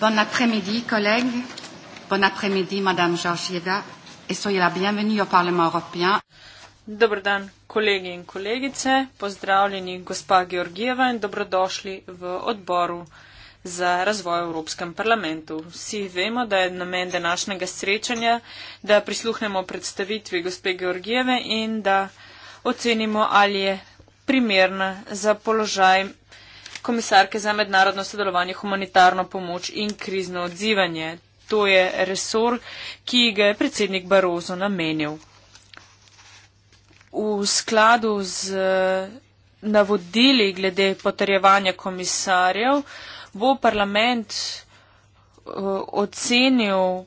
Bon après-midi, collègues. Bon après-midi, Madame Georgieva. Et soyez la bienvenue au Parlement européen. Dober dan, kolegi in kolegice, pozdravljeni gospa Georgijeva in dobrodošli v odboru za razvoj v Evropskem parlamentu. Vsi vemo, da je namen današnjega srečanja, da prisluhnemo predstavitvi gospe Georgijeve in da ocenimo, ali je primerna za položaj komisarke za mednarodno sodelovanje, humanitarno pomoč in krizno odzivanje. To je resor, ki ga je predsednik Barozo namenil. V skladu z eh, navodili glede potrjevanja komisarjev bo parlament eh, ocenil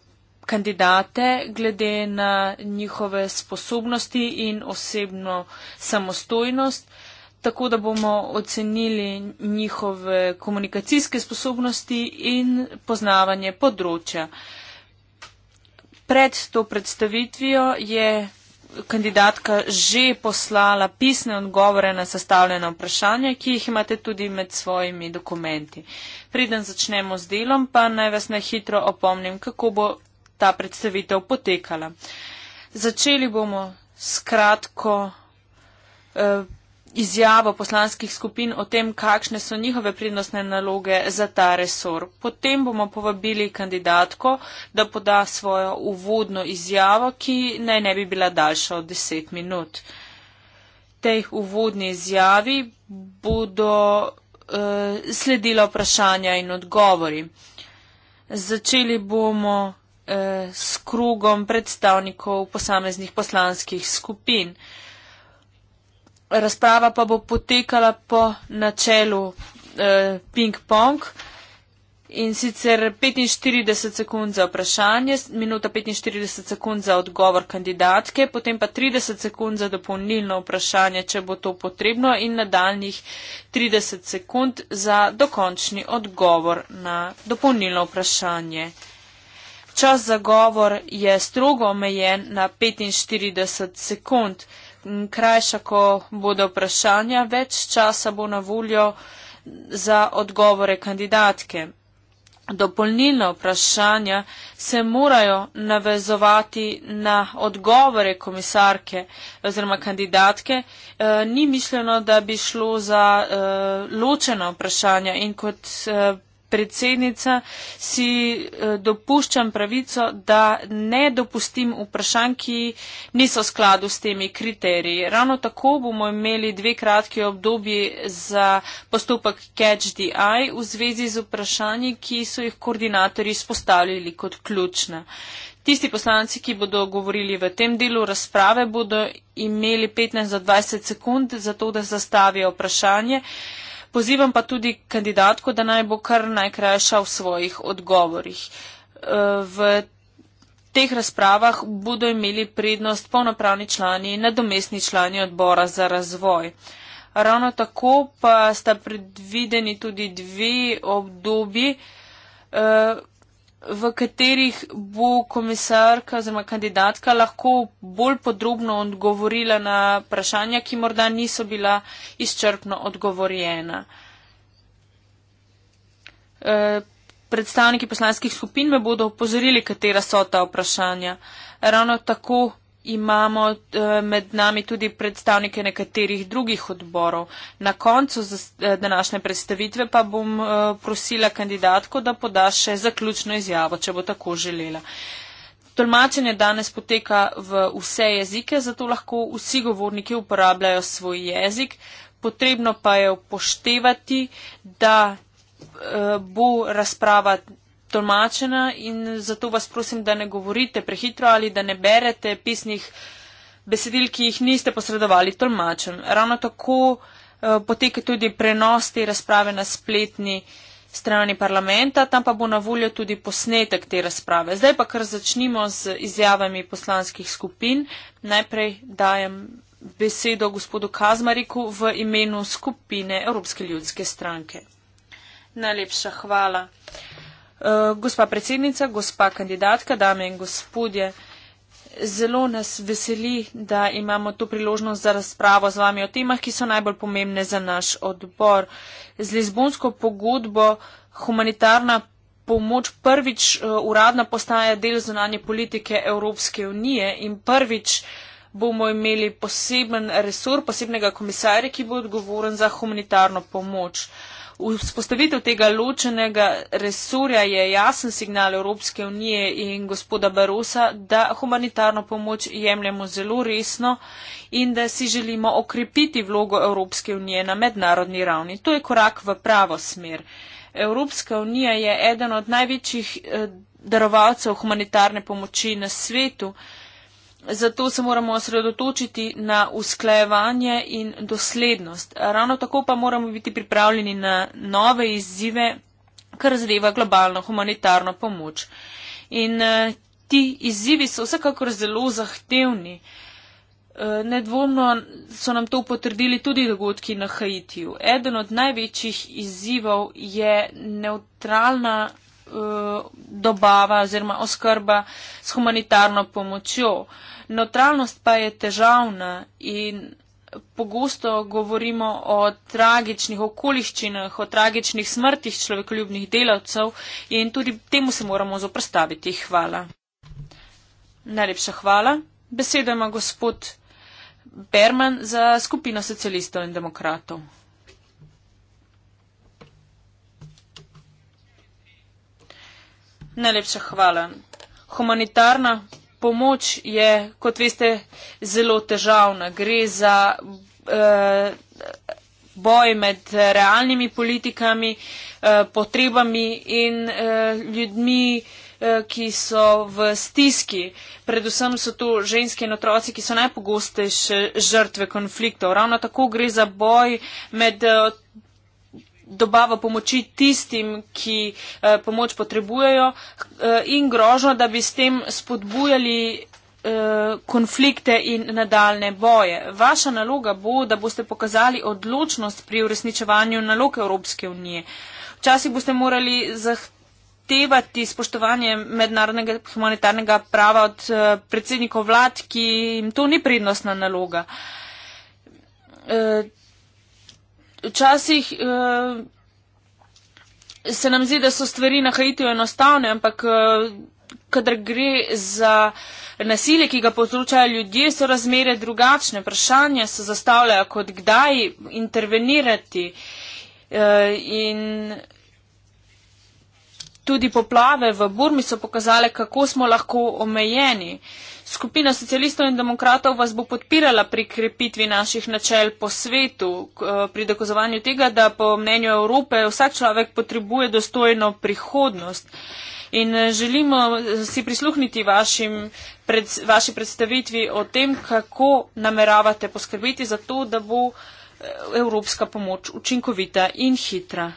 kandidate glede na njihove sposobnosti in osebno samostojnost tako da bomo ocenili njihove komunikacijske sposobnosti in poznavanje področja. Pred to predstavitvijo je kandidatka že poslala pisne odgovore na sestavljena vprašanja, ki jih imate tudi med svojimi dokumenti. Preden začnemo z delom, pa naj vas na hitro opomnim, kako bo ta predstavitev potekala. Začeli bomo s kratko eh, izjavo poslanskih skupin o tem, kakšne so njihove prednostne naloge za ta resor. Potem bomo povabili kandidatko, da poda svojo uvodno izjavo, ki naj ne bi bila daljša od deset minut. Tej uvodni izjavi bodo uh, sledila vprašanja in odgovori. Začeli bomo uh, s krugom predstavnikov posameznih poslanskih skupin. Uh, razprava pa bo potekala po načelu eh, ping-pong in sicer 45 sekund za vprašanje, minuta 45 sekund za odgovor kandidatke, potem pa 30 sekund za dopolnilno vprašanje, če bo to potrebno in nadaljnih 30 sekund za dokončni odgovor na dopolnilno vprašanje. Čas za govor je strogo omejen na 45 sekund krajša, ko bodo vprašanja, več časa bo na voljo za odgovore kandidatke. Dopolnilna vprašanja se morajo navezovati na odgovore komisarke oziroma kandidatke. E, ni mišljeno, da bi šlo za e, ločena vprašanja in kot e, predsednica, si eh, dopuščam pravico, da ne dopustim vprašanj, ki niso v skladu s temi kriteriji. Ravno tako bomo imeli dve kratki obdobji za postopek Catch the Eye v zvezi z vprašanji, ki so jih koordinatorji spostavljali kot ključna. Tisti poslanci, ki bodo govorili v tem delu razprave, bodo imeli 15 do 20 sekund za to, da zastavijo vprašanje. Pozivam pa tudi kandidatko, da naj bo kar najkrajša v svojih odgovorih. E, v teh razpravah bodo imeli prednost polnopravni člani in nadomestni člani odbora za razvoj. Ravno tako pa sta predvideni tudi dve obdobji. E, v katerih bo komisarka oziroma kandidatka lahko bolj podrobno odgovorila na vprašanja, ki morda niso bila izčrpno odgovorjena. E, predstavniki poslanskih skupin me bodo opozorili, katera so ta vprašanja. Ravno tako imamo eh, med nami tudi predstavnike nekaterih drugih odborov. Na koncu eh, današnje predstavitve pa bom eh, prosila kandidatko, da poda še zaključno izjavo, če bo tako želela. Tolmačenje danes poteka v vse jezike, zato lahko vsi govorniki uporabljajo svoj jezik. Potrebno pa je upoštevati, da bo razprava tolmačena in zato vas prosim, da ne govorite prehitro ali da ne berete pisnih besedil, ki jih niste posredovali tolmačem. Ravno tako eh, poteka tudi prenos te razprave na spletni strani parlamenta, tam pa bo na voljo tudi posnetek te razprave. Zdaj pa kar začnimo z izjavami poslanskih skupin. Najprej dajem besedo gospodu Kazmariku v imenu skupine Evropske ljudske stranke. Najlepša hvala. Eh, gospa predsednica, gospa kandidatka, dame in gospodje, zelo nas veseli, da imamo to priložnost za razpravo z vami o temah, ki so najbolj pomembne za naš odbor. Z Lizbonsko pogodbo humanitarna pomoč prvič eh, uradno postaja del zunanje politike Evropske unije in prvič bomo imeli poseben resor, posebnega komisarja, ki bo odgovoren za humanitarno pomoč. Uh, Vzpostavitev tega ločenega resurja je jasen signal Evropske unije in gospoda Barosa, da humanitarno pomoč jemljemo zelo resno in da si želimo okrepiti vlogo Evropske unije na mednarodni ravni. To je korak v pravo smer. Evropska unija je eden od največjih eh, darovalcev humanitarne pomoči na svetu. Zato se moramo osredotočiti na usklajevanje in doslednost. Ravno tako pa moramo biti pripravljeni na nove izzive, kar zadeva globalno humanitarno pomoč. In eh, ti izzivi so vsekakor zelo zahtevni. Eh, nedvomno so nam to potrdili tudi dogodki na Haitiju. Eden od največjih izzivov je neutralna Eh, dobava oziroma oskrba s humanitarno pomočjo. Neutralnost pa je težavna in pogosto govorimo o tragičnih okoliščinah, o tragičnih smrtih človekoljubnih delavcev in tudi temu se moramo zoprstaviti. Hvala. Najlepša hvala. Beseda ima gospod Berman za skupino socialistov in demokratov. Najlepša hvala. Humanitarna pomoč je, kot veste, zelo težavna. Gre za eh, boj med realnimi politikami, eh, potrebami in eh, ljudmi, eh, ki so v stiski. Predvsem so to ženske in otroci, ki so najpogostejše žrtve konfliktov. Ravno tako gre za boj med. Eh, dobava pomoči tistim, ki eh, pomoč potrebujejo eh, in grožno, da bi s tem spodbujali eh, konflikte in nadaljne boje. Vaša naloga bo, da boste pokazali odločnost pri uresničevanju nalog Evropske unije. Včasih boste morali zahtevati spoštovanje mednarodnega humanitarnega prava od predsednikov vlad, ki jim to ni prednostna naloga včasih uh, se nam zdi, da so stvari na Haitiju enostavne, ampak uh, kadar gre za nasilje, ki ga potručajo ljudje, so razmere drugačne. Vprašanja se zastavljajo, kot kdaj intervenirati. Eh, in tudi poplave v Burmi so pokazale, kako smo lahko omejeni. Uh, Skupina socialistov in demokratov vas bo podpirala pri krepitvi naših načel po svetu, eh, pri dokazovanju tega, da po mnenju Evrope vsak človek potrebuje dostojno prihodnost. In eh, želimo eh, si prisluhniti vašim, pred, vaši predstavitvi o tem, kako nameravate poskrbeti za to, da bo evropska pomoč učinkovita in hitra.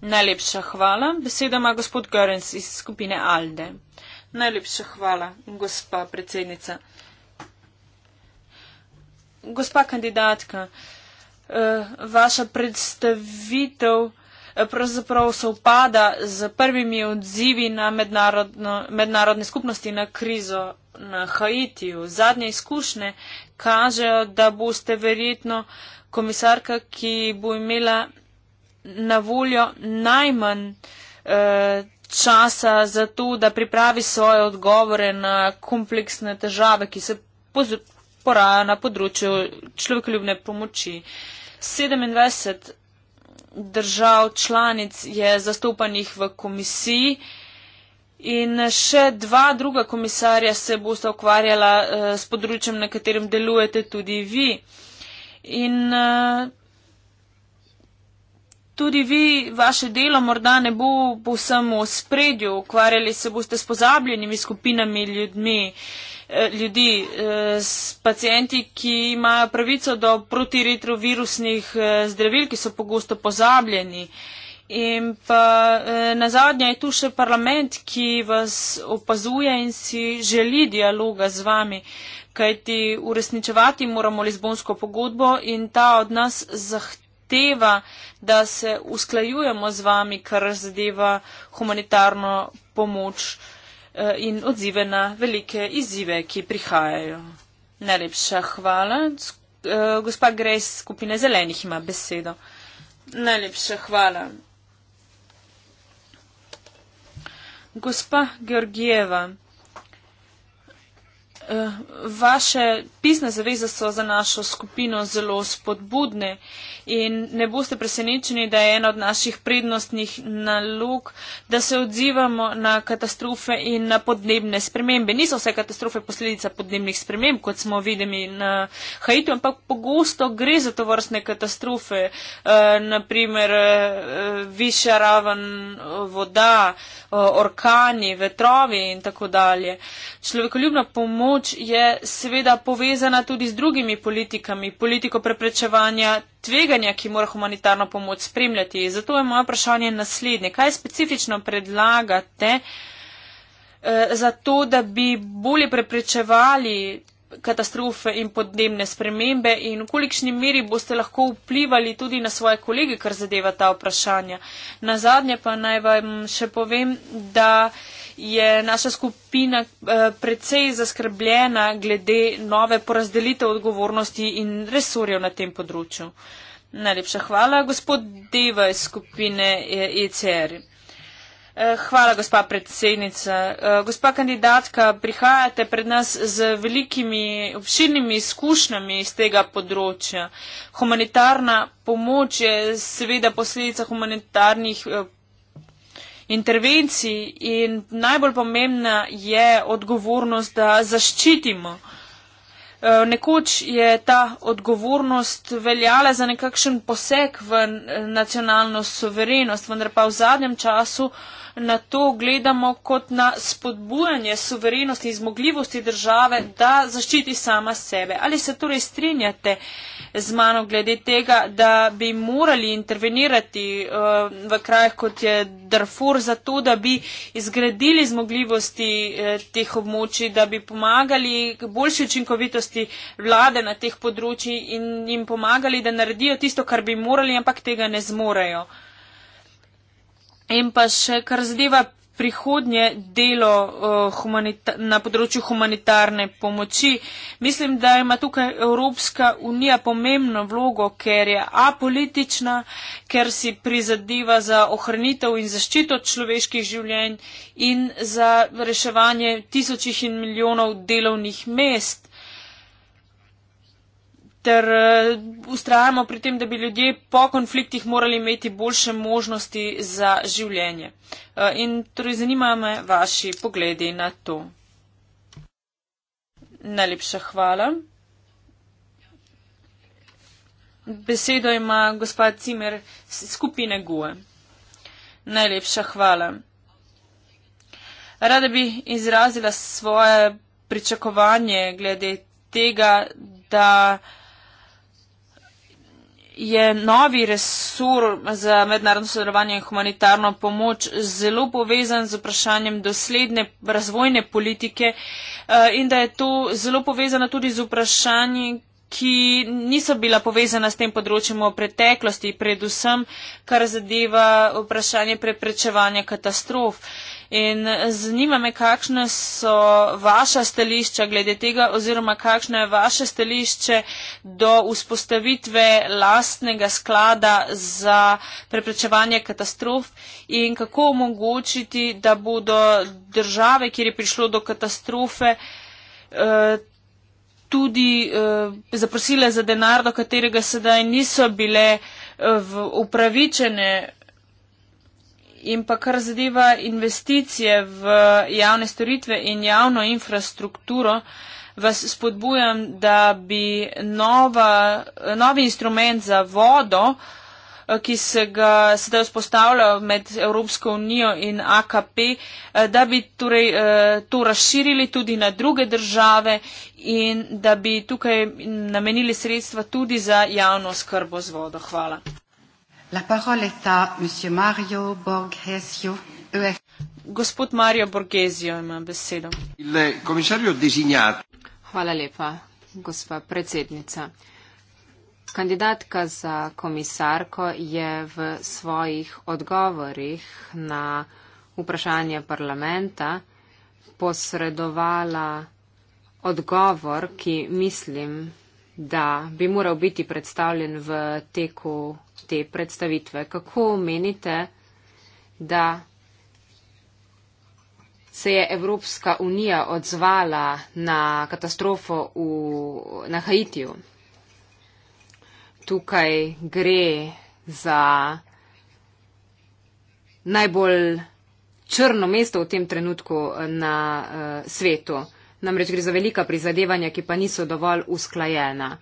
Najlepša hvala. Beseda ima gospod Görens iz skupine Alde. Najlepša hvala, gospa predsednica. Gospa kandidatka, eh, vaša predstavitev eh, pravzaprav se upada z prvimi odzivi na mednarodne skupnosti na krizo na Haitiju. Zadnje izkušnje kažejo, da boste verjetno komisarka, ki bo imela na voljo najmanj eh, časa za to, da pripravi svoje odgovore na kompleksne težave, ki se porajajo na področju človekoljubne pomoči. 27 držav članic je zastopanih v komisiji in še dva druga komisarja se boste ukvarjala eh, s področjem, na katerem delujete tudi vi. In eh, tudi vi, vaše delo morda ne bo povsem v spredju, ukvarjali se boste s pozabljenimi skupinami ljudmi, eh, ljudi, eh, s pacijenti, ki imajo pravico do protiretrovirusnih eh, zdravil, ki so pogosto pozabljeni. In pa na zadnje je tu še parlament, ki vas opazuje in si želi dialoga z vami, kajti uresničevati moramo Lizbonsko pogodbo in ta od nas zahteva zahteva, da se usklajujemo z vami, kar zadeva humanitarno pomoč eh, in odzive na velike izzive, ki prihajajo. Najlepša hvala. Eh, gospa Grace, skupine zelenih ima besedo. Najlepša hvala. Gospa Georgieva. Eh, vaše pisne zaveze so za našo skupino zelo spodbudne in ne boste presenečeni, da je ena od naših prednostnih nalog, da se odzivamo na katastrofe in na podnebne spremembe. Niso vse katastrofe posledica podnebnih sprememb, kot smo videli na Haitiju, ampak pogosto gre za to vrstne katastrofe, eh, naprimer eh, višja raven voda, orkani, vetrovi in tako dalje. Človekoljubna pomoč pomoč je seveda povezana tudi z drugimi politikami, politiko preprečevanja tveganja, ki mora humanitarno pomoč spremljati. Zato je moje vprašanje naslednje. Kaj specifično predlagate eh, za to, da bi bolje preprečevali katastrofe in podnebne spremembe in v kolikšni meri boste lahko vplivali tudi na svoje kolege, kar zadeva ta vprašanja. Na zadnje pa naj vam še povem, da je naša skupina eh, precej zaskrbljena glede nove porazdelitev odgovornosti in resorjev na tem področju. Najlepša hvala, gospod Deva iz skupine ECR. Eh, e eh, hvala, gospa predsednica. Gospa kandidatka, prihajate pred nas z velikimi obširnimi izkušnjami iz tega področja. Humanitarna pomoč je seveda posledica humanitarnih intervencij in najbolj pomembna je odgovornost, da zaščitimo. E, nekoč je ta odgovornost veljala za nekakšen poseg v nacionalno soverenost, vendar pa v zadnjem času na to gledamo kot na spodbujanje suverenosti in zmogljivosti države, da zaščiti sama sebe. Ali se torej strinjate? z mano glede tega, da bi morali intervenirati eh, v krajih kot je Darfur za to, da bi izgradili zmogljivosti eh, teh območij, da bi pomagali k boljši učinkovitosti vlade na teh področji in jim pomagali, da naredijo tisto, kar bi morali, ampak tega ne zmorejo. In pa še kar zadeva prihodnje delo uh, humanita, na področju humanitarne pomoči. Mislim, da ima tukaj Evropska unija pomembno vlogo, ker je apolitična, ker si prizadeva za ohranitev in zaščito človeških življenj in za reševanje tisočih in milijonov delovnih mest ter eh, ustrajamo pri tem, da bi ljudje po konfliktih morali imeti boljše možnosti za življenje. Eh, in torej zanima me vaši pogledi na to. Najlepša hvala. Besedo ima gospod Cimer skupine GUE. Najlepša hvala. Rada bi izrazila svoje pričakovanje glede tega, da je novi resur za mednarodno sodelovanje in humanitarno pomoč zelo povezan z vprašanjem dosledne razvojne politike eh, in da je to zelo povezano tudi z vprašanji, ki niso bila povezana s tem področjem v preteklosti, predvsem kar zadeva vprašanje preprečevanja katastrof. In zanima me, kakšne so vaša stališča glede tega oziroma kakšno je vaše stališče do vzpostavitve lastnega sklada za preprečevanje katastrof in kako omogočiti, da bodo države, kjer je prišlo do katastrofe, eh, tudi eh, zaprosile za denar, do katerega sedaj niso bile eh, upravičene in pa kar zadeva investicije v javne storitve in javno infrastrukturo, vas spodbujam, da bi nova, novi instrument za vodo, eh, ki se ga sedaj vzpostavlja med Evropsko unijo in AKP, eh, da bi torej, eh, to razširili tudi na druge države in da bi tukaj namenili sredstva tudi za javno skrbo z vodo. Hvala. La parole est à monsieur Mario Borghesio. E Gospod Mario Borghesio ima besedo. Il commissario designato. Hvala lepa, gospa predsednica. Kandidatka za komisarko je v svojih odgovorih na vprašanje parlamenta posredovala odgovor, ki mislim, da bi moral biti predstavljen v teku te predstavitve. Kako menite, da se je Evropska unija odzvala na katastrofo v, na Haitiju? Tukaj gre za najbolj črno mesto v tem trenutku na uh, svetu. Namreč gre za velika prizadevanja, ki pa niso dovolj usklajena.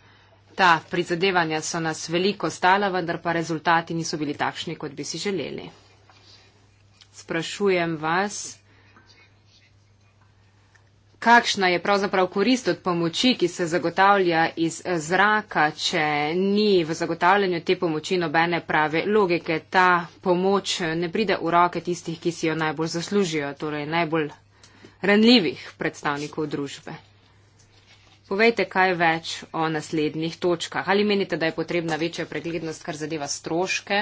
Ta prizadevanja so nas veliko stala, vendar pa rezultati niso bili takšni, kot bi si želeli. Sprašujem vas, kakšna je pravzaprav korist od pomoči, ki se zagotavlja iz zraka, če ni v zagotavljanju te pomoči nobene prave logike. Ta pomoč ne pride v roke tistih, ki si jo najbolj zaslužijo, torej najbolj ranljivih predstavnikov družbe. Povejte, kaj več o naslednjih točkah. Ali menite, da je potrebna večja preglednost, kar zadeva stroške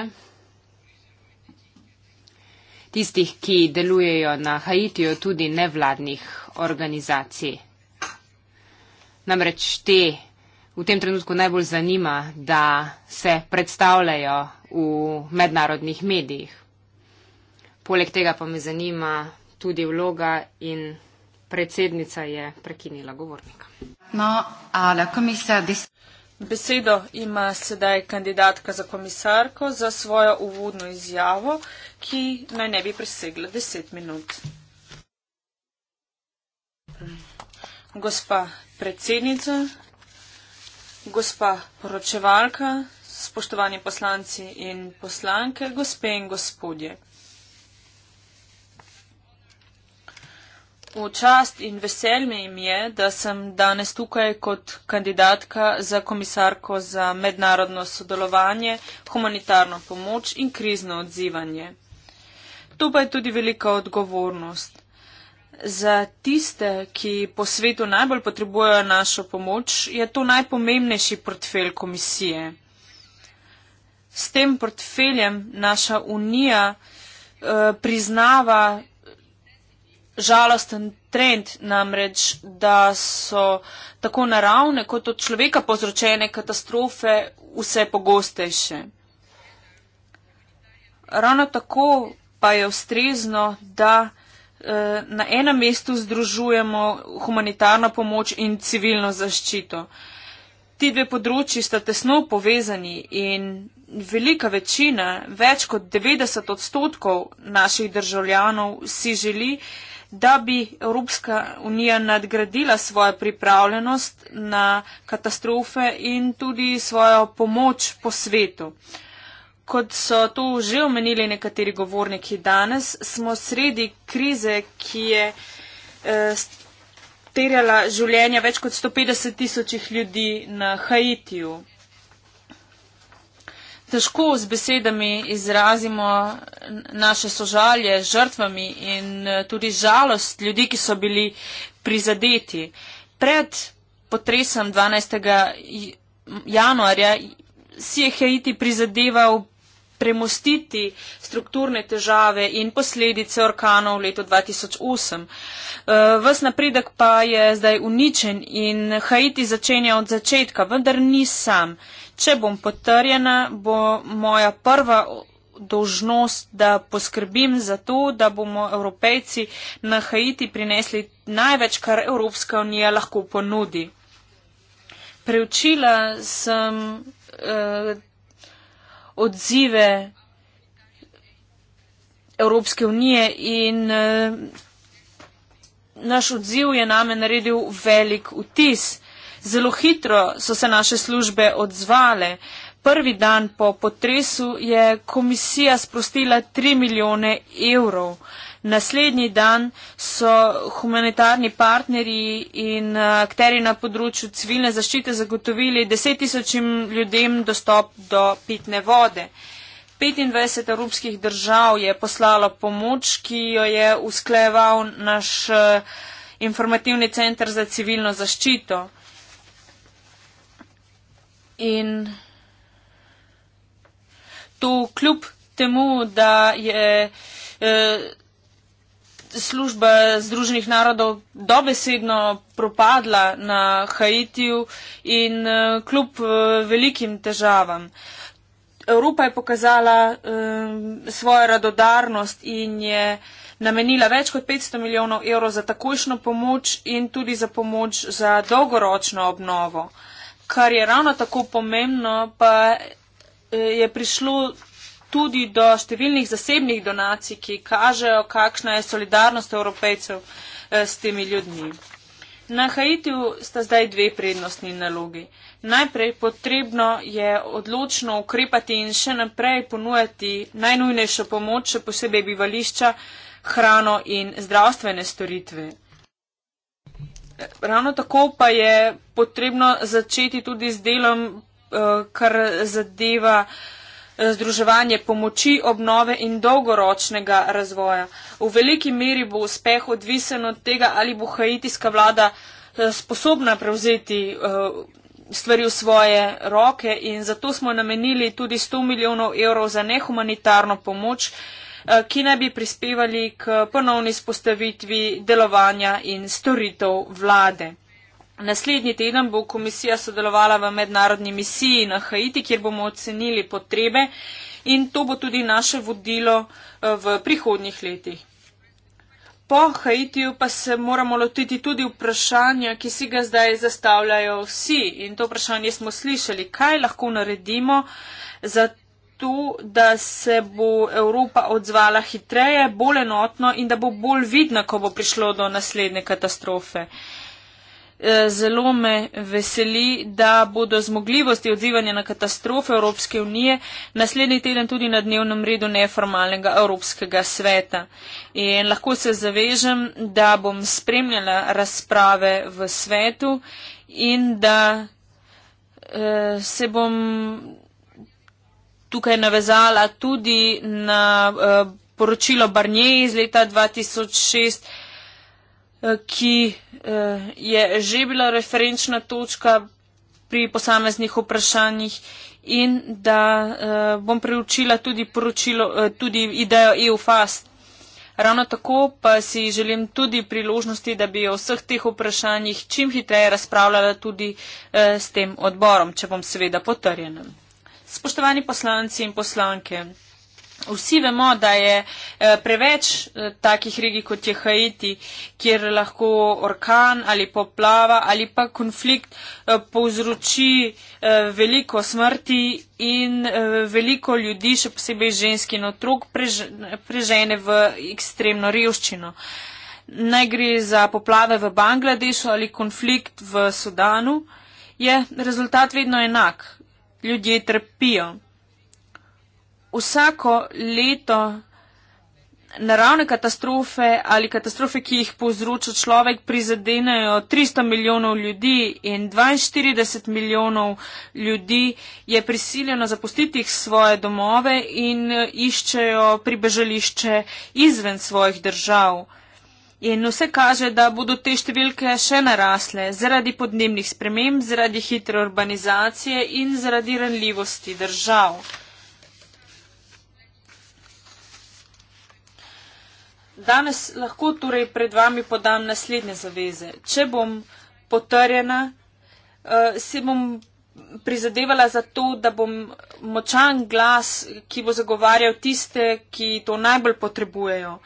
tistih, ki delujejo na Haitiju, tudi nevladnih organizacij? Namreč te v tem trenutku najbolj zanima, da se predstavljajo v mednarodnih medijih. Poleg tega pa me zanima tudi vloga in predsednica je prekinila govornika. No, Besedo ima sedaj kandidatka za komisarko za svojo uvodno izjavo, ki naj ne bi presegla deset minut. Gospa predsednica, gospa poročevalka, spoštovani poslanci in poslanke, gospe in gospodje. V čast in veselje mi je, da sem danes tukaj kot kandidatka za komisarko za mednarodno sodelovanje, humanitarno pomoč in krizno odzivanje. To pa je tudi velika odgovornost. Za tiste, ki po svetu najbolj potrebujejo našo pomoč, je to najpomembnejši portfelj komisije. S tem portfeljem naša unija eh, priznava žalosten trend, namreč, da so tako naravne kot od človeka povzročene katastrofe vse pogostejše. Ravno tako pa je ustrezno, da eh, na enem mestu združujemo humanitarno pomoč in civilno zaščito. Ti dve področji sta tesno povezani in velika večina, več kot 90 odstotkov naših državljanov si želi, da bi Evropska unija nadgradila svojo pripravljenost na katastrofe in tudi svojo pomoč po svetu. Kot so to že omenili nekateri govorniki danes, smo sredi krize, ki je eh, terjala življenja več kot 150 tisočih ljudi na Haitiju težko z besedami izrazimo naše sožalje z žrtvami in eh, tudi žalost ljudi, ki so bili prizadeti. Pred potresom 12. januarja si je Haiti prizadeval premostiti strukturne težave in posledice orkanov v letu 2008. Eh, ves napredek pa je zdaj uničen in Haiti začenja od začetka, vendar ni sam. Če bom potrjena, bo moja prva dožnost, da poskrbim za to, da bomo evropejci na Haiti prinesli največ, kar Evropska unija lahko ponudi. Preučila sem eh, odzive Evropske unije in eh, naš odziv je name naredil velik vtis. Zelo hitro so se naše službe odzvale. Prvi dan po potresu je komisija sprostila 3 milijone evrov. Naslednji dan so humanitarni partnerji in eh, akteri na področju civilne zaščite zagotovili 10 tisočim ljudem dostop do pitne vode. 25 evropskih držav je poslalo pomoč, ki jo je uskleval naš eh, informativni center za civilno zaščito. In to kljub temu, da je eh, služba Združenih narodov dobesedno propadla na Haitiju in eh, kljub eh, velikim težavam. Evropa je pokazala eh, svojo radodarnost in je namenila več kot 500 milijonov evrov za takojšno pomoč in tudi za pomoč za dolgoročno obnovo. Eh, kar je ravno tako pomembno, pa eh, je prišlo tudi do številnih zasebnih donacij, ki kažejo, kakšna je solidarnost evropejcev eh, s temi ljudmi. Na Haitiju sta zdaj dve prednostni nalogi. Najprej potrebno je odločno ukrepati in še naprej ponujati najnujnejšo pomoč, še posebej bivališča, hrano in zdravstvene storitve. Ravno tako pa je potrebno začeti tudi z delom, eh, kar zadeva eh, združevanje pomoči, obnove in dolgoročnega razvoja. V veliki meri bo uspeh odvisen od tega, ali bo haitijska vlada eh, sposobna prevzeti stvari v svoje roke in zato smo namenili tudi 100 milijonov evrov za nehumanitarno pomoč, Eh, ki ne bi prispevali k ponovni spostavitvi delovanja in storitev vlade. Naslednji teden bo komisija sodelovala v mednarodni misiji na Haiti, kjer bomo ocenili potrebe in to bo tudi naše vodilo eh, v prihodnjih letih. Po Haitiju pa se moramo lotiti tudi vprašanja, ki si ga zdaj zastavljajo vsi. In to vprašanje smo slišali, kaj lahko naredimo za tu, da se bo Evropa odzvala hitreje, bolj enotno in da bo bolj vidna, ko bo prišlo do naslednje katastrofe. E, zelo me veseli, da bodo zmogljivosti odzivanja na katastrofe Evropske unije naslednji teden tudi na dnevnem redu neformalnega Evropskega sveta. In lahko se zavežem, da bom spremljala razprave v svetu in da eh, se bom tukaj navezala tudi na eh, poročilo Barnier iz leta 2006, eh, ki eh, je že bila referenčna točka pri posameznih vprašanjih in da bom preučila tudi, poročilo, tudi idejo EUFAST. Ravno tako pa si želim tudi priložnosti, da bi o vseh teh vprašanjih čim hitreje razpravljala tudi eh, s tem odborom, če bom seveda potrjena. Spoštovani poslanci in poslanke, vsi vemo, da je eh, preveč eh, takih regij kot je Haiti, kjer lahko orkan ali poplava ali pa konflikt eh, povzroči veliko smrti in veliko ljudi, še posebej žensk in otrok, prežene v ekstremno revščino. Naj gre za poplave v Bangladešu ali konflikt v Sudanu, je rezultat vedno enak ljudje trpijo. Vsako leto naravne katastrofe ali katastrofe, ki jih povzroča človek, prizadenejo 300 milijonov ljudi in 42 milijonov ljudi je prisiljeno zapustiti svoje domove in eh, iščejo pribežališče izven svojih držav. In vse kaže, da bodo te številke še narasle zaradi podnebnih sprememb, zaradi hitre urbanizacije in zaradi ranljivosti držav. Danes lahko torej pred vami podam naslednje zaveze. Če bom potrjena, eh, se bom prizadevala za to, da bom močan glas, ki bo zagovarjal tiste, ki to najbolj potrebujejo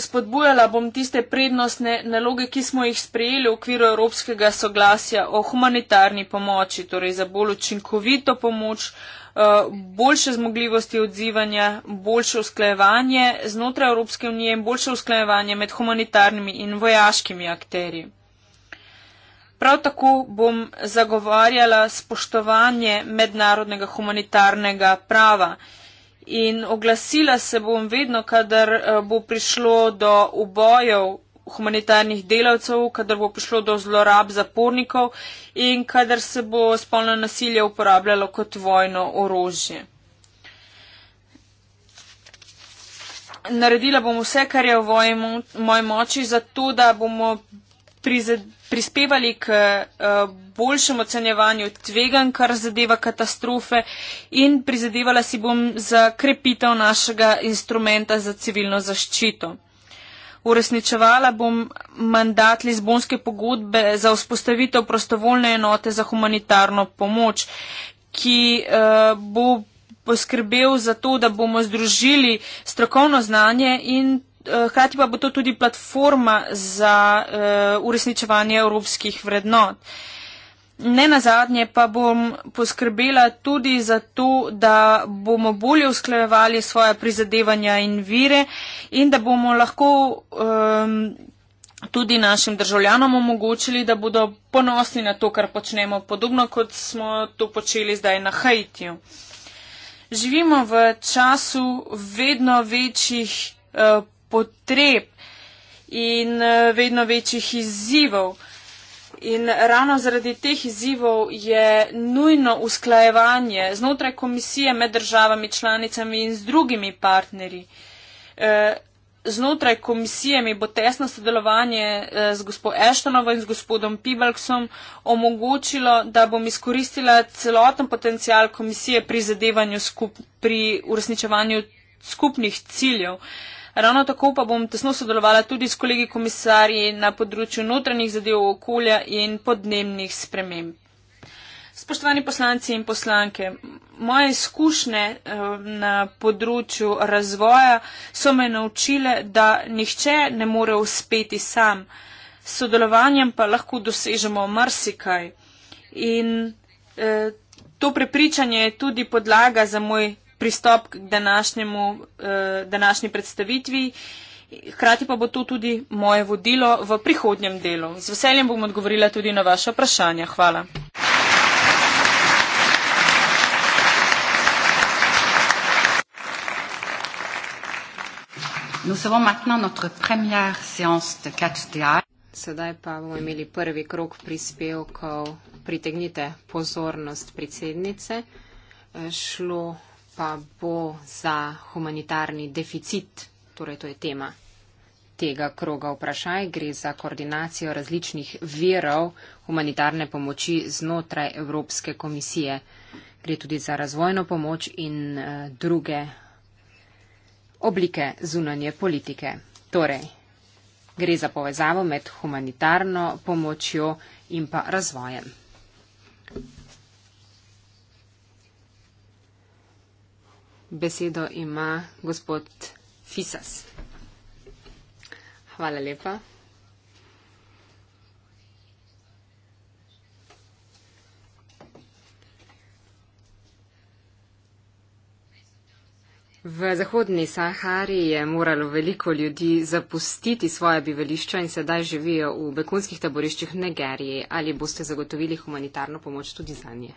spodbujala bom tiste prednostne naloge, ki smo jih sprejeli v okviru Evropskega soglasja o humanitarni pomoči, torej za bolj učinkovito pomoč, eh, boljše zmogljivosti odzivanja, boljše usklajevanje znotraj Evropske unije in boljše usklajevanje med humanitarnimi in vojaškimi akteri. Prav tako bom zagovarjala spoštovanje mednarodnega humanitarnega prava in oglasila se bom vedno, kadar eh, bo prišlo do ubojev humanitarnih delavcev, kadar bo prišlo do zlorab zapornikov in kadar se bo spolno nasilje uporabljalo kot vojno orožje. Naredila bom vse, kar je v moji moči, zato da bomo prispevali k eh, boljšemu ocenjevanju tvegan, kar zadeva katastrofe in prizadevala si bom za krepitev našega instrumenta za civilno zaščito. Uresničevala bom mandat Lizbonske pogodbe za vzpostavitev prostovoljne enote za humanitarno pomoč, ki uh, bo poskrbel za to, da bomo združili strokovno znanje in Eh, hkrati pa bo to tudi platforma za eh, uresničevanje evropskih vrednot. Ne nazadnje pa bom poskrbela tudi za to, da bomo bolje usklajevali svoje prizadevanja in vire in da bomo lahko um, tudi našim državljanom omogočili, da bodo ponosni na to, kar počnemo, podobno kot smo to počeli zdaj na Haitiju. Živimo v času vedno večjih uh, potreb in eh, vedno večjih izzivov. In ravno zaradi teh izzivov je nujno usklajevanje znotraj komisije med državami članicami in z drugimi partnerji. Eh, znotraj komisije mi bo tesno sodelovanje eh, z gospod Eštonovo in z gospodom Pibalksom omogočilo, da bom izkoristila celoten potencial komisije pri zadevanju skup, pri uresničevanju skupnih ciljev. Uh, Ravno tako pa bom tesno sodelovala tudi s kolegi komisarji na področju notranjih zadev okolja in podnebnih sprememb. Spoštovani poslanci in poslanke, moje izkušnje eh, na področju razvoja so me naučile, da nihče ne more uspeti sam. S sodelovanjem pa lahko dosežemo marsikaj. In eh, to prepričanje je tudi podlaga za moj pristop k današnjemu, eh, današnji predstavitvi. Hkrati pa bo to tudi moje vodilo v prihodnjem delu. Z veseljem bom odgovorila tudi na vaše vprašanje. Hvala. Sedaj pa bomo imeli prvi krok prispevkov. Pritegnite pozornost predsednice. Eh, šlo pa bo za humanitarni deficit, torej to je tema tega kroga vprašaj, gre za koordinacijo različnih verov humanitarne pomoči znotraj Evropske komisije. Gre tudi za razvojno pomoč in uh, druge oblike zunanje politike. Torej, gre za povezavo med humanitarno pomočjo in pa razvojem. Besedo ima gospod Fisas. Hvala lepa. V Zahodni Sahari je moralo veliko ljudi zapustiti svoje bivališča in sedaj živijo v begunskih taboriščih v Nigeriji. Ali boste zagotovili humanitarno pomoč tudi za nje?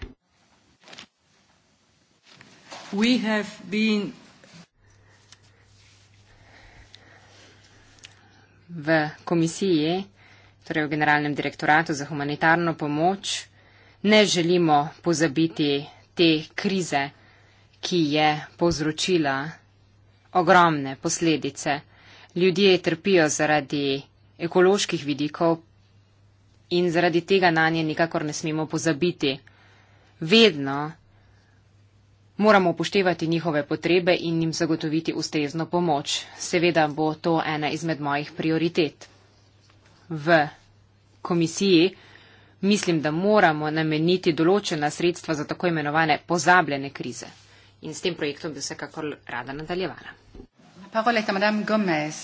V komisiji, torej v Generalnem direktoratu za humanitarno pomoč, ne želimo pozabiti te krize, ki je povzročila ogromne posledice. Ljudje trpijo zaradi ekoloških vidikov in zaradi tega na nje nikakor ne smemo pozabiti. Vedno Moramo upoštevati njihove potrebe in jim zagotoviti ustrezno pomoč. Seveda bo to ena izmed mojih prioritet. V komisiji mislim, da moramo nameniti določena sredstva za tako imenovane pozabljene krize. In s tem projektom bi se kakor rada nadaljevala. Paroleta, madame Gomez.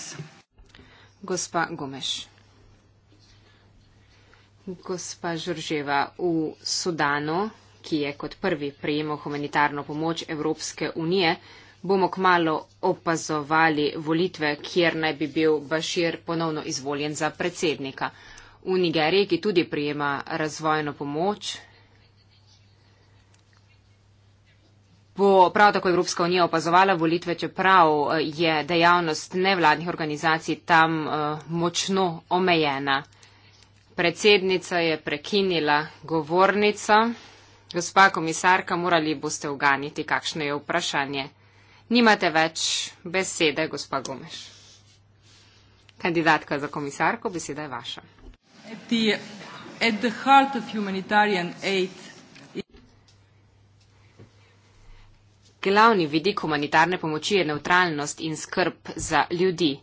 Gospa Gomez. Gospa Žorževa, v Sudanu ki je kot prvi prejemal humanitarno pomoč Evropske unije, bomo kmalo opazovali volitve, kjer naj bi bil Bašir ponovno izvoljen za predsednika. V Nigeriji, ki tudi prijema razvojno pomoč, bo prav tako Evropska unija opazovala volitve, čeprav eh, je dejavnost nevladnih organizacij tam eh, močno omejena. Predsednica je prekinila govornico. Gospa komisarka, morali boste uganiti, kakšno je vprašanje. Nimate več besede, gospa Gomeš. Kandidatka za komisarko, beseda je vaša. Glavni vidik humanitarne pomoči je neutralnost in skrb za ljudi.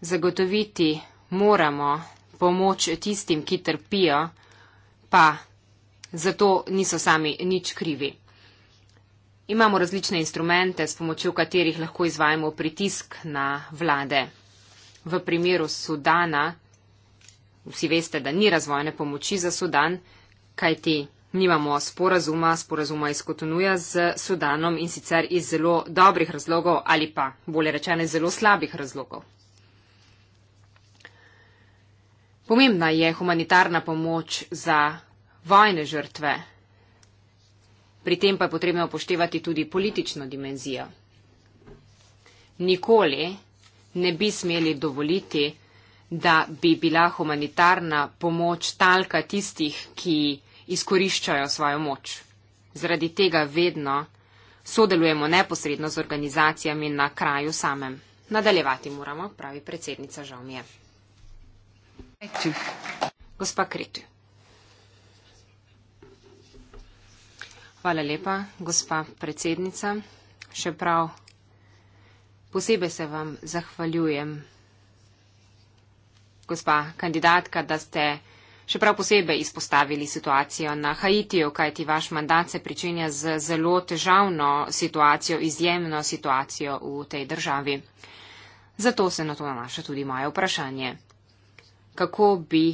Zagotoviti moramo pomoč tistim, ki trpijo, pa zato niso sami nič krivi. Imamo različne instrumente, s pomočjo katerih lahko izvajamo pritisk na vlade. V primeru Sudana, vsi veste, da ni razvojne pomoči za Sudan, kajti nimamo sporazuma, sporazuma iz Kotonuja z Sudanom in sicer iz zelo dobrih razlogov ali pa, bolje rečeno, zelo slabih razlogov. Pomembna je humanitarna pomoč za vojne žrtve. Pri tem pa je potrebno upoštevati tudi politično dimenzijo. Nikoli ne bi smeli dovoliti, da bi bila humanitarna pomoč talka tistih, ki izkoriščajo svojo moč. Zaradi tega vedno sodelujemo neposredno z organizacijami na kraju samem. Nadaljevati moramo, pravi predsednica Žalmije. Gospa Kretu. Hvala lepa, gospa predsednica. Še prav posebej se vam zahvaljujem, gospa kandidatka, da ste še prav posebej izpostavili situacijo na Haitiju, kajti vaš mandat se pričenja z zelo težavno situacijo, izjemno situacijo v tej državi. Zato se na to nanaša tudi moje vprašanje. Kako bi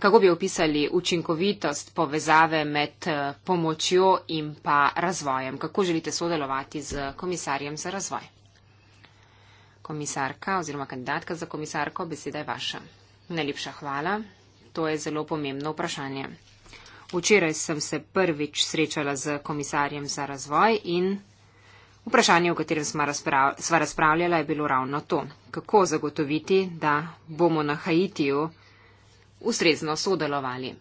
kako bi opisali učinkovitost povezave med eh, pomočjo in pa razvojem? Kako želite sodelovati z komisarjem za razvoj? Komisarka oziroma kandidatka za komisarko, beseda je vaša. Najlepša hvala. To je zelo pomembno vprašanje. Včeraj sem se prvič srečala z komisarjem za razvoj in vprašanje, o katerem sva razpravljala, je bilo ravno to. Kako zagotoviti, da bomo na Haitiju ustrezno sodelovali.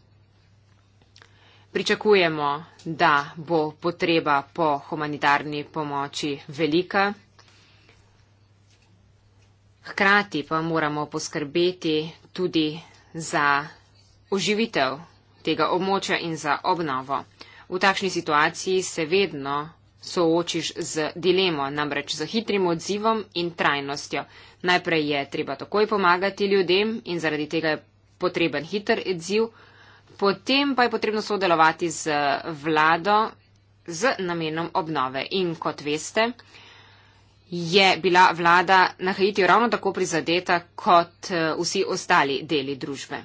Pričakujemo, da bo potreba po humanitarni pomoči velika. Hkrati pa moramo poskrbeti tudi za oživitev tega območja in za obnovo. V takšni situaciji se vedno soočiš z dilemo, namreč z hitrim odzivom in trajnostjo. Najprej je treba takoj pomagati ljudem in zaradi tega je potreben hiter odziv, potem pa je potrebno sodelovati z vlado z namenom obnove. In kot veste, je bila vlada na Haitiju ravno tako prizadeta kot eh, vsi ostali deli družbe.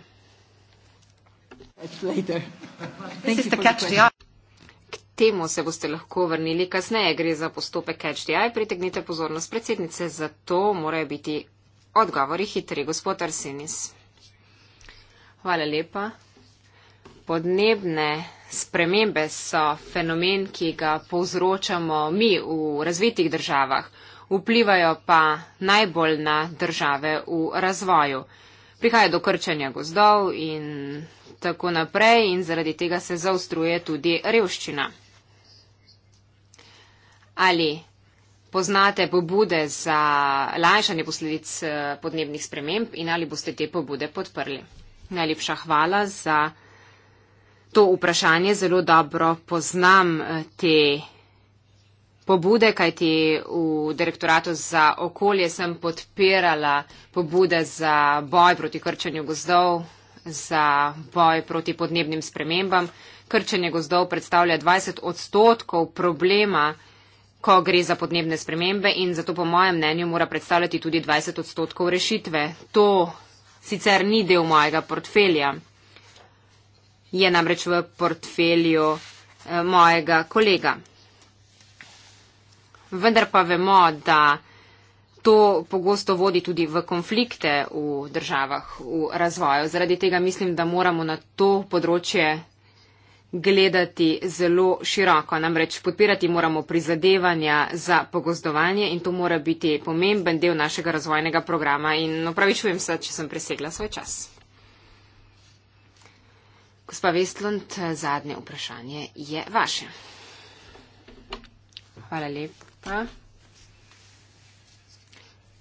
K temu se boste lahko vrnili kasneje. Gre za postopek HDI. Pritegnite pozornost predsednice, zato morajo biti odgovori hitri. Gospod Arsenis. Hvala lepa. Podnebne spremembe so fenomen, ki ga povzročamo mi v razvitih državah, vplivajo pa najbolj na države v razvoju. Prihaja do krčanja gozdov in tako naprej in zaradi tega se zaostruje tudi revščina. Ali poznate pobude za lajšanje posledic eh, podnebnih sprememb in ali boste te pobude podprli? Najlepša hvala za to vprašanje. Zelo dobro poznam eh, te pobude, kajti v direktoratu za okolje sem podpirala pobude za boj proti krčanju gozdov, za boj proti podnebnim spremembam. Krčanje gozdov predstavlja 20 odstotkov problema, ko gre za podnebne spremembe in zato po mojem mnenju mora predstavljati tudi 20 odstotkov rešitve. To sicer ni del mojega portfelja. Je namreč v portfelju eh, mojega kolega. Vendar pa vemo, da to pogosto vodi tudi v konflikte v državah, v razvoju. Zaradi tega mislim, da moramo na to področje gledati zelo široko. Namreč podpirati moramo prizadevanja za pogozdovanje in to mora biti pomemben del našega razvojnega programa. In opravičujem se, če sem presegla svoj čas. Gospa Vestlund, zadnje vprašanje je vaše. Hvala lepa.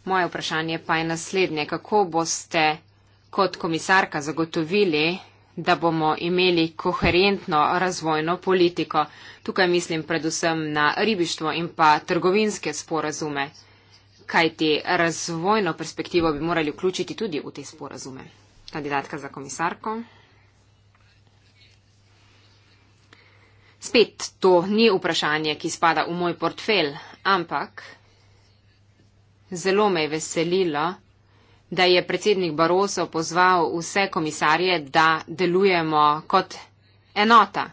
Moje vprašanje pa je naslednje. Kako boste kot komisarka zagotovili da bomo imeli koherentno razvojno politiko. Tukaj mislim predvsem na ribištvo in pa trgovinske sporazume, kajti razvojno perspektivo bi morali vključiti tudi v te sporazume. Kandidatka za komisarko. Spet to ni vprašanje, ki spada v moj portfel, ampak zelo me je veselilo, da je predsednik Baroso pozval vse komisarje, da delujemo kot enota,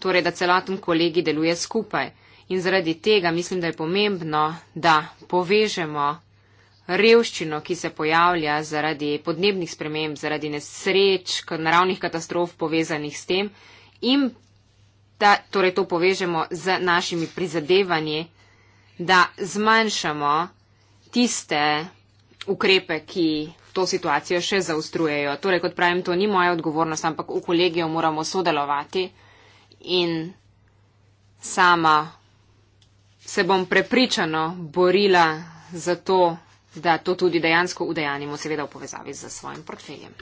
torej da celoten kolegi deluje skupaj. In zaradi tega mislim, da je pomembno, da povežemo revščino, ki se pojavlja zaradi podnebnih sprememb, zaradi nesreč, naravnih katastrof povezanih s tem in da torej to povežemo z našimi prizadevanji, da zmanjšamo tiste ukrepe, ki to situacijo še zaustrujejo. Torej, kot pravim, to ni moja odgovornost, ampak v kolegijo moramo sodelovati in sama se bom prepričano borila za to, da to tudi dejansko udejanimo, seveda v povezavi z svojim portfeljem.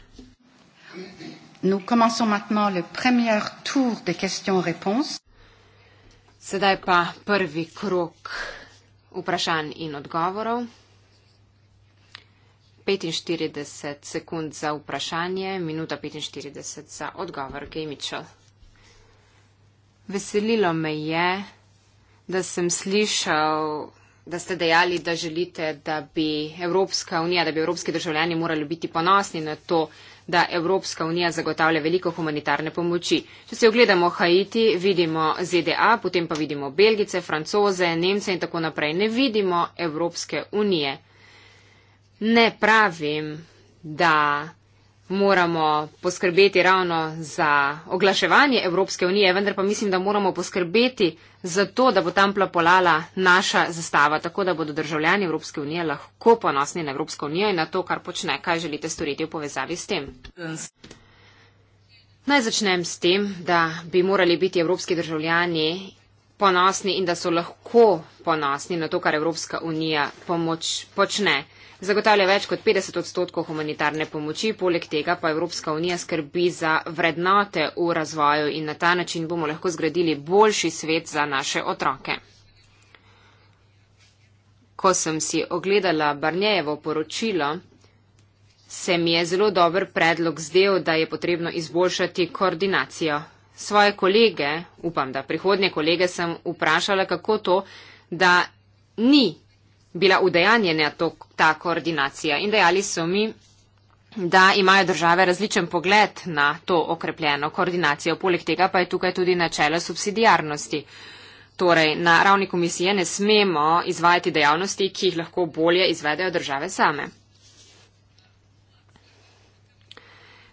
Sedaj pa prvi krok vprašanj in odgovorov. 45 sekund za vprašanje, minuta 45 za odgovor. Gay Mitchell. Veselilo me je, da sem slišal, da ste dejali, da želite, da bi Evropska unija, da bi evropski državljani morali biti ponosni na to, da Evropska unija zagotavlja veliko humanitarne pomoči. Če se ogledamo Haiti, vidimo ZDA, potem pa vidimo Belgice, Francoze, Nemce in tako naprej. Ne vidimo Evropske unije. Ne pravim, da moramo poskrbeti ravno za oglaševanje Evropske unije, vendar pa mislim, da moramo poskrbeti za to, da bo tam plapolala naša zastava, tako da bodo državljani Evropske unije lahko ponosni na Evropsko unijo in na to, kar počne, kaj želite storiti v povezavi s tem. Naj začnem s tem, da bi morali biti evropski državljani ponosni in da so lahko ponosni na to, kar Evropska unija pomoč počne zagotavlja več kot 50 odstotkov humanitarne pomoči, poleg tega pa Evropska unija skrbi za vrednote v razvoju in na ta način bomo lahko zgradili boljši svet za naše otroke. Ko sem si ogledala Barnjevo poročilo, se mi je zelo dober predlog zdel, da je potrebno izboljšati koordinacijo. Svoje kolege, upam, da prihodnje kolege sem vprašala, kako to, da ni bila udejanjena to, ta koordinacija in dejali so mi, da imajo države različen pogled na to okrepljeno koordinacijo. Poleg tega pa je tukaj tudi načelo subsidijarnosti. Torej, na ravni komisije ne smemo izvajati dejavnosti, ki jih lahko bolje izvedejo države same.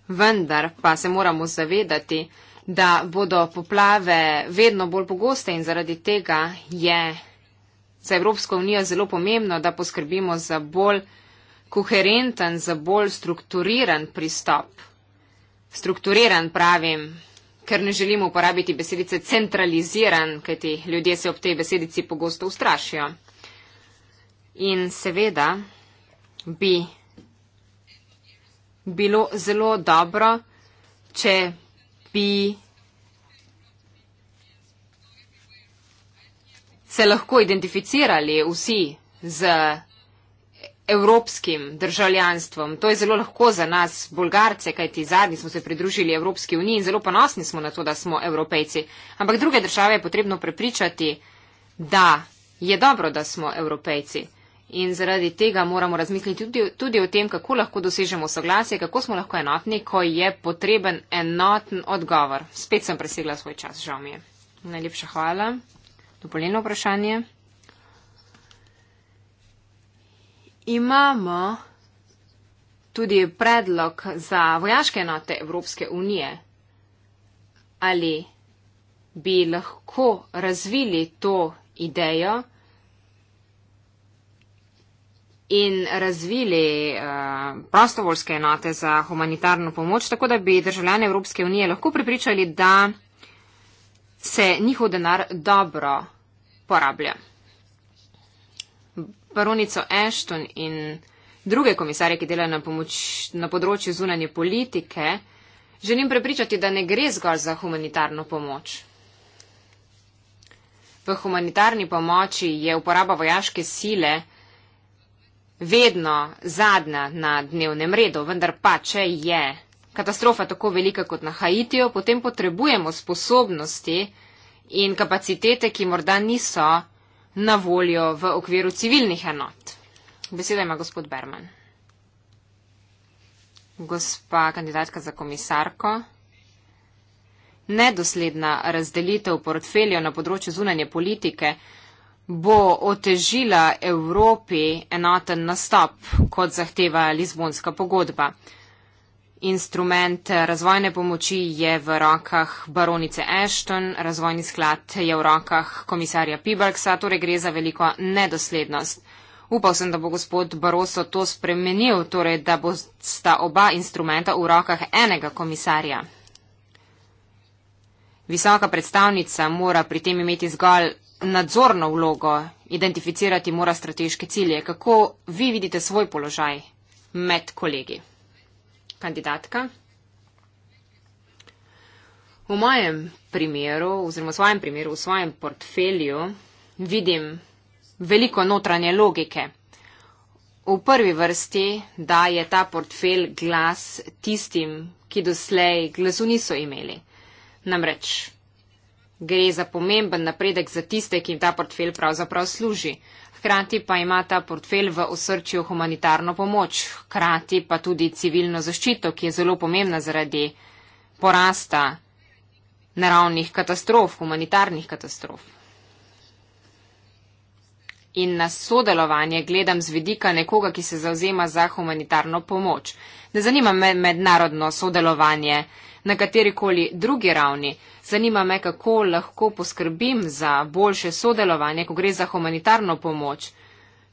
Vendar pa se moramo zavedati, da bodo poplave vedno bolj pogoste in zaradi tega je za Evropsko unijo zelo pomembno, da poskrbimo za bolj koherenten, za bolj strukturiran pristop. Strukturiran pravim, ker ne želim uporabiti besedice centraliziran, kajti ljudje se ob tej besedici pogosto ustrašijo. In seveda bi bilo zelo dobro, če bi se lahko identificirali vsi z evropskim državljanstvom. To je zelo lahko za nas, bolgarce, kajti zadnji smo se pridružili Evropski uniji in zelo ponosni smo na to, da smo evropejci. Ampak druge države je potrebno prepričati, da je dobro, da smo evropejci. In zaradi tega moramo razmisliti tudi, tudi o tem, kako lahko dosežemo soglasje, kako smo lahko enotni, ko je potreben enoten odgovor. Spet sem presegla svoj čas, žal mi je. Najlepša hvala dopoljeno vprašanje. Imamo tudi predlog za vojaške enote Evropske unije. Ali bi lahko razvili to idejo in razvili eh, prostovoljske enote za humanitarno pomoč, tako da bi državljane Evropske unije lahko pripričali, da se njihov denar dobro porablja. Baronico Ashton in druge komisarje, ki delajo na, pomoč, na področju zunanje politike, želim prepričati, da ne gre zgolj za humanitarno pomoč. V humanitarni pomoči je uporaba vojaške sile vedno zadnja na dnevnem redu, vendar pa, če je katastrofa tako velika kot na Haitiju, potem potrebujemo sposobnosti in kapacitete, ki morda niso na voljo v okviru civilnih enot. Beseda ima gospod Berman. Gospa kandidatka za komisarko. Nedosledna razdelitev portfelja na področju zunanje politike bo otežila Evropi enoten nastop, kot zahteva Lizbonska pogodba. Instrument razvojne pomoči je v rokah baronice Ashton, razvojni sklad je v rokah komisarja Pibalksa, torej gre za veliko nedoslednost. Upal sem, da bo gospod Baroso to spremenil, torej da bosta oba instrumenta v rokah enega komisarja. Visoka predstavnica mora pri tem imeti zgolj nadzorno vlogo, identificirati mora strateške cilje. Kako vi vidite svoj položaj med kolegi? kandidatka. V mojem primeru, oziroma v svojem primeru, v svojem portfelju vidim veliko notranje logike. V prvi vrsti, da je ta portfel glas tistim, ki doslej glasu niso imeli. Namreč gre za pomemben napredek za tiste, ki jim ta portfel pravzaprav služi hkrati pa ima ta portfelj v osrčju humanitarno pomoč, hkrati pa tudi civilno zaščito, ki je zelo pomembna zaradi porasta naravnih katastrof, humanitarnih katastrof. In na sodelovanje gledam z vidika nekoga, ki se zauzema za humanitarno pomoč. Ne zanima me mednarodno sodelovanje, na katerikoli drugi ravni. Zanima me, kako lahko poskrbim za boljše sodelovanje, ko gre za humanitarno pomoč,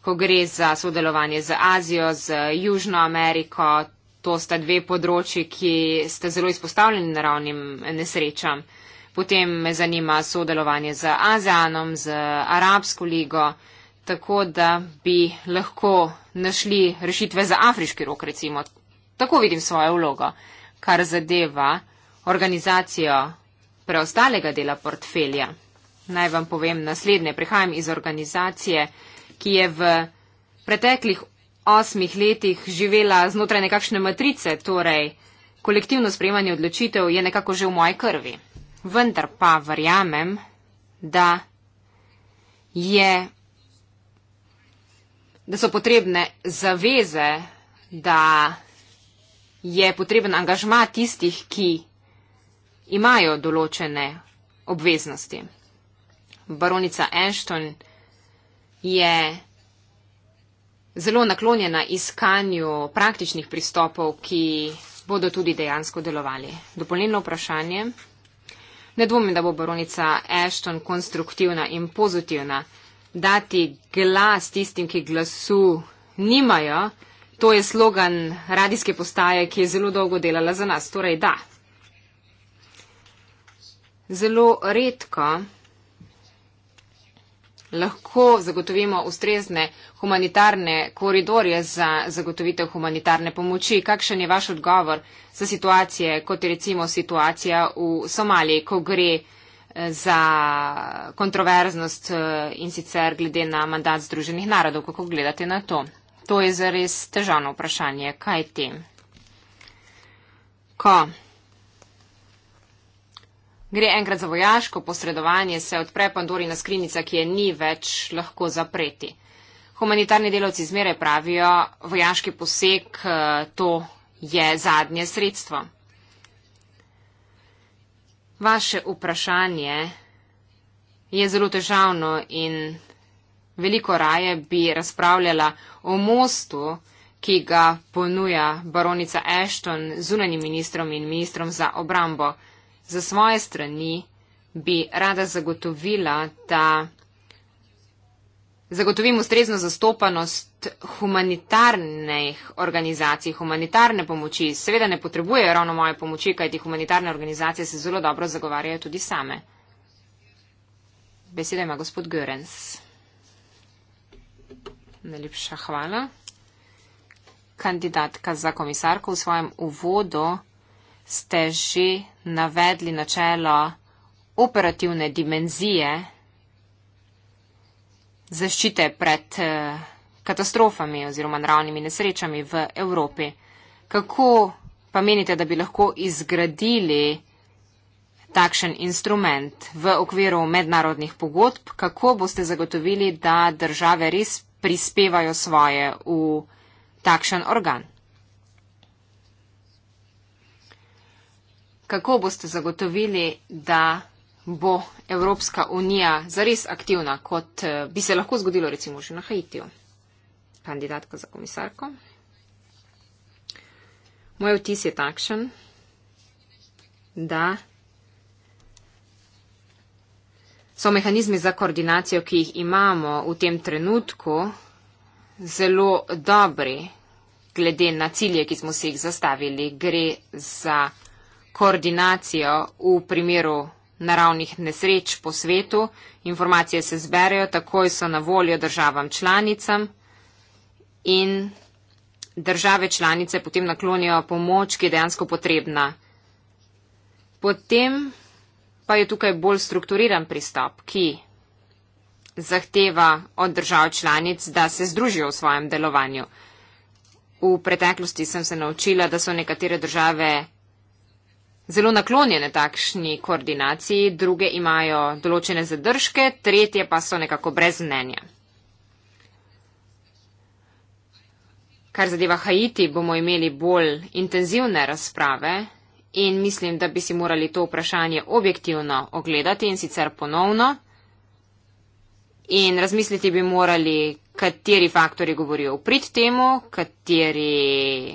ko gre za sodelovanje z Azijo, z Južno Ameriko. To sta dve področji, ki ste zelo izpostavljeni naravnim nesrečam. Potem me zanima sodelovanje z ASEANom, z Arabsko ligo, tako da bi lahko našli rešitve za afriški rok, recimo. Tako vidim svojo vlogo kar zadeva organizacijo preostalega dela portfelja. Naj vam povem naslednje. Prihajam iz organizacije, ki je v preteklih osmih letih živela znotraj nekakšne matrice, torej kolektivno sprejemanje odločitev je nekako že v moji krvi. Vendar pa verjamem, da, je, da so potrebne zaveze, da je potreben angažma tistih, ki imajo določene obveznosti. Baronica Ashton je zelo naklonjena iskanju praktičnih pristopov, ki bodo tudi dejansko delovali. Dopolnilno vprašanje. Ne dvomim, da bo baronica Ashton konstruktivna in pozitivna. Dati glas tistim, ki glasu nimajo, To je slogan radijske postaje, ki je zelo dolgo delala za nas. Torej, da. Zelo redko lahko zagotovimo ustrezne humanitarne koridorje za zagotovitev humanitarne pomoči. Kakšen je vaš odgovor za situacije, kot je recimo situacija v Somaliji, ko gre eh, za kontroverznost eh, in sicer glede na mandat Združenih narodov? Kako gledate na to? To je zares težano vprašanje, kaj ti. Ko gre enkrat za vojaško posredovanje, se odpre Pandorina skrinica, ki je ni več lahko zapreti. Humanitarni delavci zmeraj pravijo, vojaški poseg eh, to je zadnje sredstvo. Vaše vprašanje je zelo težavno in veliko raje bi razpravljala o mostu, ki ga ponuja baronica Ashton zunanjim ministrom in ministrom za obrambo. Za svoje strani bi rada zagotovila, da zagotovim ustrezno zastopanost humanitarnih organizacij, humanitarne pomoči. Seveda ne potrebujejo ravno moje pomoči, kajti humanitarne organizacije se zelo dobro zagovarjajo tudi same. Beseda ima gospod Görens. Najlepša hvala. Kandidatka za komisarko, v svojem uvodu ste že navedli načelo operativne dimenzije zaščite pred eh, katastrofami oziroma naravnimi nesrečami v Evropi. Kako pa menite, da bi lahko izgradili takšen instrument v okviru mednarodnih pogodb? Kako boste zagotovili, da države res prispevajo svoje v takšen organ. Kako boste zagotovili, da bo Evropska unija zares aktivna, kot eh, bi se lahko zgodilo recimo že na Haitiju? Kandidatka za komisarko. Moj vtis je takšen, da so mehanizmi za koordinacijo, ki jih imamo v tem trenutku, zelo dobri, glede na cilje, ki smo si jih zastavili. Gre za koordinacijo v primeru naravnih nesreč po svetu. Informacije se zberejo, takoj so na voljo državam članicam in države članice potem naklonijo pomoč, ki je dejansko potrebna. Potem pa je tukaj bolj strukturiran pristop, ki zahteva od držav članic, da se združijo v svojem delovanju. V preteklosti sem se naučila, da so nekatere države zelo naklonjene takšni koordinaciji, druge imajo določene zadržke, tretje pa so nekako brez mnenja. Kar zadeva Haiti, bomo imeli bolj intenzivne razprave in mislim, da bi si morali to vprašanje objektivno ogledati in sicer ponovno. In razmisliti bi morali, kateri faktori govorijo v prid temu, kateri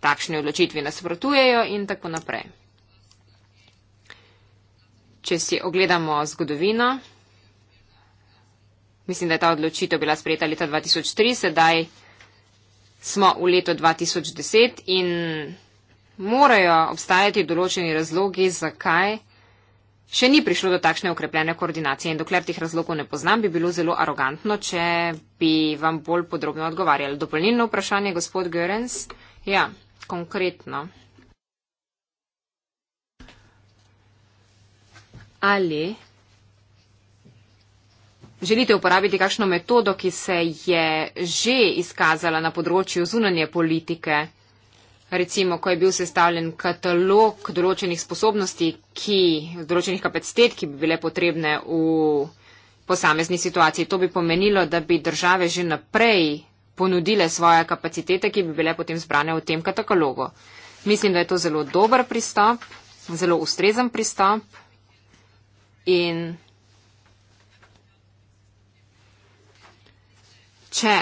takšne odločitvi nasprotujejo in tako naprej. Če si ogledamo zgodovino, mislim, da je ta odločitev bila sprejeta leta 2003, sedaj smo v letu 2010 in morajo obstajati določeni razlogi, zakaj še ni prišlo do takšne okrepljene koordinacije. In dokler tih razlogov ne poznam, bi bilo zelo arogantno, če bi vam bolj podrobno odgovarjali. Dopolnilno vprašanje, gospod Görens? Ja, konkretno. Ali želite uporabiti kakšno metodo, ki se je že izkazala na področju zunanje politike? recimo, ko je bil sestavljen katalog določenih sposobnosti, ki, določenih kapacitet, ki bi bile potrebne v posamezni situaciji. To bi pomenilo, da bi države že naprej ponudile svoje kapacitete, ki bi bile potem zbrane v tem katalogu. Mislim, da je to zelo dober pristop, zelo ustrezen pristop in če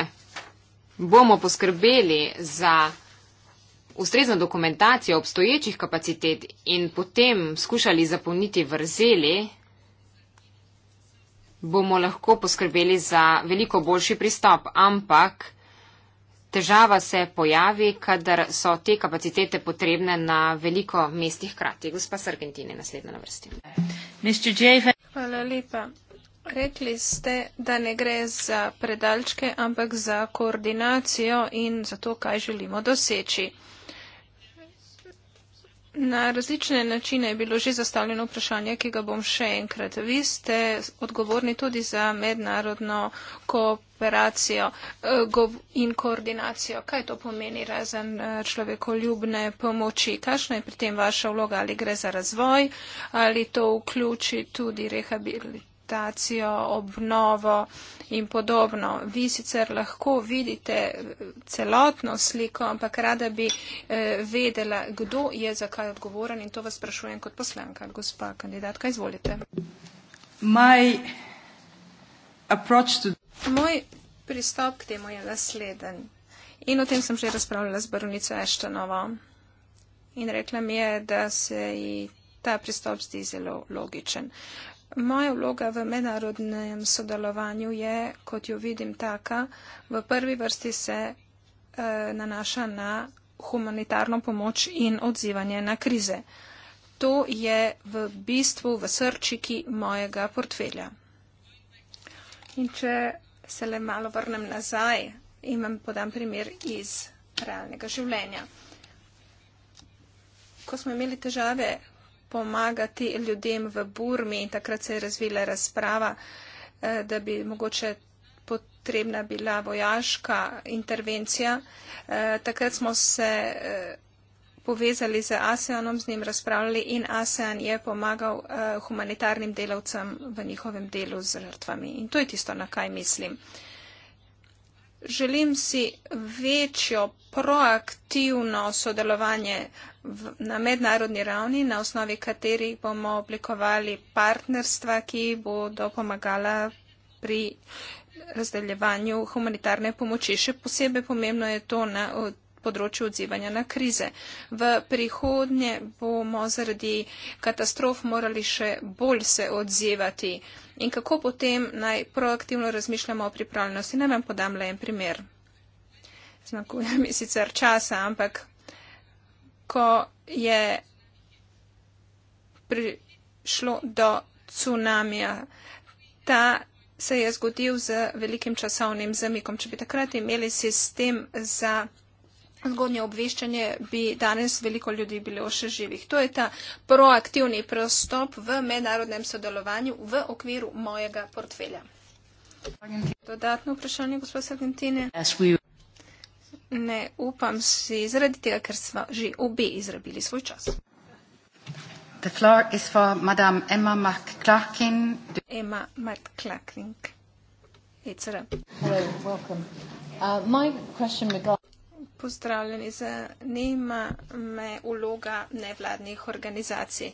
bomo poskrbeli za ustrezno dokumentacijo obstoječih kapacitet in potem skušali zapolniti vrzeli, bomo lahko poskrbeli za veliko boljši pristop, ampak težava se pojavi, kadar so te kapacitete potrebne na veliko mestih krati. Gospa Sargentini, naslednja na vrsti. Hvala lepa. Rekli ste, da ne gre za predalčke, ampak za koordinacijo in za to, kaj želimo doseči. Na različne načine je bilo že zastavljeno vprašanje, ki ga bom še enkrat. Vi ste odgovorni tudi za mednarodno kooperacijo eh, in koordinacijo. Kaj to pomeni razen eh, človekoljubne pomoči? Kakšna je pri tem vaša vloga? Ali gre za razvoj? Ali to vključi tudi rehabilitacijo? rehabilitacijo, obnovo in podobno. Vi sicer lahko vidite celotno sliko, ampak rada bi eh, vedela, kdo je zakaj odgovoren in to vas sprašujem kot poslanka. Gospa kandidatka, izvolite. My approach to. Moj pristop k temu je nasleden. In o tem sem že razpravljala z baronico Eštanovo. In rekla mi je, da se ji ta pristop zdi zelo logičen. Uh, Moja vloga v mednarodnem sodelovanju je, kot jo vidim, taka, v prvi vrsti se e, nanaša na humanitarno pomoč in odzivanje na krize. To je v bistvu v srčiki mojega portfelja. In če se le malo vrnem nazaj in vam podam primer iz realnega življenja. Ko smo imeli težave pomagati ljudem v Burmi. Takrat se je razvila razprava, eh, da bi mogoče potrebna bila vojaška intervencija. Eh, takrat smo se eh, povezali z ASEANom, z njim razpravljali in ASEAN je pomagal humanitarnim delavcem v njihovem delu z žrtvami. In to je tisto, na kaj mislim. Želim si večjo proaktivno sodelovanje v, na mednarodni ravni, na osnovi katerih bomo oblikovali partnerstva, ki bodo pomagala pri razdeljevanju humanitarne pomoči. Še posebej pomembno je to na področju odzivanja na krize. V prihodnje bomo zaradi katastrof morali še bolj se odzivati. In kako potem naj proaktivno razmišljamo o pripravljenosti? Naj vam podam le en primer. Znakuje mi sicer časa, ampak ko je prišlo do cunamija, ta se je zgodil z velikim časovnim zamikom. Če bi takrat imeli sistem za zgodnje obveščanje, bi danes veliko ljudi bilo še živih. To je ta proaktivni prostop v mednarodnem sodelovanju v okviru mojega portfelja. Dodatno vprašanje, gospod Argentine? Ne upam si, zaradi tega, ker smo že obe izrabili svoj čas. The floor is for Madame Emma McClarkin. Emma McClarkin. It's a... Hello, welcome. Uh, my question regards... Pozdravljeni, zanima me uloga nevladnih organizacij.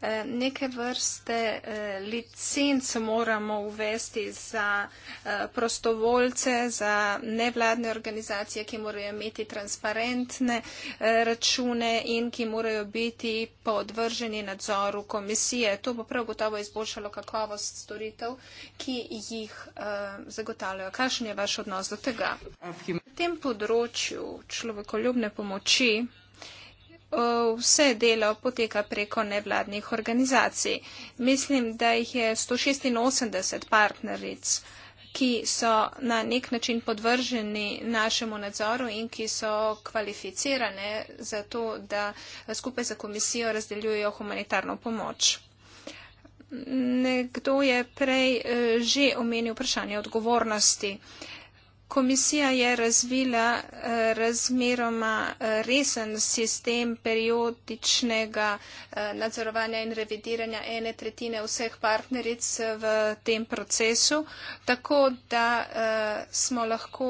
E, neke vrste e, licenc moramo uvesti za e, prostovoljce, za nevladne organizacije, ki morajo imeti transparentne račune in ki morajo biti podvrženi nadzoru komisije. To bo prav gotovo izboljšalo kakovost storitev, ki jih zagotavljajo. Kakšen je vaš odnos do tega? Na tem področju, človekoljubne pomoči, vse delo poteka preko nevladnih organizacij. Mislim, da jih je 186 partneric, ki so na nek način podvrženi našemu nadzoru in ki so kvalificirane za to, da skupaj za komisijo razdeljujejo humanitarno pomoč. Nekdo je prej eh, že omenil vprašanje odgovornosti. Komisija je razvila eh, razmeroma eh, resen sistem periodičnega eh, nadzorovanja in revidiranja ene tretjine vseh partneric v tem procesu, tako da smo lahko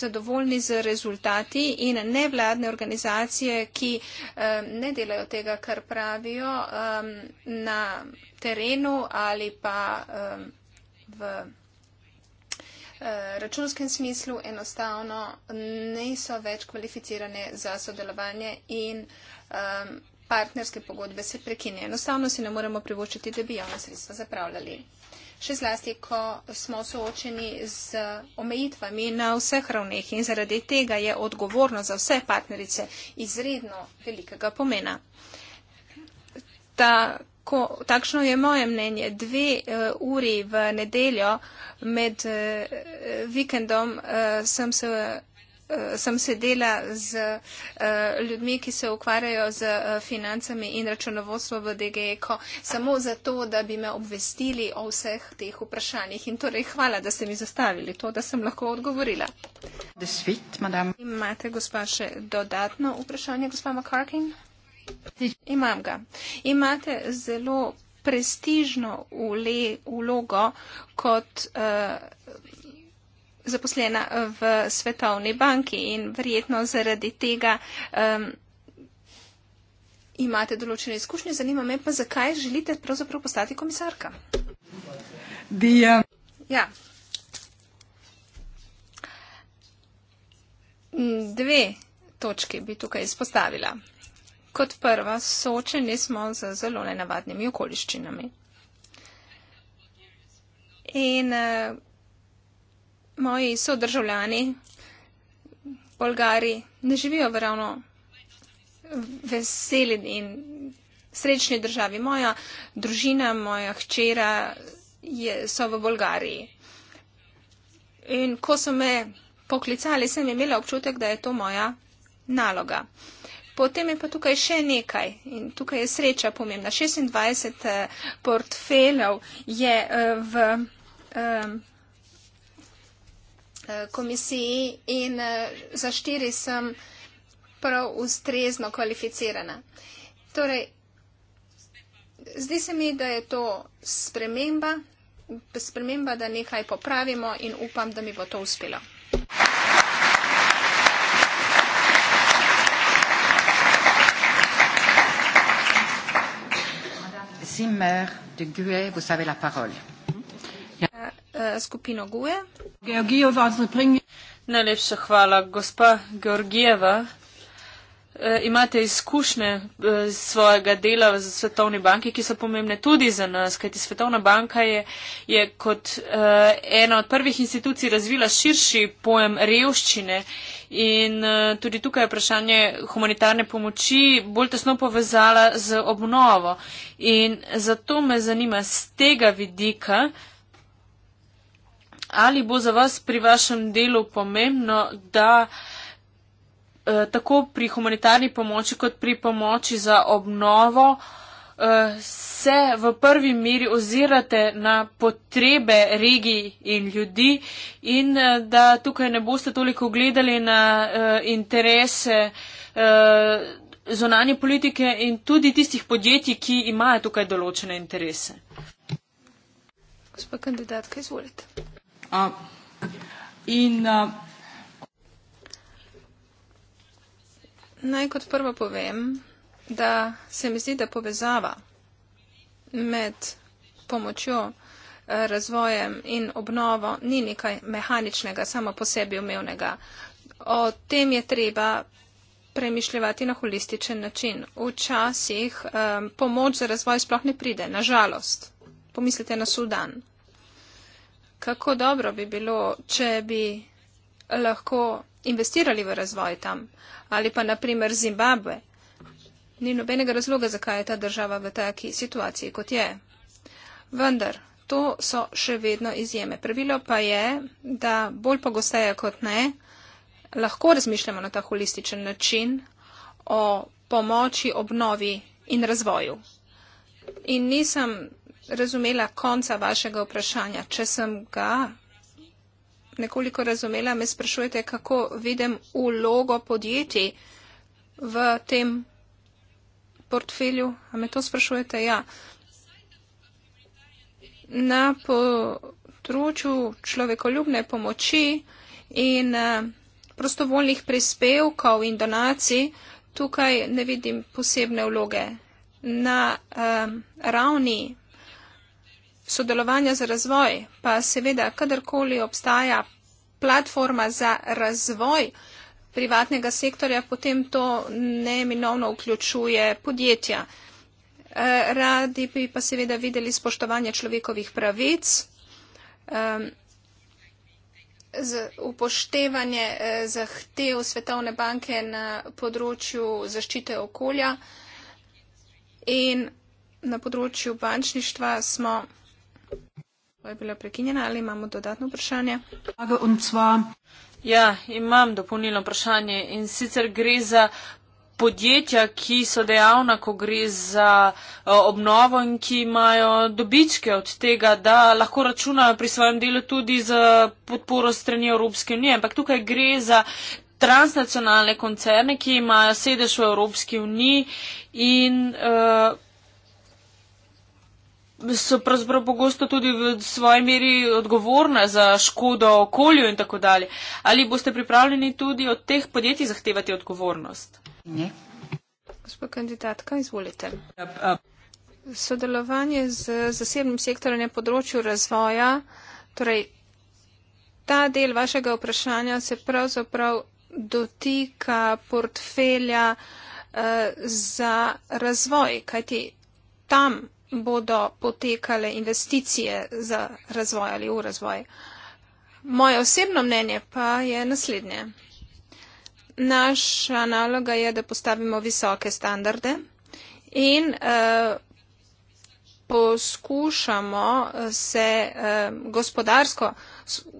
zadovoljni z rezultati in nevladne organizacije, ki ne delajo tega, kar pravijo na terenu ali pa v. Eh, računskem smislu enostavno niso več kvalificirane za sodelovanje in um, partnerske pogodbe se prekinejo. Enostavno si ne moremo privoščiti, da bi javna sredstva zapravljali. Še zlasti, ko smo soočeni z omejitvami na vseh ravneh in zaradi tega je odgovorno za vse partnerice izredno velikega pomena. Ta Tako, takšno je moje mnenje. Dve uh, uri v nedeljo med uh, vikendom uh, sem se. Sem sedela z uh, ljudmi, ki se ukvarjajo z uh, financami in računovodstvo v DGE-ko, samo zato, da bi me obvestili o vseh teh vprašanjih. In torej hvala, da ste mi zastavili to, da sem lahko odgovorila. Desvit, Imate, gospa, še dodatno vprašanje, gospa McCarkin? Imam ga. Imate zelo prestižno ule, ulogo kot uh, zaposlena v Svetovni banki in verjetno zaradi tega um, imate določene izkušnje. Zanima me pa, zakaj želite pravzaprav postati komisarka. Dija. Ja. Dve točki bi tukaj izpostavila. Kot prva, soočeni smo z zelo nenavadnimi okoliščinami. In uh, moji sodržavljani, Bolgari, ne živijo v ravno veseli in srečni državi. Moja družina, moja hčera je, so v Bolgariji. In ko so me poklicali, sem imela občutek, da je to moja naloga. Uh, Potem je pa tukaj še nekaj in tukaj je sreča pomembna. 26 eh, portfeljev je eh, v eh, komisiji in za štiri sem prav ustrezno kvalificirana. Torej, zdi se mi, da je to sprememba, sprememba, da nekaj popravimo in upam, da mi bo to uspelo. Ja, eh, skupino GUE. Najlepša hvala, gospa Georgijeva. Eh, imate izkušnje eh, svojega dela v Svetovni banki, ki so pomembne tudi za nas, kajti Svetovna banka je, je kot eh, ena od prvih institucij razvila širši pojem revščine in tudi tukaj je vprašanje humanitarne pomoči bolj tesno povezala z obnovo. In zato me zanima z tega vidika, ali bo za vas pri vašem delu pomembno, da. Eh, tako pri humanitarni pomoči, kot pri pomoči za obnovo, eh, se v prvi meri ozirate na potrebe regij in ljudi in eh, da tukaj ne boste toliko gledali na interese zonanje politike in tudi tistih podjetij, ki imajo tukaj določene interese. Gospod kandidatka, izvolite. A, in a, Naj kot prvo povem, da se mi zdi, da povezava med pomočjo eh, razvojem in obnovo ni nekaj mehaničnega, samo posebej umevnega. O tem je treba premišljevati na holističen način. Včasih um, pomoč za razvoj sploh ne pride, na žalost. Pomislite na Sudan. Kako dobro bi bilo, če bi lahko investirali v razvoj tam ali pa naprimer Zimbabve. Ni nobenega razloga, zakaj je ta država v taki situaciji, kot je. Vendar, to so še vedno izjeme. Pravilo pa je, da bolj pogosteje kot ne, lahko razmišljamo na ta holističen način o pomoči, obnovi in razvoju. In nisem razumela konca vašega vprašanja, če sem ga nekoliko razumela, me sprašujete, kako vidim ulogo podjetij v tem portfelju. A me to sprašujete? Ja. Na področju človekoljubne pomoči in eh, prostovoljnih prispevkov in donacij tukaj ne vidim posebne vloge. Na um, ravni sodelovanja za razvoj, pa seveda, kadarkoli obstaja platforma za razvoj privatnega sektorja, potem to neminovno vključuje podjetja. Eh, radi bi pa seveda videli spoštovanje človekovih pravic, ehm, upoštevanje eh, zahtev Svetovne banke na področju zaščite okolja in na področju bančništva smo vsega, To je bila prekinjena ali imamo dodatno vprašanje? Ja, imam dopolnilno vprašanje in sicer gre za podjetja, ki so dejavna, ko gre za eh, obnovo in ki imajo dobičke od tega, da lahko računajo pri svojem delu tudi za podporo strani Evropske unije. Ampak tukaj gre za transnacionalne koncerne, ki imajo sedež v Evropski uniji in. Uh, so pravzaprav pogosto tudi v svoji meri odgovorna za škodo okolju in tako dalje. Ali boste pripravljeni tudi od teh podjetij zahtevati odgovornost? Ne. Gospod kandidatka, izvolite. Ja, a... Sodelovanje z zasebnim sektorjem na področju razvoja, torej ta del vašega vprašanja se pravzaprav dotika portfelja eh, za razvoj, kajti tam bodo potekale investicije za razvoj ali v razvoj. Moje osebno mnenje pa je naslednje. Naša naloga je, da postavimo visoke standarde in eh, poskušamo eh, se eh, gospodarsko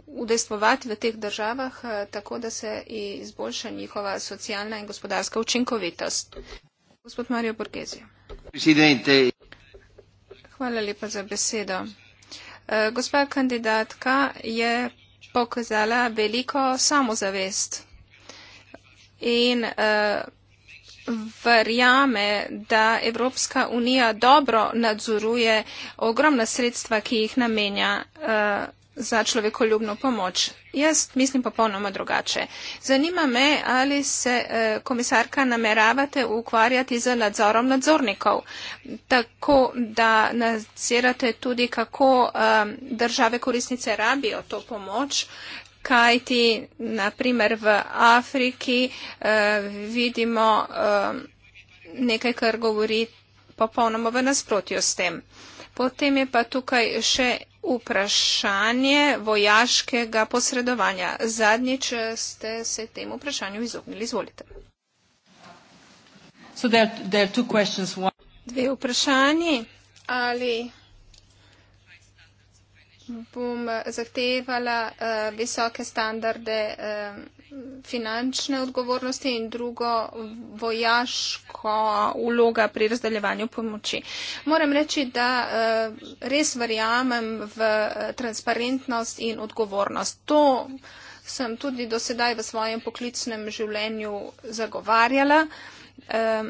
udestvovati v teh državah, tako da se izboljša njihova socialna in gospodarska učinkovitost. Gospod Mario Borgezio. Hvala lepa za besedo. E, gospa kandidatka je pokazala veliko samozavest in e, verjame, da Evropska unija dobro nadzoruje ogromna sredstva, ki jih namenja e, za človekoljubno pomoč. Jaz mislim popolnoma drugače. Zanima me, ali se eh, komisarka nameravate ukvarjati z nadzorom nadzornikov, tako da nadzirate tudi, kako eh, države korisnice rabijo to pomoč, kajti naprimer v Afriki eh, vidimo nekaj, kar govori popolnoma v nasprotju s tem. Potem je pa tukaj še vprašanje vojaškega posredovanja. Zadnjič ste se temu vprašanju izognili. Izvolite. So there, there are two questions. One... Dve vprašanji. Ali bom zahtevala uh, visoke standarde uh, finančne odgovornosti in drugo vojaško uloga pri razdeljevanju pomoči. Moram reči, da eh, res verjamem v eh, transparentnost in odgovornost. To sem tudi do sedaj v svojem poklicnem življenju zagovarjala. Eh,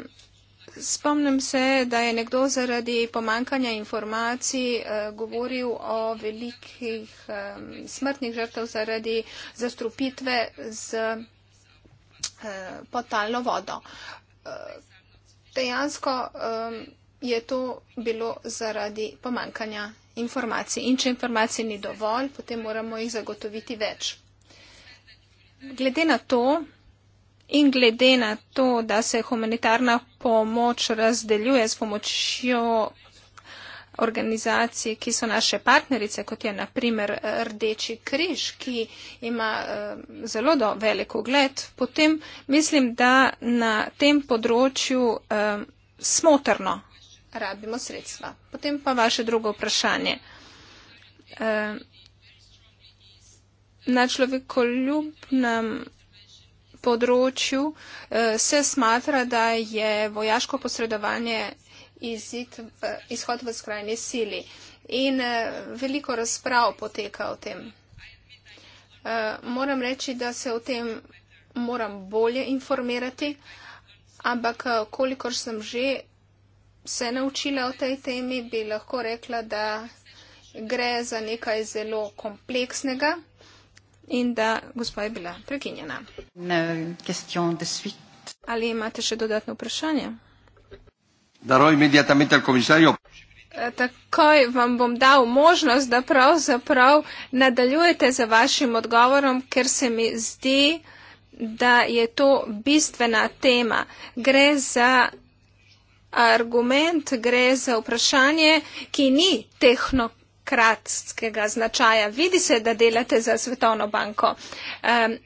Spomnim se, da je nekdo zaradi pomankanja informacij eh, govoril o velikih eh, smrtnih žrtev zaradi zastrupitve z eh, potalno vodo. Eh, dejansko eh, je to bilo zaradi pomankanja informacij. In če informacij ni dovolj, potem moramo jih zagotoviti več. Glede na to, In glede na to, da se humanitarna pomoč razdeljuje s pomočjo organizacije, ki so naše partnerice, kot je naprimer eh, Rdeči križ, ki ima eh, zelo do veliko gled, potem mislim, da na tem področju eh, smotrno rabimo sredstva. Potem pa vaše drugo vprašanje. Na človekoljubnem področju eh, se smatra, da je vojaško posredovanje izid, izhod v skrajni sili. In eh, veliko razprav poteka o tem. Eh, moram reči, da se o tem moram bolje informirati, ampak kolikor sem že se naučila o tej temi, bi lahko rekla, da gre za nekaj zelo kompleksnega in da gospa je bila prekinjena. Ali imate še dodatno vprašanje? Eh, takoj vam bom dal možnost, da pravzaprav nadaljujete za vašim odgovorom, ker se mi zdi, da je to bistvena tema. Gre za argument, gre za vprašanje, ki ni tehnok kratkega značaja. Vidi se, da delate za Svetovno banko. Um,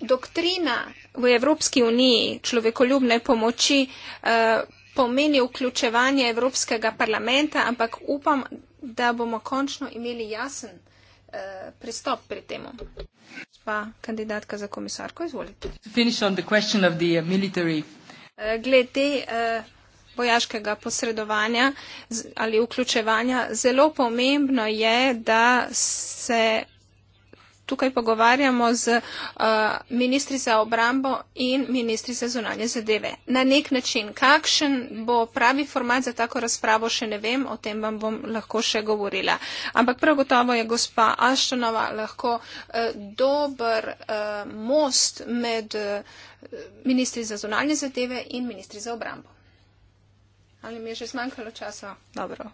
doktrina v Evropski uniji človekoljubne pomoči uh, pomeni vključevanje Evropskega parlamenta, ampak upam, da bomo končno imeli jasen uh, pristop pri temu. Spa kandidatka za komisarko, izvolite. Uh, e, glede. Uh, vojaškega posredovanja ali vključevanja, zelo pomembno je, da se tukaj pogovarjamo z uh, ministri za obrambo in ministri za zunanje zadeve. Na nek način, kakšen bo pravi format za tako razpravo, še ne vem, o tem vam bom lahko še govorila. Ampak prav gotovo je gospa Aštonova lahko uh, dober uh, most med uh, ministri za zunanje zadeve in ministri za obrambo. Ali mi je že zmanjkalo časa? Dobro.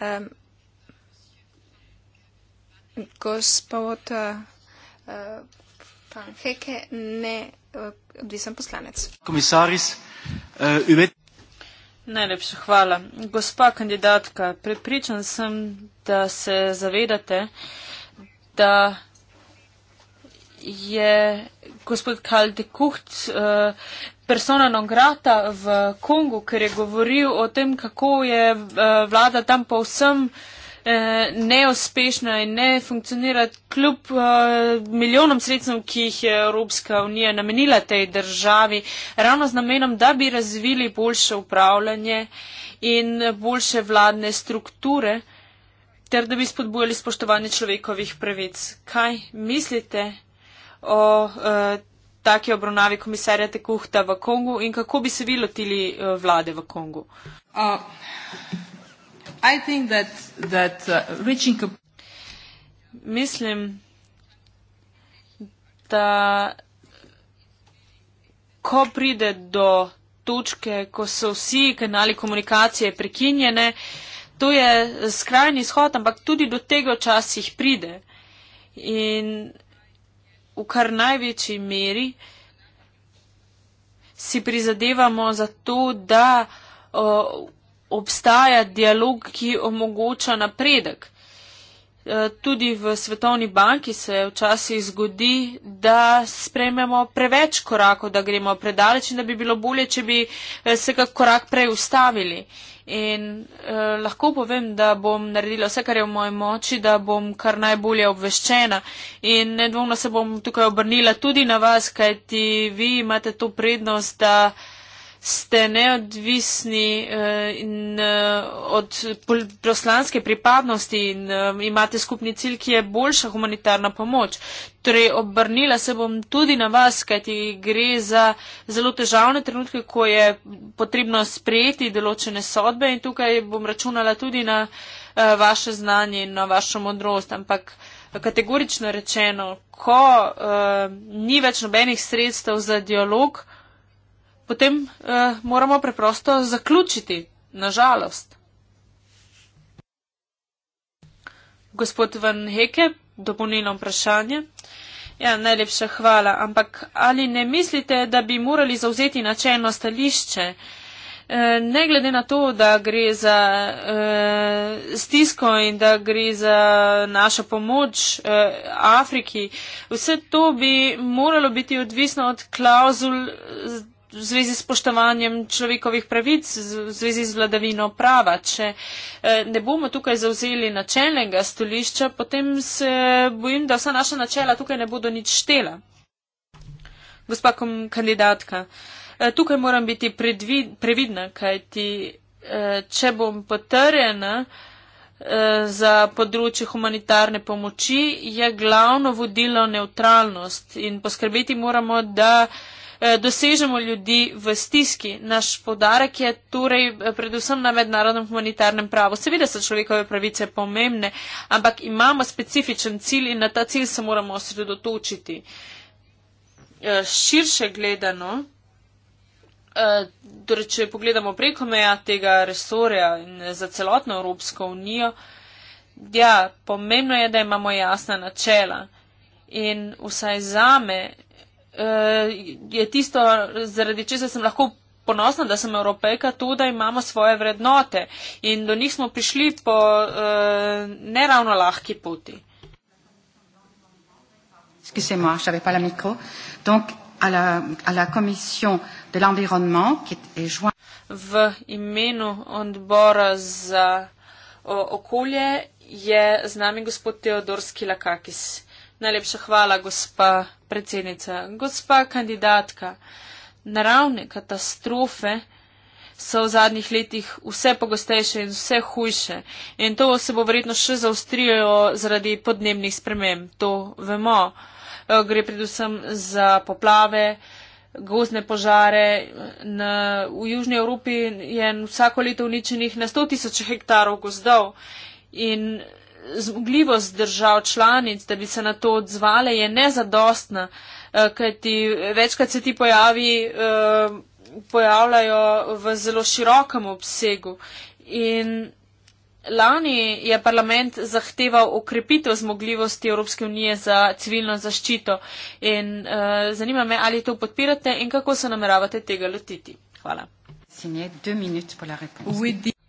Um, gospod uh, pan Heke, ne, uh, odvisen poslanec. Komisaris, uh, uvet. Najlepša hvala. Gospa kandidatka, prepričan sem, da se zavedate, da je gospod Kaldekuht uh, persona non grata v Kongu, ker je govoril o tem, kako je eh, vlada tam povsem eh, neuspešna in ne funkcionira kljub eh, milijonom sredstvom, ki jih je Evropska unija namenila tej državi, ravno z namenom, da bi razvili boljše upravljanje in boljše vladne strukture ter da bi spodbujali spoštovanje človekovih pravic. Kaj mislite o uh, taki obravnavi komisarja Tekuhta v Kongu in kako bi se vi lotili eh, vlade v Kongu? Uh, that, that, uh, reaching... Mislim, da ko pride do točke, ko so vsi kanali komunikacije prekinjene, to je skrajni izhod, ampak tudi do tega včasih pride. In v kar največji meri si prizadevamo za to, da o, obstaja dialog, ki omogoča napredek. E, tudi v Svetovni banki se včasih zgodi, da sprememo preveč korakov, da gremo predaleč in da bi bilo bolje, če bi e, se kak korak prej ustavili. In eh, lahko povem, da bom naredila vse, kar je v moji moči, da bom kar najbolje obveščena. In nedvomno se bom tukaj obrnila tudi na vas, kajti vi imate to prednost, da ste neodvisni uh, in, uh, od proslanske pripadnosti in uh, imate skupni cilj, ki je boljša humanitarna pomoč. Torej, obrnila se bom tudi na vas, kajti gre za zelo težavne trenutke, ko je potrebno sprejeti določene sodbe in tukaj bom računala tudi na uh, vaše znanje in na vašo modrost. Ampak kategorično rečeno, ko uh, ni več nobenih sredstev za dialog, uh, potem eh, moramo preprosto zaključiti, nažalost. Gospod Van Heke, dopolnilno vprašanje. Ja, najlepša hvala, ampak ali ne mislite, da bi morali zauzeti načelno stališče? Eh, ne glede na to, da gre za eh, stisko in da gre za našo pomoč eh, Afriki, vse to bi moralo biti odvisno od klauzul v zvezi s poštovanjem človekovih pravic, v zvezi z vladavino prava. Če eh, ne bomo tukaj zauzeli načelnega stolišča, potem se bojim, da vsa naša načela tukaj ne bodo nič štela. Gospa kandidatka, eh, tukaj moram biti previdna, kajti eh, če bom potrjena za področje humanitarne pomoči, je glavno vodilo neutralnost in poskrbeti moramo, da Eh, dosežemo ljudi v stiski. Naš podarek je torej eh, predvsem na mednarodnem humanitarnem pravu. Seveda so človekove pravice pomembne, ampak imamo specifičen cilj in na ta cilj se moramo osredotočiti. Eh, širše gledano, torej če pogledamo preko meja tega resorja in za celotno Evropsko unijo, ja, pomembno je, da imamo jasna načela. In vsaj zame je tisto, zaradi česar sem lahko ponosna, da sem evropejka, tudi da imamo svoje vrednote in do njih smo prišli po uh, eh, neravno lahki poti. Excusez-moi, je n'avais pas le micro. Donc, à la, à la commission de l'environnement qui est, est joint. V imenu odbora za o, okolje je z nami gospod Teodorski Lakakis. Najlepša hvala, gospa predsednica, gospa kandidatka, naravne katastrofe so v zadnjih letih vse pogostejše in vse hujše in to se bo verjetno še zaustrijalo zaradi podnebnih sprememb, to vemo. E, gre predvsem za poplave, gozne požare. Na, v Južni Evropi je vsako leto uničenih na 100 tisoč hektarov gozdov in zmogljivost držav članic, da bi se na to odzvale, je nezadostna, eh, kajti večkrat se ti pojavi eh, pojavljajo v zelo širokem obsegu. In lani je parlament zahteval okrepitev zmogljivosti Evropske unije za civilno zaščito. In uh, zanima me, ali to podpirate in kako se nameravate tega lotiti. Hvala.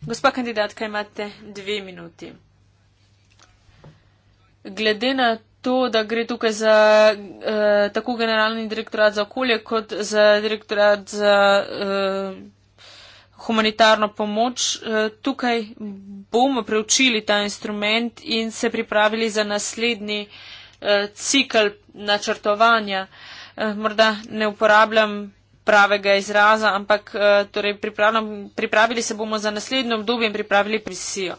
Gospa kandidatka, imate dve minuti glede na to, da gre tukaj za eh, tako generalni direktorat za okolje kot za direktorat za eh, humanitarno pomoč, eh, tukaj bomo preučili ta instrument in se pripravili za naslednji eh, cikl načrtovanja. Eh, morda ne uporabljam pravega izraza, ampak eh, torej pripravili se bomo za naslednjo obdobje in pripravili prisijo.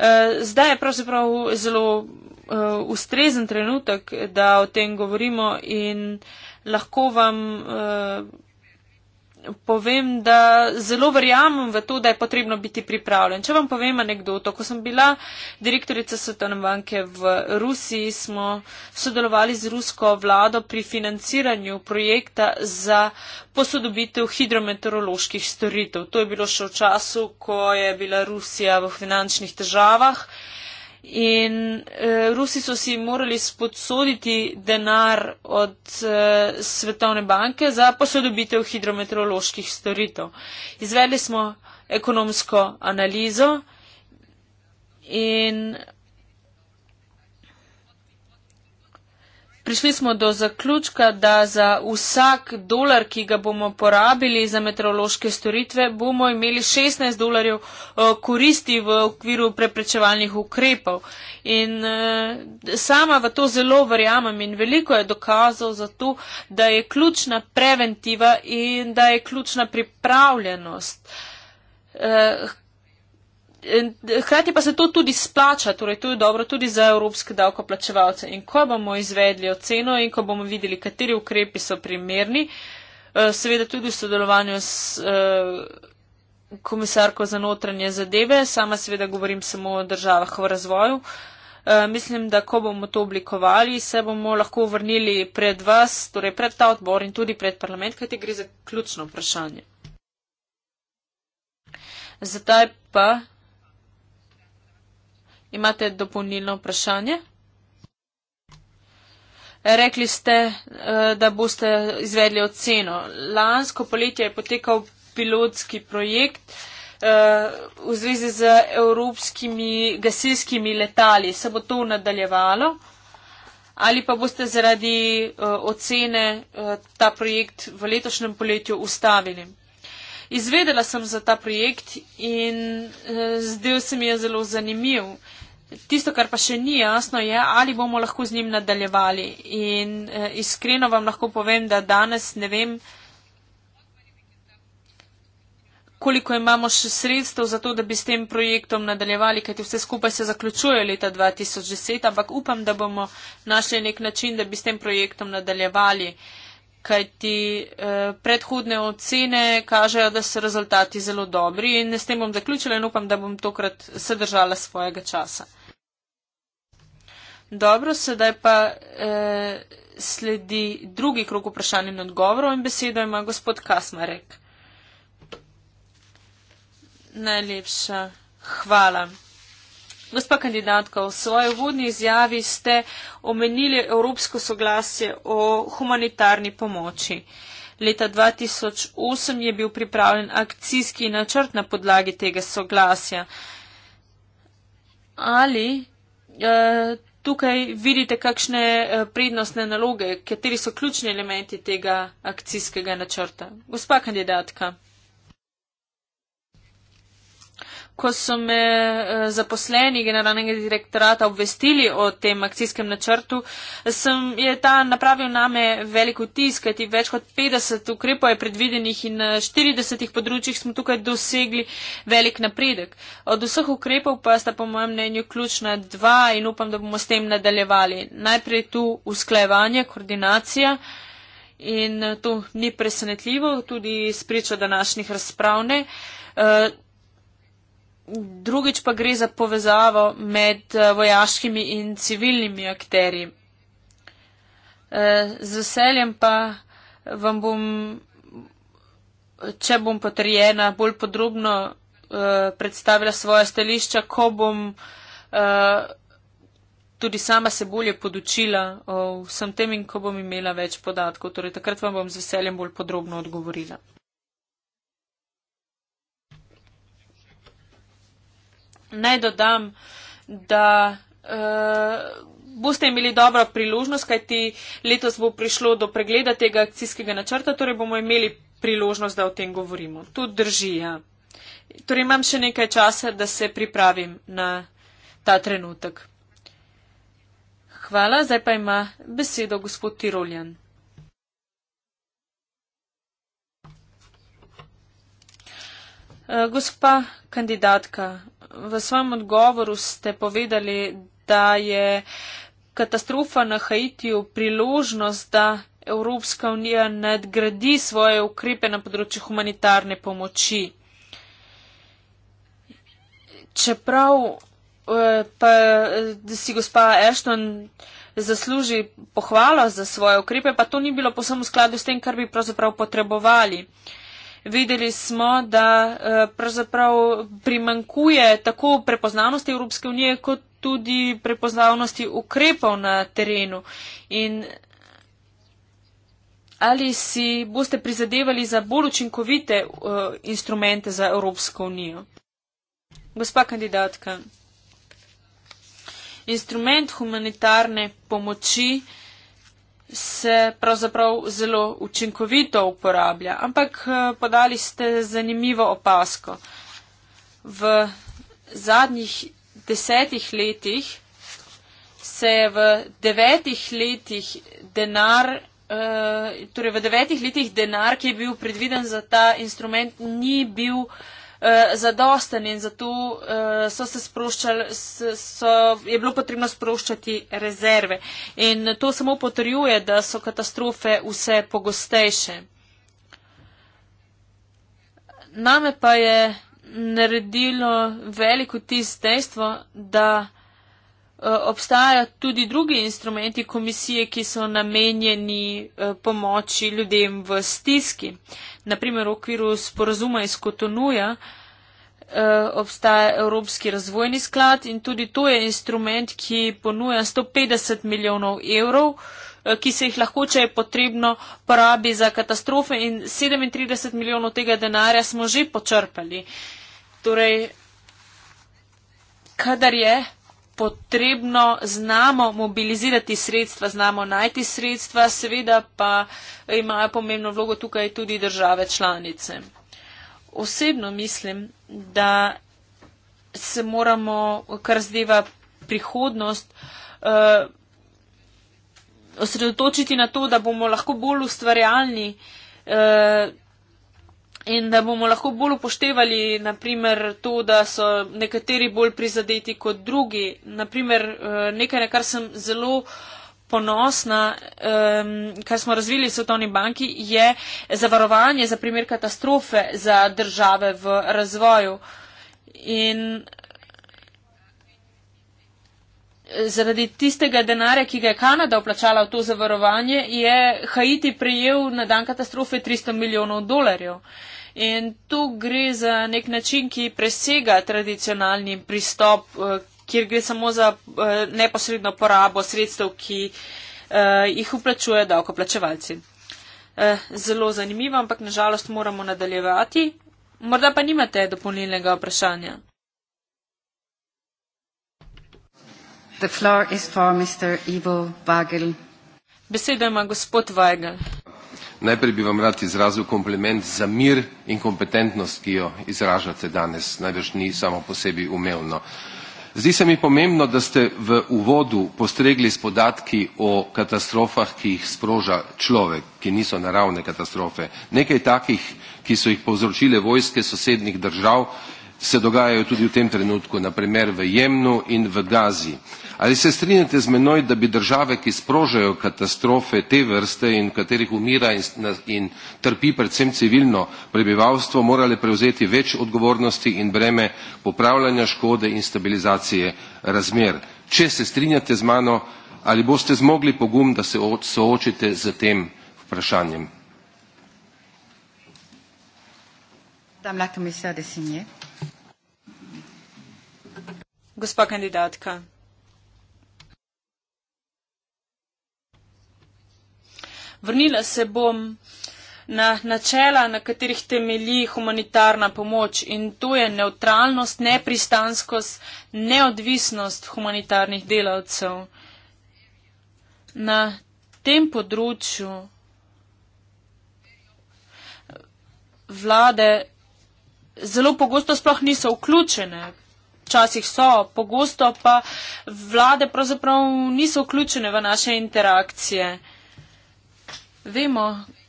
Eh, zdaj je pravzaprav zelo eh, ustrezen trenutek, da o tem govorimo in lahko vam eh, povem, da zelo verjamem v to, da je potrebno biti pripravljen. Če vam povem anegdoto, ko sem bila direktorica Svetovne banke v Rusiji, smo sodelovali z rusko vlado pri financiranju projekta za posodobitev hidrometeoroloških storitev. To je bilo še v času, ko je bila Rusija v finančnih težavah in eh, Rusi so si morali sposoditi denar od eh, Svetovne banke za posodobitev hidrometeoroloških storitev. Izvedli smo ekonomsko analizo in prišli smo do zaključka, da za vsak dolar, ki ga bomo porabili za meteorološke storitve, bomo imeli 16 dolarjev eh, koristi v okviru preprečevalnih ukrepov. In eh, sama v to zelo verjamem in veliko je dokazov za to, da je ključna preventiva in da je ključna pripravljenost. Eh, Hkrati pa se to tudi splača, torej to je dobro tudi za evropske davkoplačevalce. In ko bomo izvedli oceno in ko bomo videli, kateri ukrepi so primerni, eh, seveda tudi v sodelovanju s eh, komisarko za notranje zadeve, sama seveda govorim samo o državah v razvoju, eh, mislim, da ko bomo to oblikovali, se bomo lahko vrnili pred vas, torej pred ta odbor in tudi pred parlament, kajti gre za ključno vprašanje. Zdaj pa Imate dopolnilno vprašanje? Rekli ste, eh, da boste izvedli oceno. Lansko poletje je potekal pilotski projekt eh, v zvezi z evropskimi gasilskimi letali. Se bo to nadaljevalo? Ali pa boste zaradi eh, ocene ta projekt v letošnjem poletju ustavili? izvedela sem za ta projekt in uh, zdel se mi je zelo zanimiv. Tisto, kar pa še ni jasno, je, ali bomo lahko z njim nadaljevali. In uh, iskreno vam lahko povem, da danes ne vem, koliko imamo še sredstev za to, da bi s tem projektom nadaljevali, kajti vse skupaj se zaključuje leta 2010, ampak upam, da bomo našli nek način, da bi s tem projektom nadaljevali. Uh, kaj ti eh, predhodne ocene kažejo, da so rezultati zelo dobri in s tem bom zaključila in upam, da bom tokrat se držala svojega časa. Dobro, sedaj pa eh, sledi drugi krok vprašanj in odgovorov in besedo ima gospod Kasmarek. Najlepša hvala. Gospa kandidatka, v svoji uvodni izjavi ste omenili evropsko soglasje o humanitarni pomoči. Leta 2008 je bil pripravljen akcijski načrt na podlagi tega soglasja. Ali eh, tukaj vidite kakšne eh, prednostne naloge, kateri so ključni elementi tega akcijskega načrta? Gospa kandidatka. ko so me eh, zaposleni generalnega direktorata obvestili o tem akcijskem načrtu, sem je ta napravil name veliko tiskati. Več kot 50 ukrepov je predvidenih in na 40 področjih smo tukaj dosegli velik napredek. Od vseh ukrepov pa sta po mojem mnenju ključna dva in upam, da bomo s tem nadaljevali. Najprej tu usklajevanje, koordinacija. In eh, to ni presenetljivo, tudi spričo današnjih razpravne. Eh, drugič pa gre za povezavo med eh, vojaškimi in civilnimi akteri. Eh, z veseljem pa vam bom, če bom potrjena, bolj podrobno eh, predstavila svoje stališča, ko bom tudi sama se bolje podučila o vsem tem in ko bom imela več podatkov. Torej, takrat vam bom z veseljem bolj podrobno odgovorila. Naj dodam, da uh, boste imeli dobro priložnost, kajti letos bo prišlo do pregleda tega akcijskega načrta, torej bomo imeli priložnost, da o tem govorimo. To drži. Ja. Torej imam še nekaj časa, da se pripravim na ta trenutek. Hvala, zdaj pa ima besedo gospod Tiroljan. Eh, gospa kandidatka, v svojem odgovoru ste povedali, da je katastrofa na Haitiju priložnost, da Evropska unija nadgradi svoje ukrepe na področju humanitarne pomoči. Čeprav eh, pa eh, si gospa Ashton zasluži pohvalo za svoje ukrepe, pa to ni bilo posebno v skladu s tem, kar bi pravzaprav potrebovali videli smo, da eh, pravzaprav primankuje tako prepoznavnosti Evropske unije, kot tudi prepoznavnosti ukrepov na terenu. In ali si boste prizadevali za bolj učinkovite eh, instrumente za Evropsko unijo? Gospa kandidatka, instrument humanitarne pomoči, se pravzaprav zelo učinkovito uporablja. Ampak eh, podali ste zanimivo opasko. V zadnjih desetih letih se je v devetih letih denar, eh, torej v devetih letih denar, ki je bil predviden za ta instrument, ni bil uh, Eh, zadosten in zato uh, so se sproščali, so, je bilo potrebno sproščati rezerve. In to samo potrjuje, da so katastrofe vse pogostejše. Name pa je naredilo veliko tist dejstvo, da Eh, obstajajo tudi drugi instrumenti komisije, ki so namenjeni eh, pomoči ljudem v stiski. Naprimer, v okviru sporazuma iz Kotonuja eh, obstaja Evropski razvojni sklad in tudi to je instrument, ki ponuja 150 milijonov evrov ki se jih lahko, če je potrebno, porabi za katastrofe in 37 milijonov tega denarja smo že počrpali. Torej, kadar je potrebno, znamo mobilizirati sredstva, znamo najti sredstva, seveda pa imajo pomembno vlogo tukaj tudi države članice. Osebno mislim, da se moramo, kar zdeva prihodnost, uh, osredotočiti na to, da bomo lahko bolj ustvarjalni. Uh, in da bomo lahko bolj upoštevali, naprimer, to, da so nekateri bolj prizadeti kot drugi. Naprimer, eh, nekaj, na kar sem zelo ponosna, kar smo razvili v Svetovni banki, je zavarovanje za primer katastrofe za države v razvoju. In zaradi tistega denarja, ki ga je Kanada vplačala v to zavarovanje, je Haiti prejel na dan katastrofe 300 milijonov dolarjev. In tu gre za nek način, ki presega tradicionalni pristop, eh, kjer gre samo za eh, neposredno porabo sredstev, ki eh, jih vplačuje davkoplačevalci. Zelo zanimivo, ampak nažalost moramo nadaljevati. Morda pa nimate dopolnilnega vprašanja. The floor is for Mr. Ivo Vagel. Beseda ima gospod Vagel. Najprej bi vam rad izrazil kompliment za mir in kompetentnost, ki jo izražate danes. Največ ni samo po sebi umevno. Zdi se mi pomembno, da ste v uvodu postregli s podatki o katastrofah, ki jih sproža človek, ki niso naravne katastrofe. Nekaj takih, ki so jih povzročile vojske sosednjih držav se dogajajo tudi v tem trenutku, naprimer v Jemnu in v Gazi. Ali se strinjate z menoj, da bi države, ki sprožajo katastrofe te vrste in katerih umira in, in trpi predvsem civilno prebivalstvo, morale prevzeti več odgovornosti in breme popravljanja škode in stabilizacije razmer? Če se strinjate z mano, ali boste zmogli pogum, da se soočite z tem vprašanjem? Madame la commissaire des signes gospa kandidatka. Vrnila se bom na načela, na katerih temelji humanitarna pomoč in to je neutralnost, nepristanskost, neodvisnost humanitarnih delavcev. Na tem področju vlade zelo pogosto sploh niso vključene, včasih so, pogosto pa vlade pravzaprav niso vključene v naše interakcije. Vemo,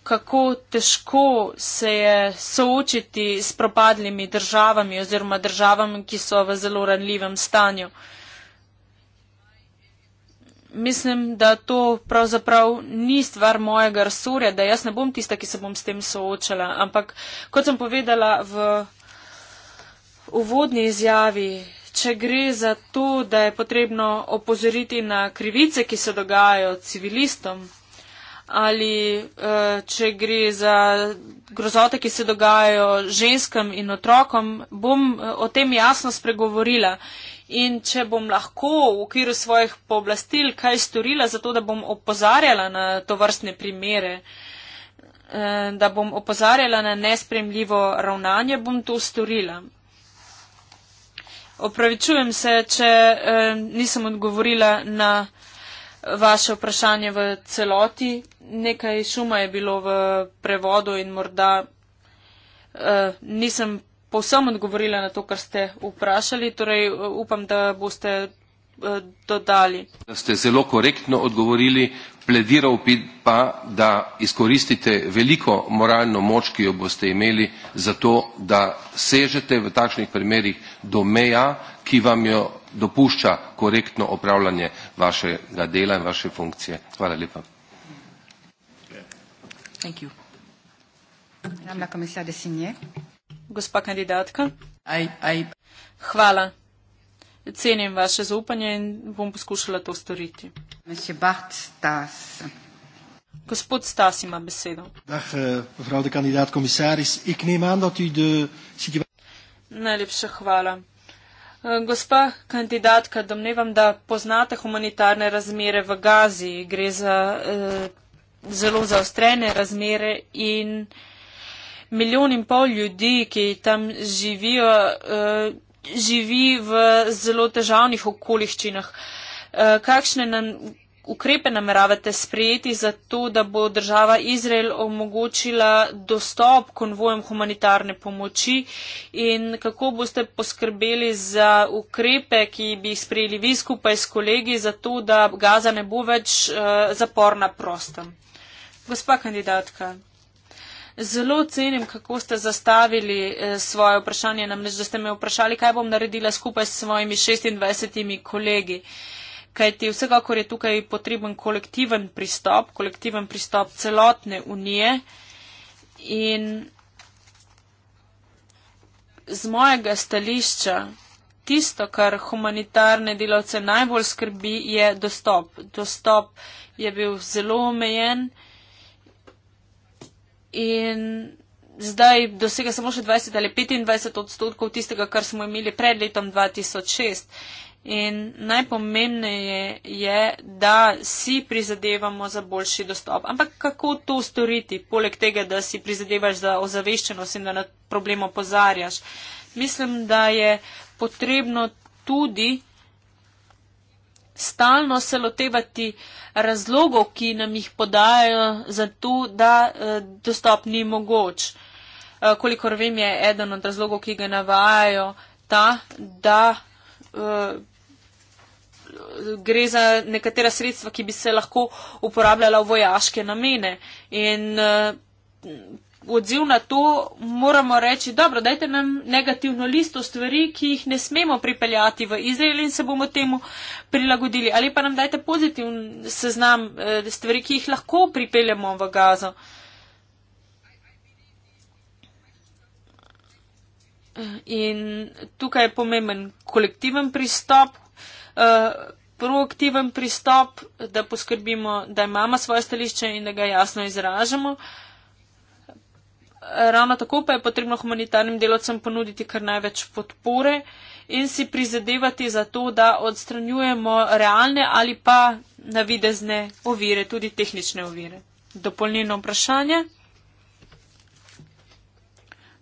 kako težko se je soočiti s propadlimi državami oziroma državami, ki so v zelo ranljivem stanju. Mislim, da to pravzaprav ni stvar mojega resurja, da jaz ne bom tista, ki se bom s tem soočala. Ampak, kot sem povedala v uvodni izjavi, če gre za to, da je potrebno opozoriti na krivice, ki se dogajajo civilistom, ali eh, če gre za grozote, ki se dogajajo ženskam in otrokom, bom eh, o tem jasno spregovorila. In če bom lahko v okviru svojih pooblastil kaj storila za to, da bom opozarjala na to vrstne primere, eh, da bom opozarjala na nespremljivo ravnanje, bom to storila opravičujem se, če eh, nisem odgovorila na vaše vprašanje v celoti. Nekaj šuma je bilo v prevodu in morda eh, nisem povsem odgovorila na to, kar ste vprašali. Torej, eh, upam, da boste eh, dodali. Da ste zelo korektno odgovorili, plediral bi pa, da izkoristite veliko moralno moč, ki jo boste imeli za to, da sežete v takšnih primerih do meja, ki vam jo dopušča korektno opravljanje vašega dela in vaše funkcije. Hvala lepa. Thank you. Gospa kandidatka. I, I... Hvala. Cenim vaše zaupanje in bom poskušala to storiti. Gospod Stas ima besedo. Dah, eh, mevrouw de kandidaat commissaris, ik neem aan dat u de situatie. Najlepša hvala. Eh, gospa kandidatka, domnevam, da poznate humanitarne razmere v Gazi. Gre za eh, zelo zaostrene razmere in milijon in pol ljudi, ki tam živijo, eh, živi v zelo težavnih okoliščinah. Eh, kakšne nam, ukrepe nameravate sprejeti za to, da bo država Izrael omogočila dostop konvojem humanitarne pomoči in kako boste poskrbeli za ukrepe, ki bi jih sprejeli vi skupaj s kolegi, za to, da Gaza ne bo več uh, zapor na prostem? Gospa kandidatka. Zelo cenim, kako ste zastavili eh, svoje vprašanje, namreč, da ste me vprašali, kaj bom naredila skupaj s svojimi 26 kolegi. Kaj ti vsekakor je tukaj potreben kolektiven pristop, kolektiven pristop celotne unije. In z mojega stališča, tisto, kar humanitarne delavce najbolj skrbi, je dostop. Dostop je bil zelo omejen in zdaj dosega samo še 20 ali 25 odstotkov tistega, kar smo imeli pred letom 2006. In najpomembneje je, da si prizadevamo za boljši dostop. Ampak kako to storiti, poleg tega, da si prizadevaš za ozaveščenost in da na problem opozarjaš? Mislim, da je potrebno tudi stalno se lotevati razlogov, ki nam jih podajajo za to, da eh, dostop ni mogoč. Eh, kolikor vem, je eden od razlogov, ki ga navajajo, ta, da eh, gre za nekatera sredstva, ki bi se lahko uporabljala v vojaške namene. In odziv na to moramo reči, dobro, dajte nam negativno listo stvari, ki jih ne smemo pripeljati v Izrael in se bomo temu prilagodili. Ali pa nam dajte pozitiven seznam eh, stvari, ki jih lahko pripeljamo v Gazo. In tukaj je pomemben kolektiven pristop, eh, proaktiven pristop, da poskrbimo, da imamo svoje stališče in da ga jasno izražamo ravno tako pa je potrebno humanitarnim delovcem ponuditi kar največ podpore in si prizadevati za to, da odstranjujemo realne ali pa navidezne ovire, tudi tehnične ovire. Dopolnjeno vprašanje.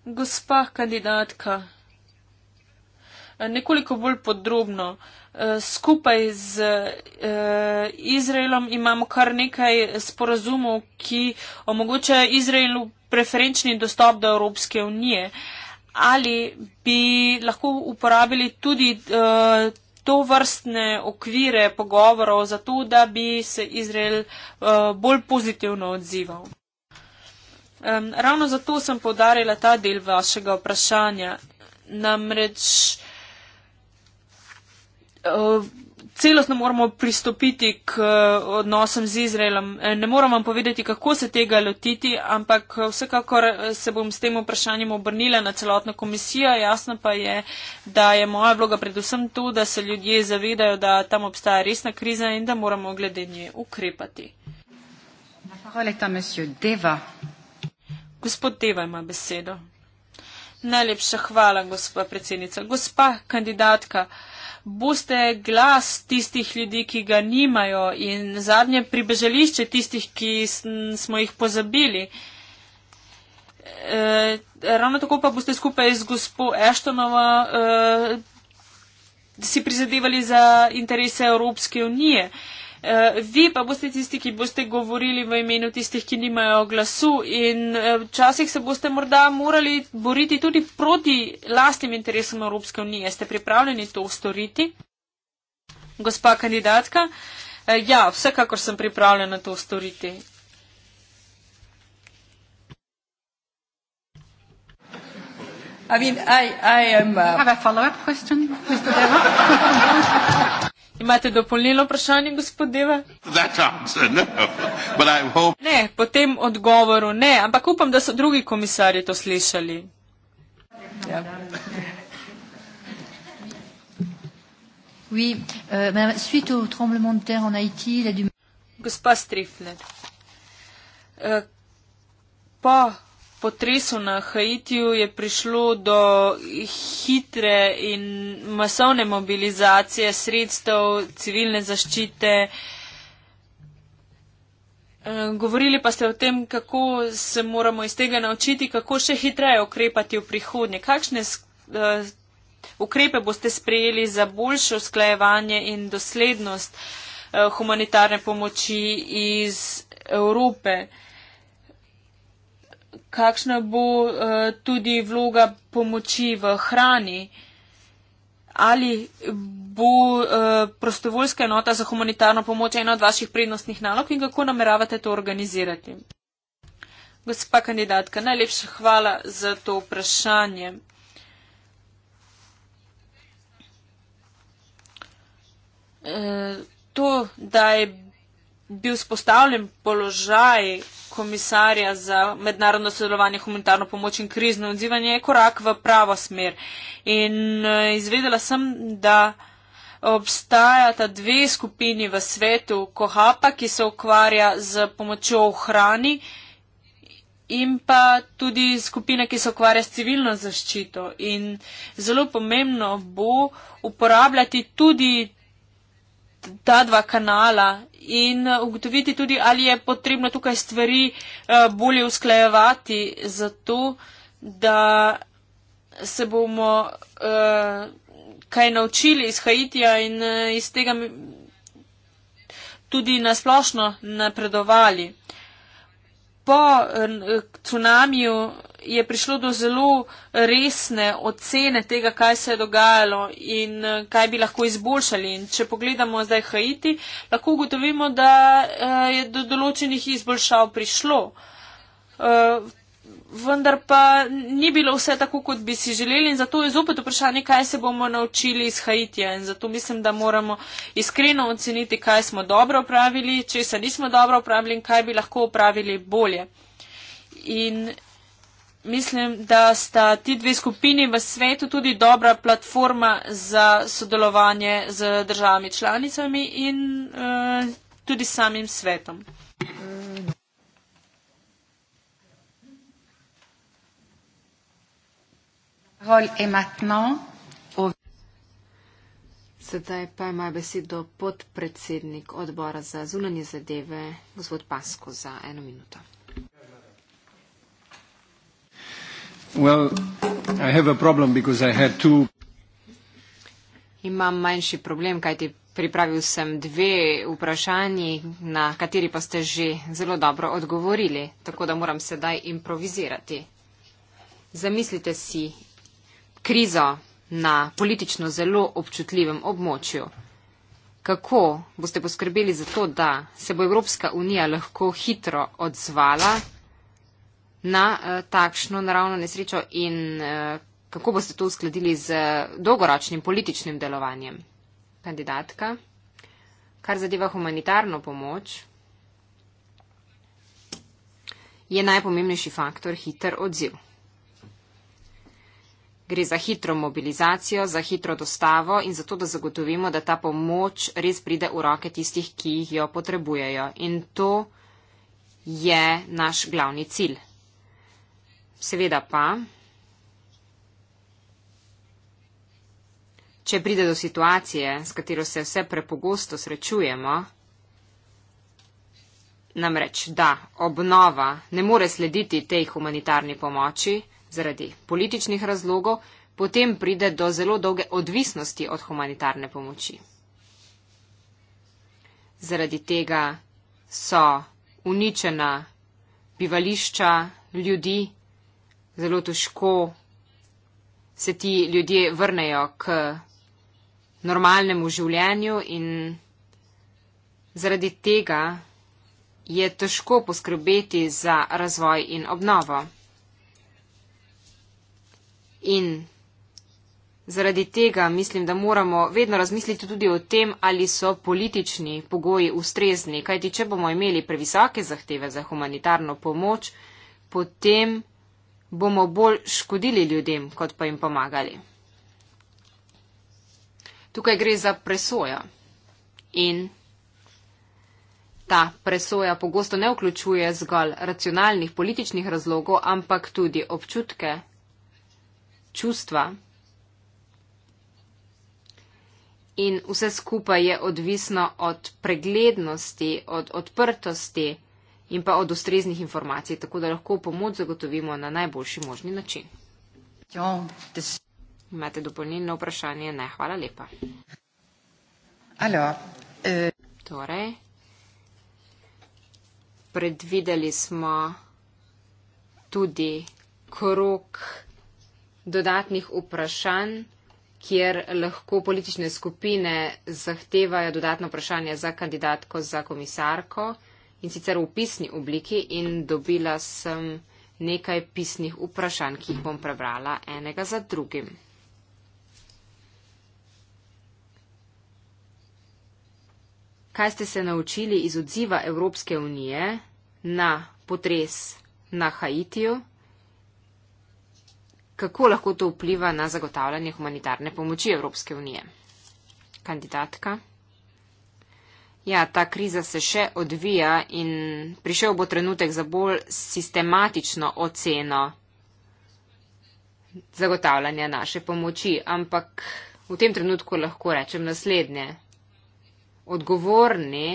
Gospa kandidatka nekoliko bolj podrobno. Eh, skupaj z eh, Izraelom imamo kar nekaj sporazumov, ki omogočajo Izraelu preferenčni dostop do Evropske unije. Ali bi lahko uporabili tudi eh, to vrstne okvire pogovorov za to, da bi se Izrael bolj pozitivno odzival? Ravno zato sem podarila ta del vašega vprašanja. Namreč Eh, celostno moramo pristopiti k eh, odnosom z Izraelom. Eh, ne moram vam povedati, kako se tega lotiti, ampak vsekakor se bom s tem vprašanjem obrnila na celotno komisijo. Jasno pa je, da je moja vloga predvsem to, da se ljudje zavedajo, da tam obstaja resna kriza in da moramo glede nje ukrepati. Gospod Deva ima besedo. Najlepša hvala, gospod predsednica. Gospa kandidatka boste glas tistih ljudi, ki ga nimajo in zadnje pribežališče tistih, ki smo jih pozabili. E, ravno tako pa boste skupaj z gospo Eštonova e, si prizadevali za interese Evropske unije. E, Eh, vi pa boste tisti, ki boste govorili v imenu tistih, ki nimajo glasu in eh, včasih se boste morda morali boriti tudi proti lastnim interesom Evropske unije. Ste pripravljeni to storiti? Gospa kandidatka, eh, ja, vsekakor sem pripravljena to storiti. I mean, I, I am. Uh... Have a follow-up question, Mr. Deva. Imate dopolnilno vprašanje, gospodeva? Answer, no. hope... Ne, po tem odgovoru ne, ampak upam, da so drugi komisarji to slišali. Ja. Oui, euh, suite au tremblement de terre en Haïti, il a dû... Gospa Strifler, euh, pas potresu na Haitiju je prišlo do hitre in masovne mobilizacije sredstev civilne zaščite. Eh, govorili pa ste o tem, kako se moramo iz tega naučiti, kako še hitreje ukrepati v prihodnje. Kakšne eh, ukrepe boste sprejeli za boljše usklajevanje in doslednost eh, humanitarne pomoči iz Evrope? kakšna bo uh, tudi vloga pomoči v hrani. Ali bo uh, prostovoljska enota za humanitarno pomoč ena od vaših prednostnih nalog in kako nameravate to organizirati? Gospa kandidatka, najlepša hvala za to vprašanje. E, to, da je bil spostavljen položaj komisarja za mednarodno sodelovanje, humanitarno pomoč in krizno odzivanje je korak v pravo smer. In e, izvedela sem, da obstajata dve skupini v svetu, Kohapa, ki se ukvarja z pomočjo v hrani in pa tudi skupina, ki se ukvarja s civilno zaščito. In zelo pomembno bo uporabljati tudi ta dva kanala in eh, ugotoviti tudi, ali je potrebno tukaj stvari eh, bolje usklajevati, zato da se bomo eh, kaj naučili iz Haitija in iz tega tudi nasplošno napredovali. Po cunamiju je prišlo do zelo resne ocene tega, kaj se je dogajalo in eh, kaj bi lahko izboljšali. In če pogledamo zdaj Haiti, lahko ugotovimo, da eh, je do določenih izboljšav prišlo. Eh, vendar pa ni bilo vse tako, kot bi si želeli in zato je zopet vprašanje, kaj se bomo naučili iz Haitija. In zato mislim, da moramo iskreno oceniti, kaj smo dobro upravili, če se nismo dobro upravili in kaj bi lahko upravili bolje. In mislim, da sta ti dve skupini v svetu tudi dobra platforma za sodelovanje z državami članicami in uh, tudi samim svetom. Sedaj pa ima besedo podpredsednik odbora za zunanje zadeve, gospod Pasko, za eno minuto. Well, I have a problem because I had two. Imam manjši problem, kajti pripravil sem dve vprašanji, na kateri pa ste že zelo dobro odgovorili, tako da moram sedaj improvizirati. Zamislite si krizo na politično zelo občutljivem območju. Kako boste poskrbeli za to, da se bo Evropska unija lahko hitro odzvala? na uh, takšno naravno nesrečo in uh, kako boste to uskladili z eh, dolgoročnim političnim delovanjem kandidatka, kar zadeva humanitarno pomoč, je najpomembnejši faktor hiter odziv. Gre za hitro mobilizacijo, za hitro dostavo in za to, da zagotovimo, da ta pomoč res pride v roke tistih, ki jih jo potrebujejo. In to je naš glavni cilj seveda pa, če pride do situacije, s katero se vse prepogosto srečujemo, namreč da obnova ne more slediti tej humanitarni pomoči zaradi političnih razlogov, potem pride do zelo dolge odvisnosti od humanitarne pomoči. Zaradi tega so uničena bivališča ljudi, zelo težko se ti ljudje vrnejo k normalnemu življenju in zaradi tega je težko poskrbeti za razvoj in obnovo. In zaradi tega mislim, da moramo vedno razmisliti tudi o tem, ali so politični pogoji ustrezni, kajti če bomo imeli previsoke zahteve za humanitarno pomoč, potem bomo bolj škodili ljudem, kot pa jim pomagali. Tukaj gre za presojo in ta presoja pogosto ne vključuje zgolj racionalnih političnih razlogov, ampak tudi občutke, čustva in vse skupaj je odvisno od preglednosti, od odprtosti in pa od ustreznih informacij, tako da lahko pomoč zagotovimo na najboljši možni način. Imate dopolnilno vprašanje? Ne, hvala lepa. Alo, eh. Torej, predvideli smo tudi krok dodatnih vprašanj, kjer lahko politične skupine zahtevajo dodatno vprašanje za kandidatko za komisarko in sicer v pisni obliki in dobila sem nekaj pisnih vprašanj, ki jih bom prebrala enega za drugim. Kaj ste se naučili iz odziva Evropske unije na potres na Haitiju? Kako lahko to vpliva na zagotavljanje humanitarne pomoči Evropske unije? Kandidatka. Ja, ta kriza se še odvija in prišel bo trenutek za bolj sistematično oceno zagotavljanja naše pomoči. Ampak v tem trenutku lahko rečem naslednje. Odgovorni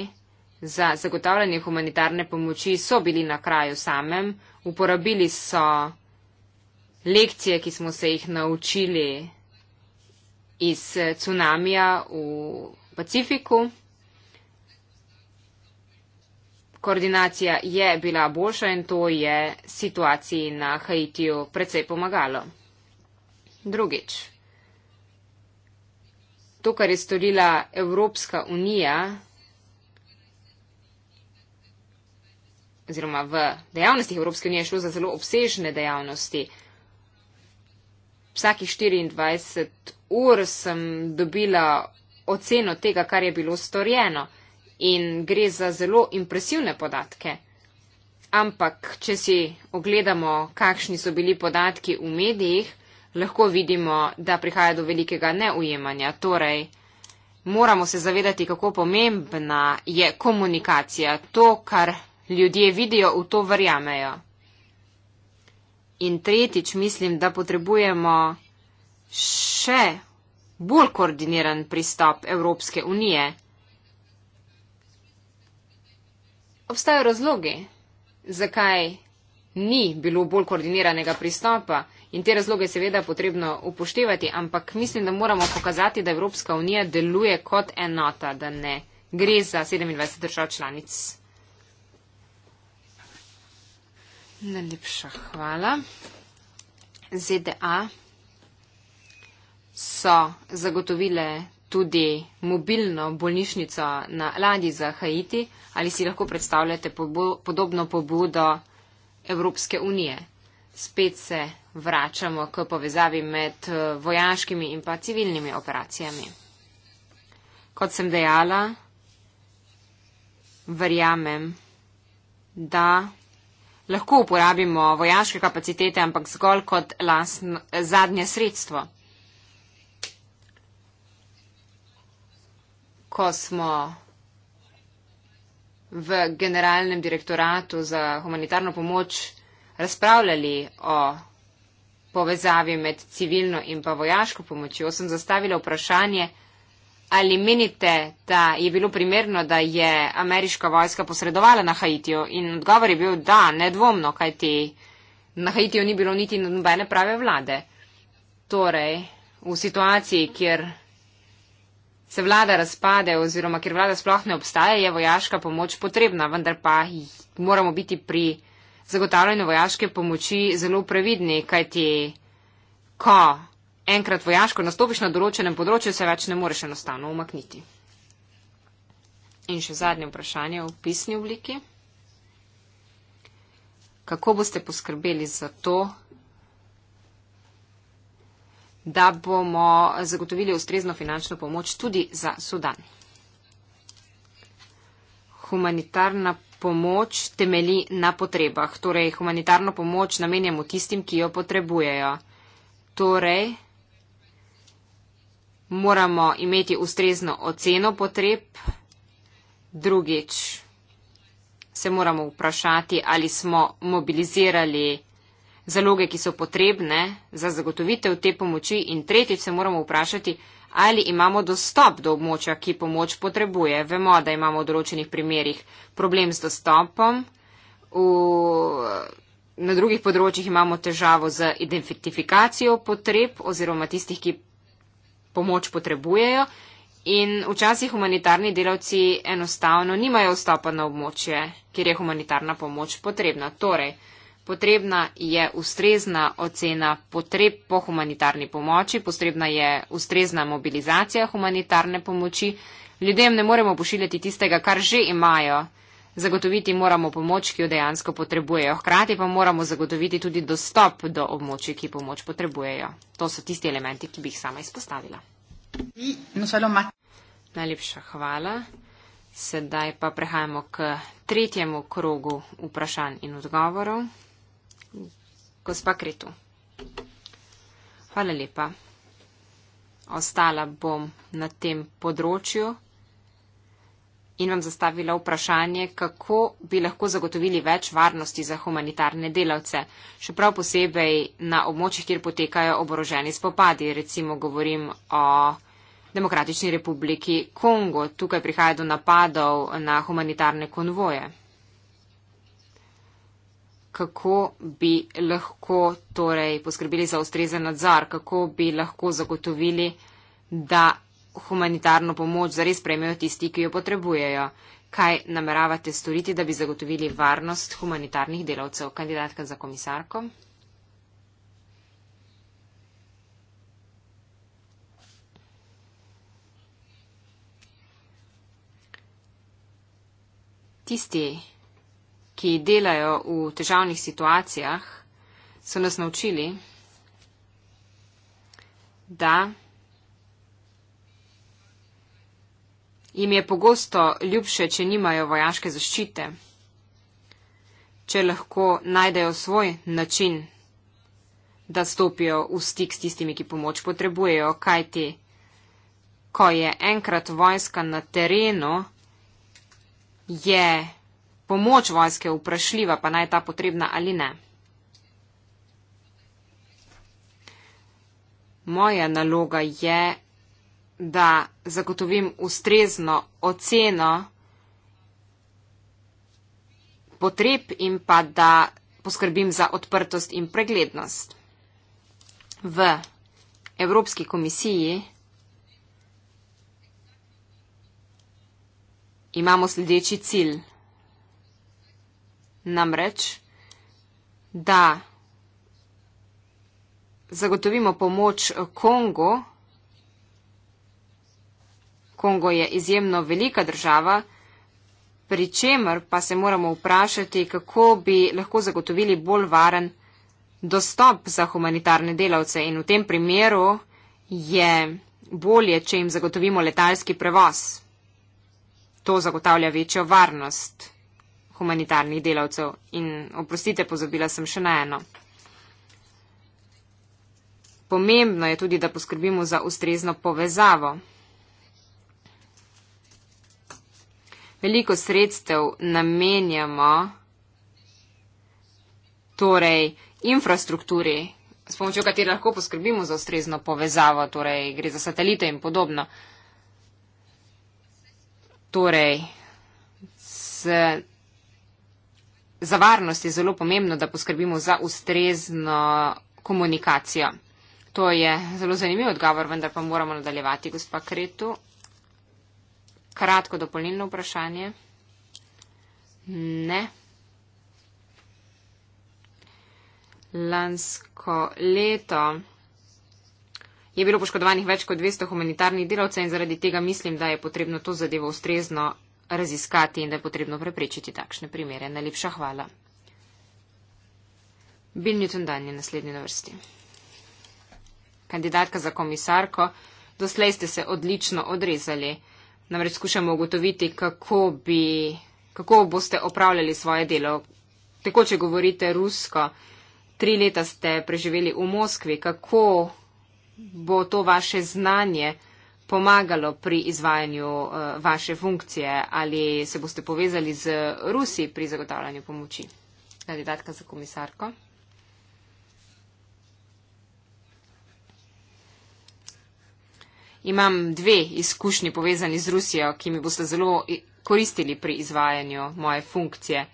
za zagotavljanje humanitarne pomoči so bili na kraju samem, uporabili so lekcije, ki smo se jih naučili iz cunamija v Pacifiku koordinacija je bila boljša in to je situaciji na Haitiju precej pomagalo. Drugič. To, kar je storila Evropska unija oziroma v dejavnostih Evropske unije, je šlo za zelo obsežne dejavnosti. Vsakih 24 ur sem dobila oceno tega, kar je bilo storjeno in gre za zelo impresivne podatke. Ampak, če si ogledamo, kakšni so bili podatki v medijih, lahko vidimo, da prihaja do velikega neujemanja. Torej, moramo se zavedati, kako pomembna je komunikacija, to, kar ljudje vidijo, v to verjamejo. In tretjič, mislim, da potrebujemo še bolj koordiniran pristop Evropske unije. obstajajo razlogi, zakaj ni bilo bolj koordiniranega pristopa in te razloge seveda potrebno upoštevati, ampak mislim, da moramo pokazati, da Evropska unija deluje kot enota, da ne gre za 27 držav članic. Najlepša hvala. ZDA so zagotovile tudi mobilno bolnišnico na ladji za Haiti, ali si lahko predstavljate pobo podobno pobudo Evropske unije. Spet se vračamo k povezavi med eh, vojaškimi in pa civilnimi operacijami. Kot sem dejala, verjamem, da lahko uporabimo vojaške kapacitete, ampak zgolj kot lasn, zadnje sredstvo. ko smo v generalnem direktoratu za humanitarno pomoč razpravljali o povezavi med civilno in pa vojaško pomočjo, sem zastavila vprašanje, ali menite, da je bilo primerno, da je ameriška vojska posredovala na Haitiju in odgovor je bil da, nedvomno, kajti na Haitiju ni bilo niti nobene prave vlade. Torej, v situaciji, kjer se vlada razpade oziroma ker vlada sploh ne obstaja, je vojaška pomoč potrebna, vendar pa moramo biti pri zagotavljanju vojaške pomoči zelo previdni, kajti ko enkrat vojaško nastopiš na določenem področju, se več ne moreš enostavno umakniti. In še zadnje vprašanje v pisni obliki. Kako boste poskrbeli za to, da bomo zagotovili ustrezno finančno pomoč tudi za Sudan. Humanitarna pomoč temeli na potrebah, torej humanitarno pomoč namenjamo tistim, ki jo potrebujejo. Torej, moramo imeti ustrezno oceno potreb. Drugič, se moramo vprašati, ali smo mobilizirali zaloge, ki so potrebne za zagotovitev te pomoči in tretjič se moramo vprašati, ali imamo dostop do območja, ki pomoč potrebuje. Vemo, da imamo v določenih primerjih problem s dostopom, v, na drugih področjih imamo težavo z identifikacijo potreb oziroma tistih, ki pomoč potrebujejo in včasih humanitarni delavci enostavno nimajo vstopa na območje, kjer je humanitarna pomoč potrebna. Torej, Potrebna je ustrezna ocena potreb po humanitarni pomoči, potrebna je ustrezna mobilizacija humanitarne pomoči. Ljudem ne moremo pošiljati tistega, kar že imajo. Zagotoviti moramo pomoč, ki jo dejansko potrebujejo. Hkrati pa moramo zagotoviti tudi dostop do območij, ki pomoč potrebujejo. To so tisti elementi, ki bi jih sama izpostavila. No, Najlepša hvala. Sedaj pa prehajamo k tretjemu krogu vprašanj in odgovorov. Gospa Kretu. Hvala lepa. Ostala bom na tem področju in vam zastavila vprašanje, kako bi lahko zagotovili več varnosti za humanitarne delavce, še prav posebej na območjih, kjer potekajo oboroženi spopadi. Recimo govorim o Demokratični republiki Kongo. Tukaj prihaja do napadov na humanitarne konvoje kako bi lahko torej poskrbeli za ustrezen nadzor, kako bi lahko zagotovili, da humanitarno pomoč zares prejmejo tisti, ki jo potrebujejo. Kaj nameravate storiti, da bi zagotovili varnost humanitarnih delavcev? Kandidatka za komisarko. Tisti, ki delajo v težavnih situacijah, so nas naučili, da jim je pogosto ljubše, če nimajo vojaške zaščite, če lahko najdejo svoj način, da stopijo v stik s tistimi, ki pomoč potrebujejo, kajti, ko je enkrat vojska na terenu, je pomoč vojske vprašljiva, pa naj ta potrebna ali ne. Moja naloga je, da zagotovim ustrezno oceno potreb in pa da poskrbim za odprtost in preglednost. V Evropski komisiji imamo sledeči cilj namreč, da zagotovimo pomoč Kongo. Kongo je izjemno velika država, pri čemer pa se moramo vprašati, kako bi lahko zagotovili bolj varen dostop za humanitarne delavce. In v tem primeru je bolje, če jim zagotovimo letalski prevoz. To zagotavlja večjo varnost humanitarnih delavcev. In oprostite, pozabila sem še na eno. Pomembno je tudi, da poskrbimo za ustrezno povezavo. Veliko sredstev namenjamo torej, infrastrukturi, s pomočjo katere lahko poskrbimo za ustrezno povezavo, torej gre za satelite in podobno. Torej, za varnost je zelo pomembno, da poskrbimo za ustrezno komunikacijo. To je zelo zanimiv odgovor, vendar pa moramo nadaljevati, gospa Kretu. Kratko dopolnilno vprašanje. Ne. Lansko leto je bilo poškodovanih več kot 200 humanitarnih delavcev in zaradi tega mislim, da je potrebno to zadevo ustrezno raziskati in da je potrebno preprečiti takšne primere. Najlepša hvala. Bill Newton Dan je naslednji na vrsti. Kandidatka za komisarko, doslej ste se odlično odrezali. Namreč skušamo ugotoviti, kako, bi, kako boste opravljali svoje delo. Tako, če govorite rusko, tri leta ste preživeli v Moskvi, kako bo to vaše znanje? pomagalo pri izvajanju eh, vaše funkcije ali se boste povezali z Rusi pri zagotavljanju pomoči? Kandidatka za komisarko. Imam dve izkušnji povezani z Rusijo, ki mi boste zelo eh, koristili pri izvajanju moje funkcije.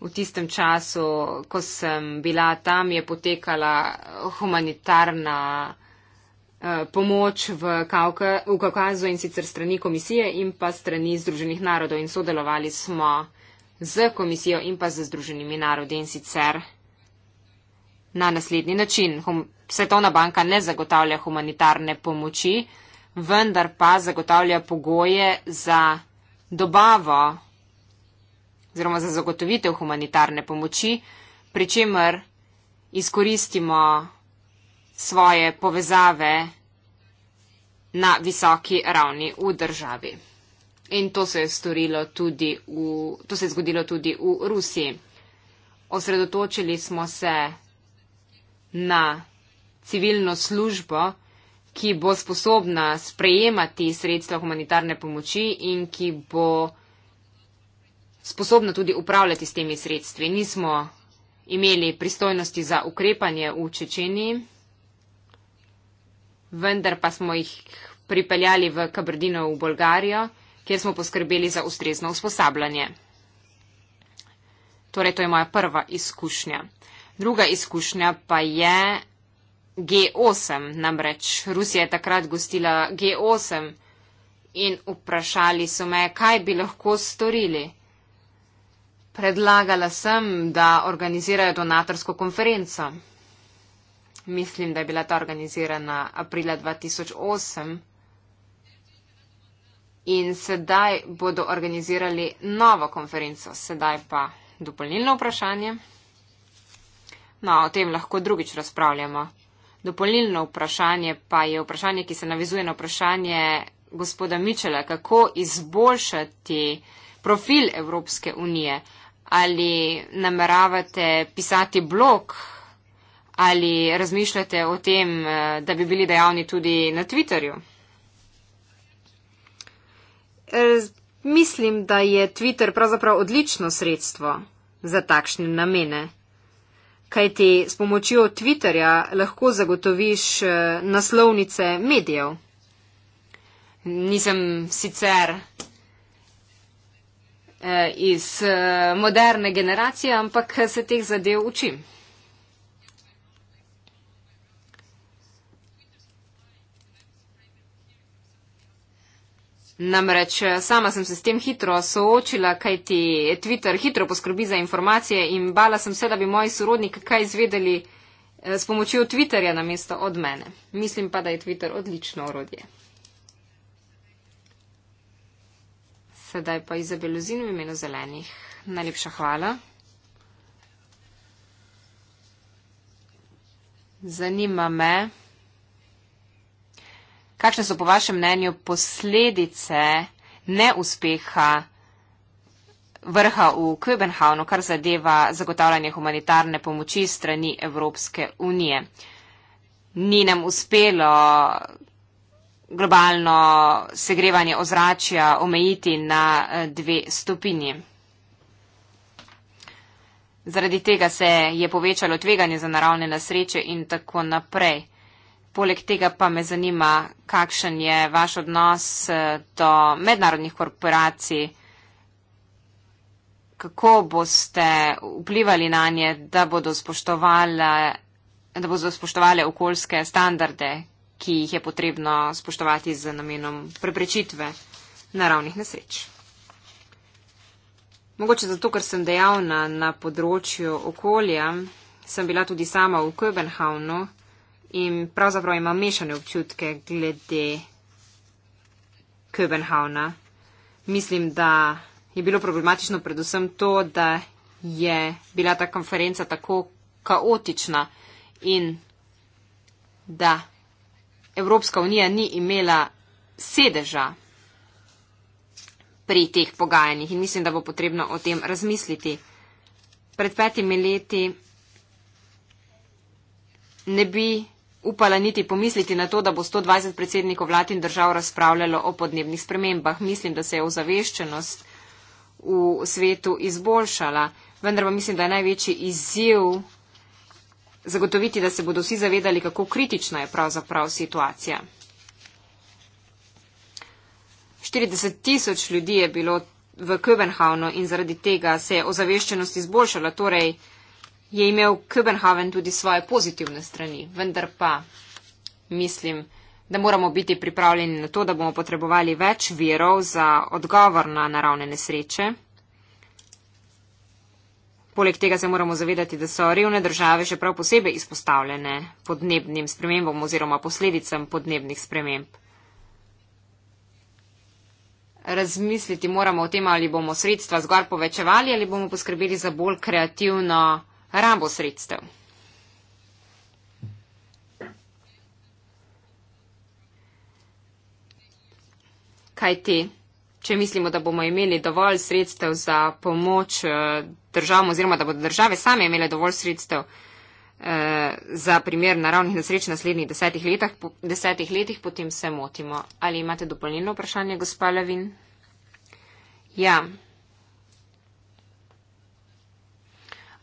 V tistem času, ko sem bila tam, je potekala humanitarna Eh, pomoč v, Kauka, v Kaukazu in sicer strani komisije in pa strani Združenih narodov in sodelovali smo z komisijo in pa z Združenimi narodi in sicer na naslednji način. Hum, Svetovna banka ne zagotavlja humanitarne pomoči, vendar pa zagotavlja pogoje za dobavo oziroma za zagotovitev humanitarne pomoči, pri čemer izkoristimo svoje povezave na visoki ravni v državi. In to se, tudi v, to se je zgodilo tudi v Rusiji. Osredotočili smo se na civilno službo, ki bo sposobna sprejemati sredstva humanitarne pomoči in ki bo sposobna tudi upravljati s temi sredstvi. Nismo imeli pristojnosti za ukrepanje v Čečeniji vendar pa smo jih pripeljali v Kabrdino v Bolgarijo, kjer smo poskrbeli za ustrezno usposabljanje. Torej, to je moja prva izkušnja. Druga izkušnja pa je G8, namreč Rusija je takrat gostila G8 in vprašali so me, kaj bi lahko storili. Predlagala sem, da organizirajo donatorsko konferenco mislim, da je bila ta organizirana aprila 2008. In sedaj bodo organizirali novo konferenco. Sedaj pa dopolnilno vprašanje. No, o tem lahko drugič razpravljamo. Dopolnilno vprašanje pa je vprašanje, ki se navizuje na vprašanje gospoda Mičela, kako izboljšati profil Evropske unije. Ali nameravate pisati blog ali razmišljate o tem, eh, da bi bili dejavni tudi na Twitterju? Eh, mislim, da je Twitter pravzaprav odlično sredstvo za takšne namene. Kajti s pomočjo Twitterja lahko zagotoviš eh, naslovnice medijev. Nisem sicer iz moderne generacije, ampak se teh zadev učim. Namreč eh, sama sem se s tem hitro soočila, kaj ti Twitter hitro poskrbi za informacije in bala sem se, da bi moji sorodniki kaj izvedeli eh, s pomočjo Twitterja na mesto od mene. Mislim pa, da je Twitter odlično orodje. Sedaj pa izabeluzin v imenu zelenih. Najlepša hvala. Zanima me. Kakšne so po vašem mnenju posledice neuspeha vrha v Köbenhavnu, kar zadeva zagotavljanje humanitarne pomoči strani Evropske unije? Ni nam uspelo globalno segrevanje ozračja omejiti na eh, dve stopinji. Zaradi tega se je povečalo tveganje za naravne nasreče in tako naprej. Poleg tega pa me zanima, kakšen je vaš odnos eh, do mednarodnih korporacij, kako boste vplivali na nje, da bodo spoštovali da bodo spoštovali okoljske standarde, ki jih je potrebno spoštovati z namenom preprečitve naravnih nesreč. Mogoče zato, ker sem dejavna na področju okolja, sem bila tudi sama v Köbenhavnu in pravzaprav imam mešane občutke glede Köbenhavna. Mislim, da je bilo problematično predvsem to, da je bila ta konferenca tako kaotična in da Evropska unija ni imela sedeža pri teh pogajanjih in mislim, da bo potrebno o tem razmisliti. Pred petimi leti ne bi upala niti pomisliti na to, da bo 120 predsednikov vlad in držav razpravljalo o podnebnih spremembah. Mislim, da se je ozaveščenost v svetu izboljšala, vendar pa mislim, da je največji izziv zagotoviti, da se bodo vsi zavedali, kako kritična je pravzaprav situacija. 40 tisoč ljudi je bilo v Kövenhavnu in zaradi tega se je ozaveščenost izboljšala. Torej, je imel Köbenhaven tudi svoje pozitivne strani, vendar pa mislim, da moramo biti pripravljeni na to, da bomo potrebovali več virov za odgovor na naravne nesreče. Poleg tega se moramo zavedati, da so revne države še prav posebej izpostavljene podnebnim spremembom oziroma posledicam podnebnih sprememb. Razmisliti moramo o tem, ali bomo sredstva zgor povečevali ali bomo poskrbeli za bolj kreativno rabo sredstev. Kaj ti, če mislimo, da bomo imeli dovolj sredstev za pomoč eh, državam oziroma da bodo države same imele dovolj sredstev eh, za primer naravnih nesreč v naslednjih desetih letih, desetih letih, potem se motimo. Ali imate dopolnilno vprašanje, gospa Levin? Ja.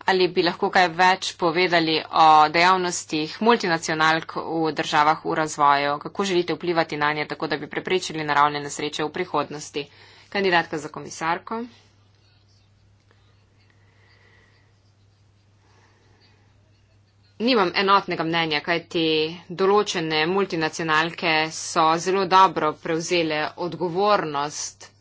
Ali bi lahko kaj več povedali o dejavnostih multinacionalk v državah v razvoju? Kako želite vplivati na nje, tako da bi preprečili naravne nesreče v prihodnosti? Kandidatka za komisarko. Nimam enotnega mnenja, kaj ti določene multinacionalke so zelo dobro prevzele odgovornost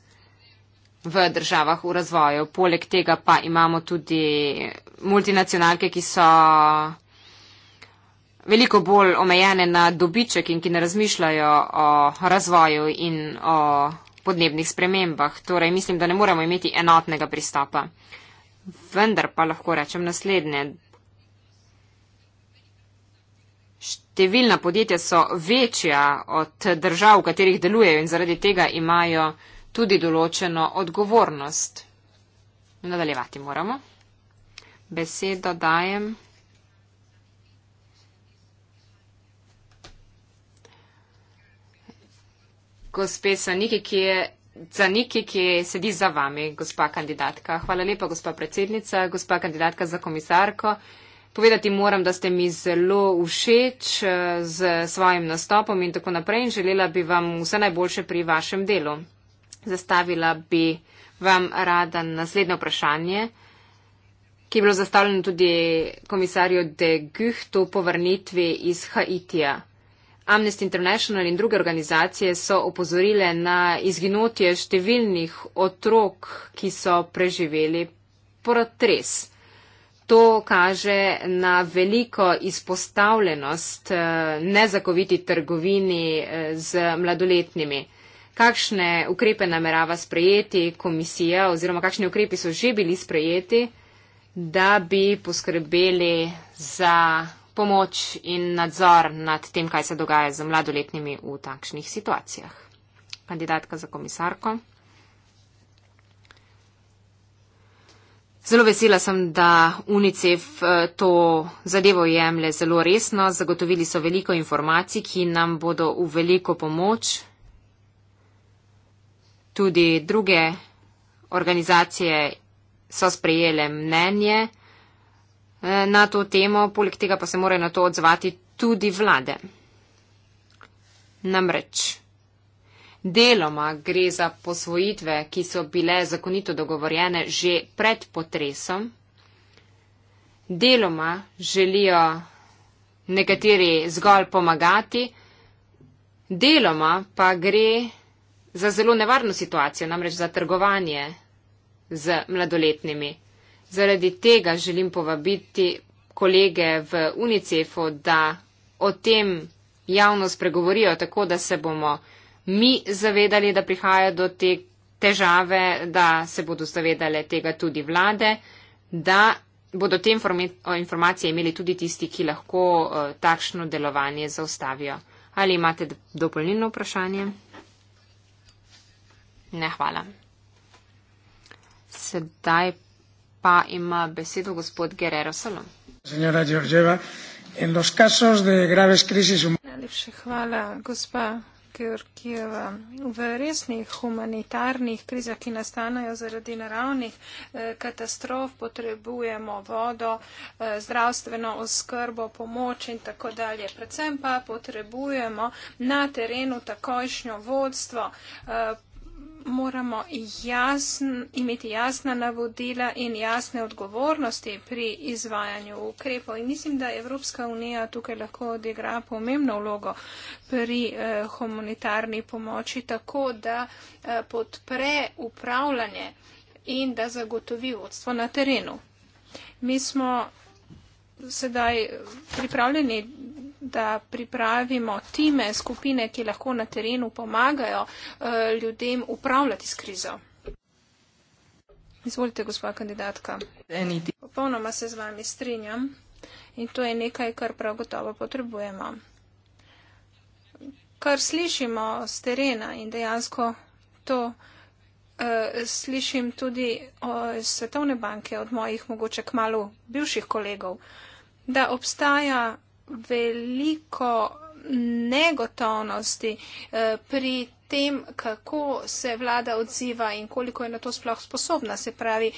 v državah v razvoju. Poleg tega pa imamo tudi multinacionalke, ki so veliko bolj omejene na dobiček in ki ne razmišljajo o razvoju in o podnebnih spremembah. Torej, mislim, da ne moremo imeti enotnega pristopa. Vendar pa lahko rečem naslednje. Številna podjetja so večja od držav, v katerih delujejo in zaradi tega imajo tudi določeno odgovornost. Nadaljevati moramo. Besedo dajem gospe Saniki, ki je. Zaniki, ki sedi za vami, gospa kandidatka. Hvala lepa, gospa predsednica, gospa kandidatka za komisarko. Povedati moram, da ste mi zelo všeč z eh, svojim nastopom in tako naprej in želela bi vam vse najboljše pri vašem delu. Zastavila bi vam rada naslednje vprašanje, ki je bilo zastavljeno tudi komisarju De Guhtu po vrnitvi iz Haitija. Amnesty International in druge organizacije so opozorile na izginotje številnih otrok, ki so preživeli protres. To kaže na veliko izpostavljenost eh, nezakoviti trgovini eh, z mladoletnimi kakšne ukrepe namerava sprejeti komisija oziroma kakšni ukrepi so že bili sprejeti, da bi poskrbeli za pomoč in nadzor nad tem, kaj se dogaja z mladoletnimi v takšnih situacijah. Kandidatka za komisarko. Zelo vesela sem, da UNICEF eh, to zadevo jemlje zelo resno. Zagotovili so veliko informacij, ki nam bodo v veliko pomoč tudi druge organizacije so sprejele mnenje eh, na to temo, poleg tega pa se morajo na to odzvati tudi vlade. Namreč deloma gre za posvojitve, ki so bile zakonito dogovorjene že pred potresom. Deloma želijo nekateri zgolj pomagati, deloma pa gre za zelo nevarno situacijo, namreč za trgovanje z mladoletnimi. Zaradi tega želim povabiti kolege v UNICEF-u, da o tem javnost pregovorijo tako, da se bomo mi zavedali, da prihaja do te težave, da se bodo zavedale tega tudi vlade, da bodo te informacije imeli tudi tisti, ki lahko eh, takšno delovanje zaustavijo. Ali imate dopolnilno vprašanje? Ne, hvala. Sedaj pa ima besedo gospod Gerero Salom. Senjora Đorđeva, en dos casos de graves krisis... Najlepše hvala, gospa Georgijeva. V resnih humanitarnih krizah, ki nastanajo zaradi naravnih eh, katastrof, potrebujemo vodo, eh, zdravstveno oskrbo, pomoč in tako dalje. Predvsem pa potrebujemo na terenu takojšnjo vodstvo, eh, moramo jasn, imeti jasna navodila in jasne odgovornosti pri izvajanju ukrepov. In mislim, da Evropska unija tukaj lahko odigra pomembno vlogo pri eh, humanitarni pomoči, tako da eh, podpre upravljanje in da zagotovi vodstvo na terenu. Mi smo sedaj pripravljeni da pripravimo time, skupine, ki lahko na terenu pomagajo eh, ljudem upravljati s krizo. Izvolite, gospa kandidatka. Popolnoma se z vami strinjam in to je nekaj, kar prav gotovo potrebujemo. Kar slišimo z terena in dejansko to uh, slišim tudi iz Svetovne banke od mojih mogoče kmalo bivših kolegov, da obstaja veliko negotovnosti eh, pri tem, kako se vlada odziva in koliko je na to sploh sposobna. Se pravi,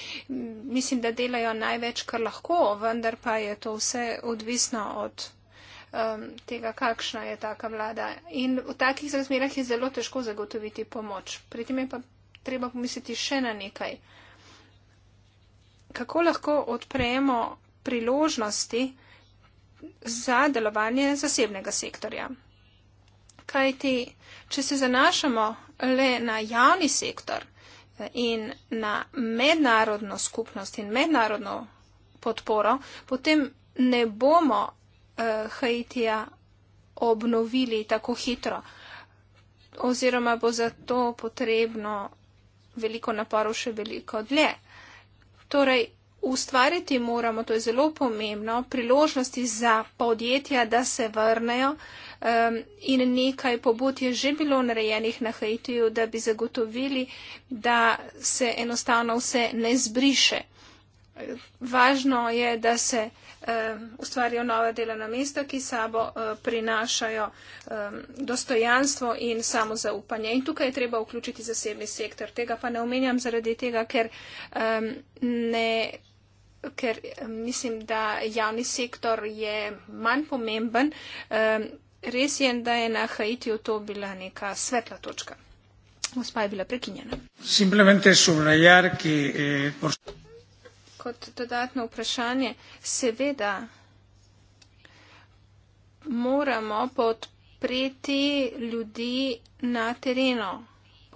mislim, da delajo največ, kar lahko, vendar pa je to vse odvisno od tega, kakšna je taka vlada. In v takih razmerah je zelo težko zagotoviti pomoč. Pri tem je pa treba pomisliti še na nekaj. Kako lahko odpremo priložnosti, za delovanje zasebnega sektorja. Kajti, če se zanašamo le na javni sektor in na mednarodno skupnost in mednarodno podporo, potem ne bomo eh, Haitija obnovili tako hitro oziroma bo za to potrebno veliko naporov še veliko dlje. Torej, ustvariti moramo, to je zelo pomembno, priložnosti za podjetja, da se vrnejo um, in nekaj pobud je že bilo narejenih na Haitiju, da bi zagotovili, da se enostavno vse ne zbriše. Važno je, da se um, ustvarijo nove delovna mesta, ki sabo uh, prinašajo um, dostojanstvo in samozaupanje. In tukaj je treba vključiti zasebni sektor. Tega pa ne omenjam zaradi tega, ker um, ne ker eh, mislim, da javni sektor je manj pomemben. Eh, res je, da je na Haitiju to bila neka svetla točka. Gospa je bila prekinjena. Eh, Kot dodatno vprašanje, seveda moramo podpreti ljudi na terenu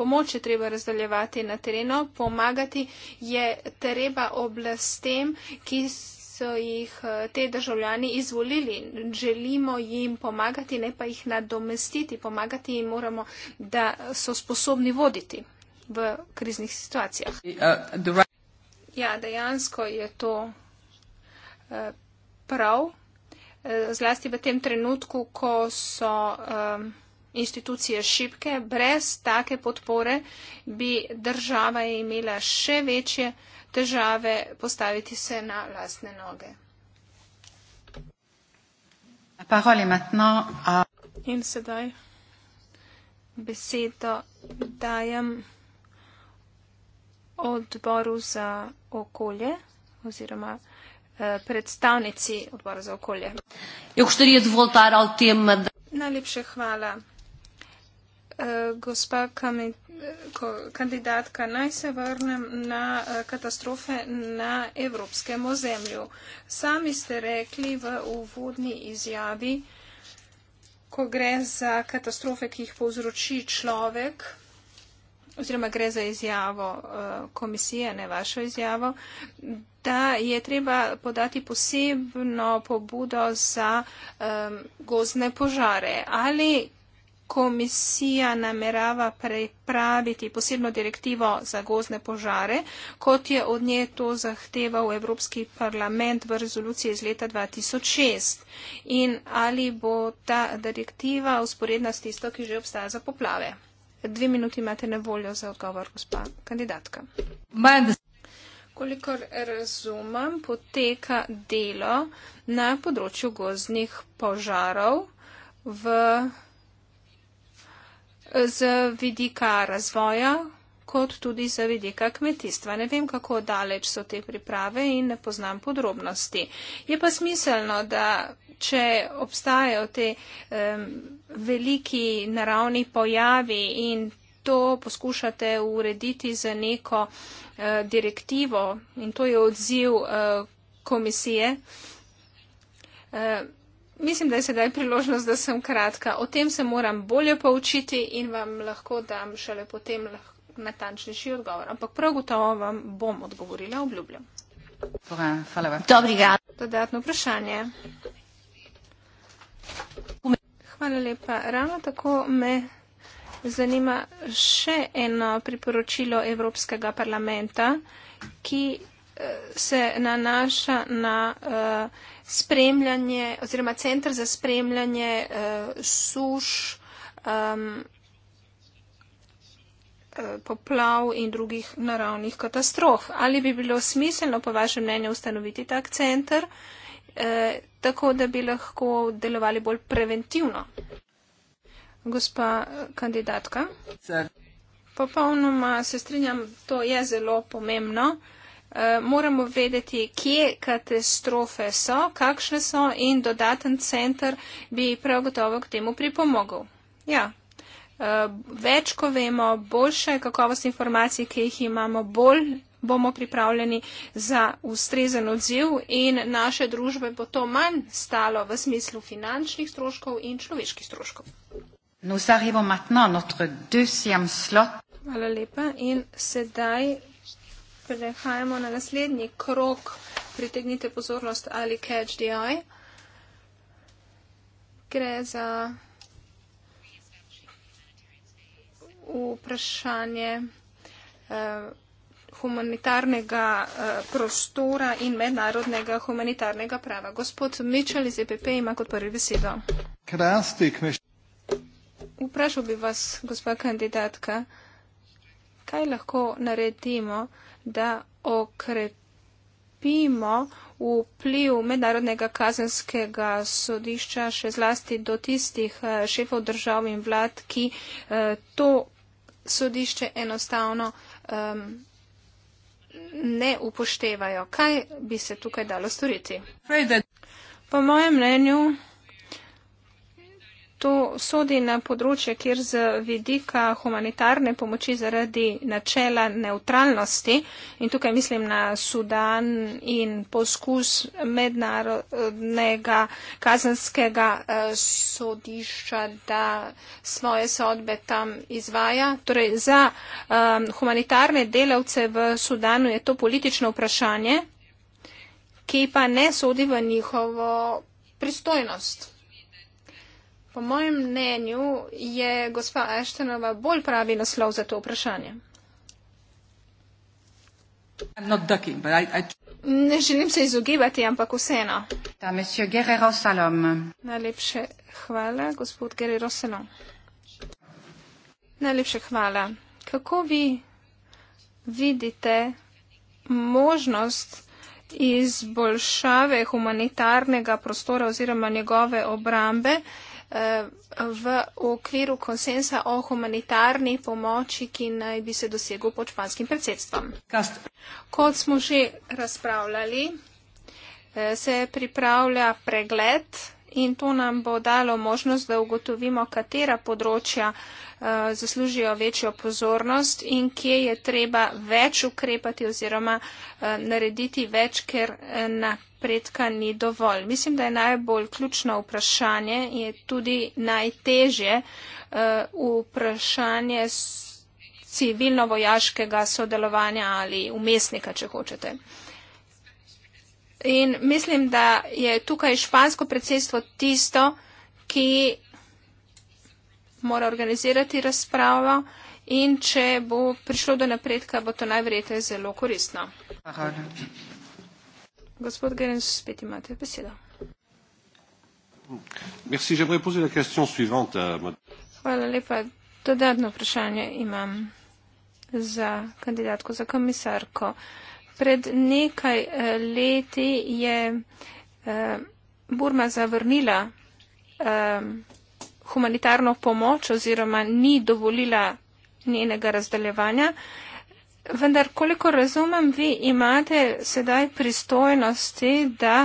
pomoč je treba razdaljevati na terenu, pomagati je treba oblastem, ki so jih eh, te državljani izvolili. Želimo jim pomagati, ne pa jih nadomestiti. Pomagati jim moramo, da so sposobni voditi v kriznih situacijah. Ja, dejansko je to eh, prav. Eh, zlasti v tem trenutku, ko so. Um, institucije šibke, brez take podpore bi država imela še večje težave postaviti se na lastne noge. In sedaj besedo dajem odboru za okolje oziroma eh, predstavnici odbora za okolje. Najlepše hvala uh, gospa kami, ko, kandidatka, naj se vrnem na uh, katastrofe na evropskem ozemlju. Sami ste rekli v uvodni izjavi, ko gre za katastrofe, ki jih povzroči človek, oziroma gre za izjavo uh, komisije, ne vašo izjavo, da je treba podati posebno pobudo za um, eh, gozne požare. Ali komisija namerava prepraviti posebno direktivo za gozne požare, kot je od nje to zahteval Evropski parlament v rezoluciji iz leta 2006. In ali bo ta direktiva usporedna s tisto, ki že obstaja za poplave? Dve minuti imate na voljo za odgovor, gospa kandidatka. Kolikor razumem, poteka delo na področju gozdnih požarov v z vidika razvoja, kot tudi z vidika kmetijstva. Ne vem, kako daleč so te priprave in ne poznam podrobnosti. Je pa smiselno, da če obstajajo te um, veliki naravni pojavi in to poskušate urediti z neko uh, direktivo in to je odziv uh, komisije, uh, Mislim, da je sedaj priložnost, da sem kratka. O tem se moram bolje poučiti in vam lahko dam šele potem natančnejši odgovor. Ampak prav gotovo vam bom odgovorila, obljubljam. Hvala vam. Dobrega. Dodatno vprašanje. Hvala lepa. Ravno tako me zanima še eno priporočilo Evropskega parlamenta, ki eh, se nanaša na. Uh, spremljanje oziroma centr za spremljanje uh, suš, um, poplav in drugih naravnih katastrof. Ali bi bilo smiselno, po vašem mnenju, ustanoviti tak centr, uh, eh, tako da bi lahko delovali bolj preventivno? Gospa kandidatka. Popolnoma se strinjam, to je zelo pomembno. Eh, moramo vedeti, kje katastrofe so, kakšne so in dodaten center bi prav gotovo k temu pripomogel. Ja. Eh, več, ko vemo, boljša je kakovost informacij, ki jih imamo, bolj bomo pripravljeni za ustrezen odziv in naše družbe bo to manj stalo v smislu finančnih stroškov in človeških stroškov. Hvala lepa in sedaj Prehajamo na naslednji krok. Pritegnite pozornost ali catch the eye. Gre za vprašanje eh, humanitarnega eh, prostora in mednarodnega humanitarnega prava. Gospod Mitchell iz EPP ima kot prvi besedo. Vprašal bi vas, gospa kandidatka, kaj lahko naredimo? da okrepimo vpliv mednarodnega kazenskega sodišča še zlasti do tistih eh, šefov držav in vlad, ki eh, to sodišče enostavno um, ne upoštevajo. Kaj bi se tukaj dalo storiti? Po mojem mnenju to sodi na področje, kjer z vidika humanitarne pomoči zaradi načela neutralnosti, in tukaj mislim na Sudan in poskus mednarodnega kazanskega eh, sodišča, da svoje sodbe tam izvaja. Torej, za um, humanitarne delavce v Sudanu je to politično vprašanje, ki pa ne sodi v njihovo pristojnost. Po mojem mnenju je gospa Eštenova bolj pravi naslov za to vprašanje. Ducking, I, I... Ne želim se izogibati, ampak vseeno. Da, Najlepše hvala, gospod Guerrero Salom. Najlepše hvala. Kako vi vidite možnost izboljšave humanitarnega prostora oziroma njegove obrambe? v okviru konsensa o humanitarni pomoči, ki naj bi se dosegel pod španskim predsedstvom. Kot smo že razpravljali, eh, se pripravlja pregled in to nam bo dalo možnost, da ugotovimo, katera področja eh, zaslužijo večjo pozornost in kje je treba več ukrepati oziroma eh, narediti več, ker eh, napredka ni dovolj. Mislim, da je najbolj ključno vprašanje in je tudi najtežje vprašanje civilno-vojaškega sodelovanja ali umestnika, če hočete. In mislim, da je tukaj špansko predsedstvo tisto, ki mora organizirati razpravo in če bo prišlo do napredka, bo to najverjetneje zelo koristno. Gospod Gerens, spet imate besedo. Merci, j'aimerais poser la question suivante à madame. Hvala lepa. Dodatno vprašanje imam za kandidatko za komisarko. Pred nekaj eh, leti je eh, Burma zavrnila eh, humanitarno pomoč oziroma ni dovolila njenega razdaljevanja. Vendar, koliko razumem, vi imate sedaj pristojnosti, da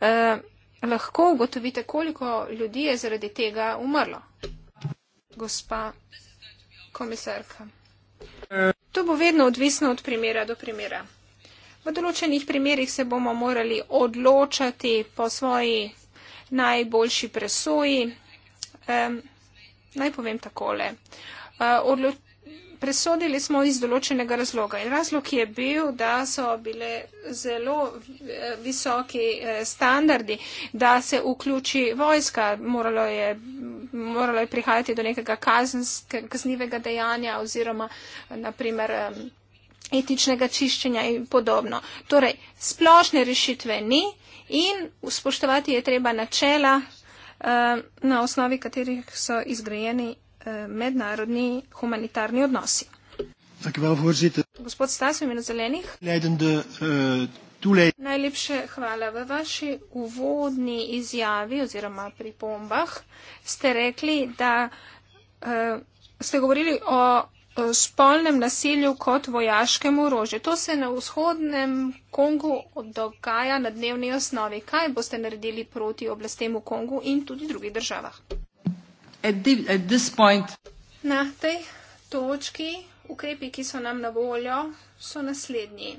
eh, lahko ugotovite, koliko ljudi je zaradi tega umrlo. Gospa komisarka. To bo vedno odvisno od primera do primera. V določenih primerjih se bomo morali odločati po svoji najboljši presoji. Um, naj povem takole. Uh, Presodili smo iz določenega razloga in razlog je bil, da so bile zelo eh, visoki eh, standardi, da se vključi vojska, moralo je, moralo je prihajati do nekega kaznivega dejanja oziroma naprimer. Um, etničnega čiščenja in podobno. Torej, splošne rešitve ni in spoštovati je treba načela, eh, na osnovi katerih so izgrajeni eh, mednarodni humanitarni odnosi. Gospod Stas, v imenu zelenih. Eh, Najlepše hvala. V vaši uvodni izjavi oziroma pri pombah ste rekli, da ste govorili o Eh, spolnem nasilju kot vojaškem orožju. To se na vzhodnem Kongu dogaja na dnevni osnovi. Kaj boste naredili proti oblastem v Kongu in tudi drugih državah? The, point... Na tej točki ukrepi, ki so nam na voljo, so naslednji.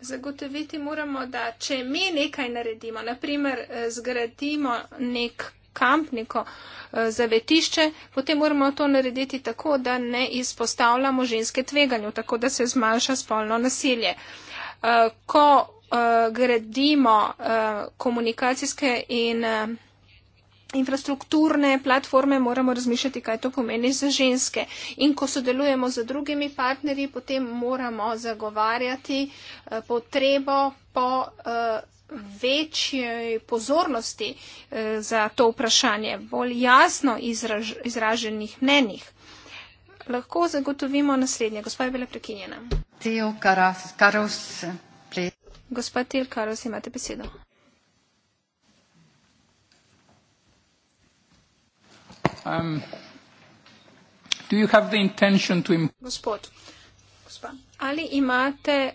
Zagotoviti moramo, da če mi nekaj naredimo, naprimer eh, zgradimo nek kamp, neko eh, zavetišče, potem moramo to narediti tako, da ne izpostavljamo ženske tveganju, tako da se zmanjša spolno nasilje. Eh, ko eh, gradimo komunikacijske in infrastrukturne platforme, moramo razmišljati, kaj to pomeni za ženske. In ko sodelujemo z drugimi partnerji, potem moramo zagovarjati potrebo po večje pozornosti eh, za to vprašanje, bolj jasno izraž, izraženih mnenjih. Lahko zagotovimo naslednje. Gospod je bila prekinjena. Teo Karos. Gospod Teo Karos, imate besedo. Um, gospod, gospa, ali imate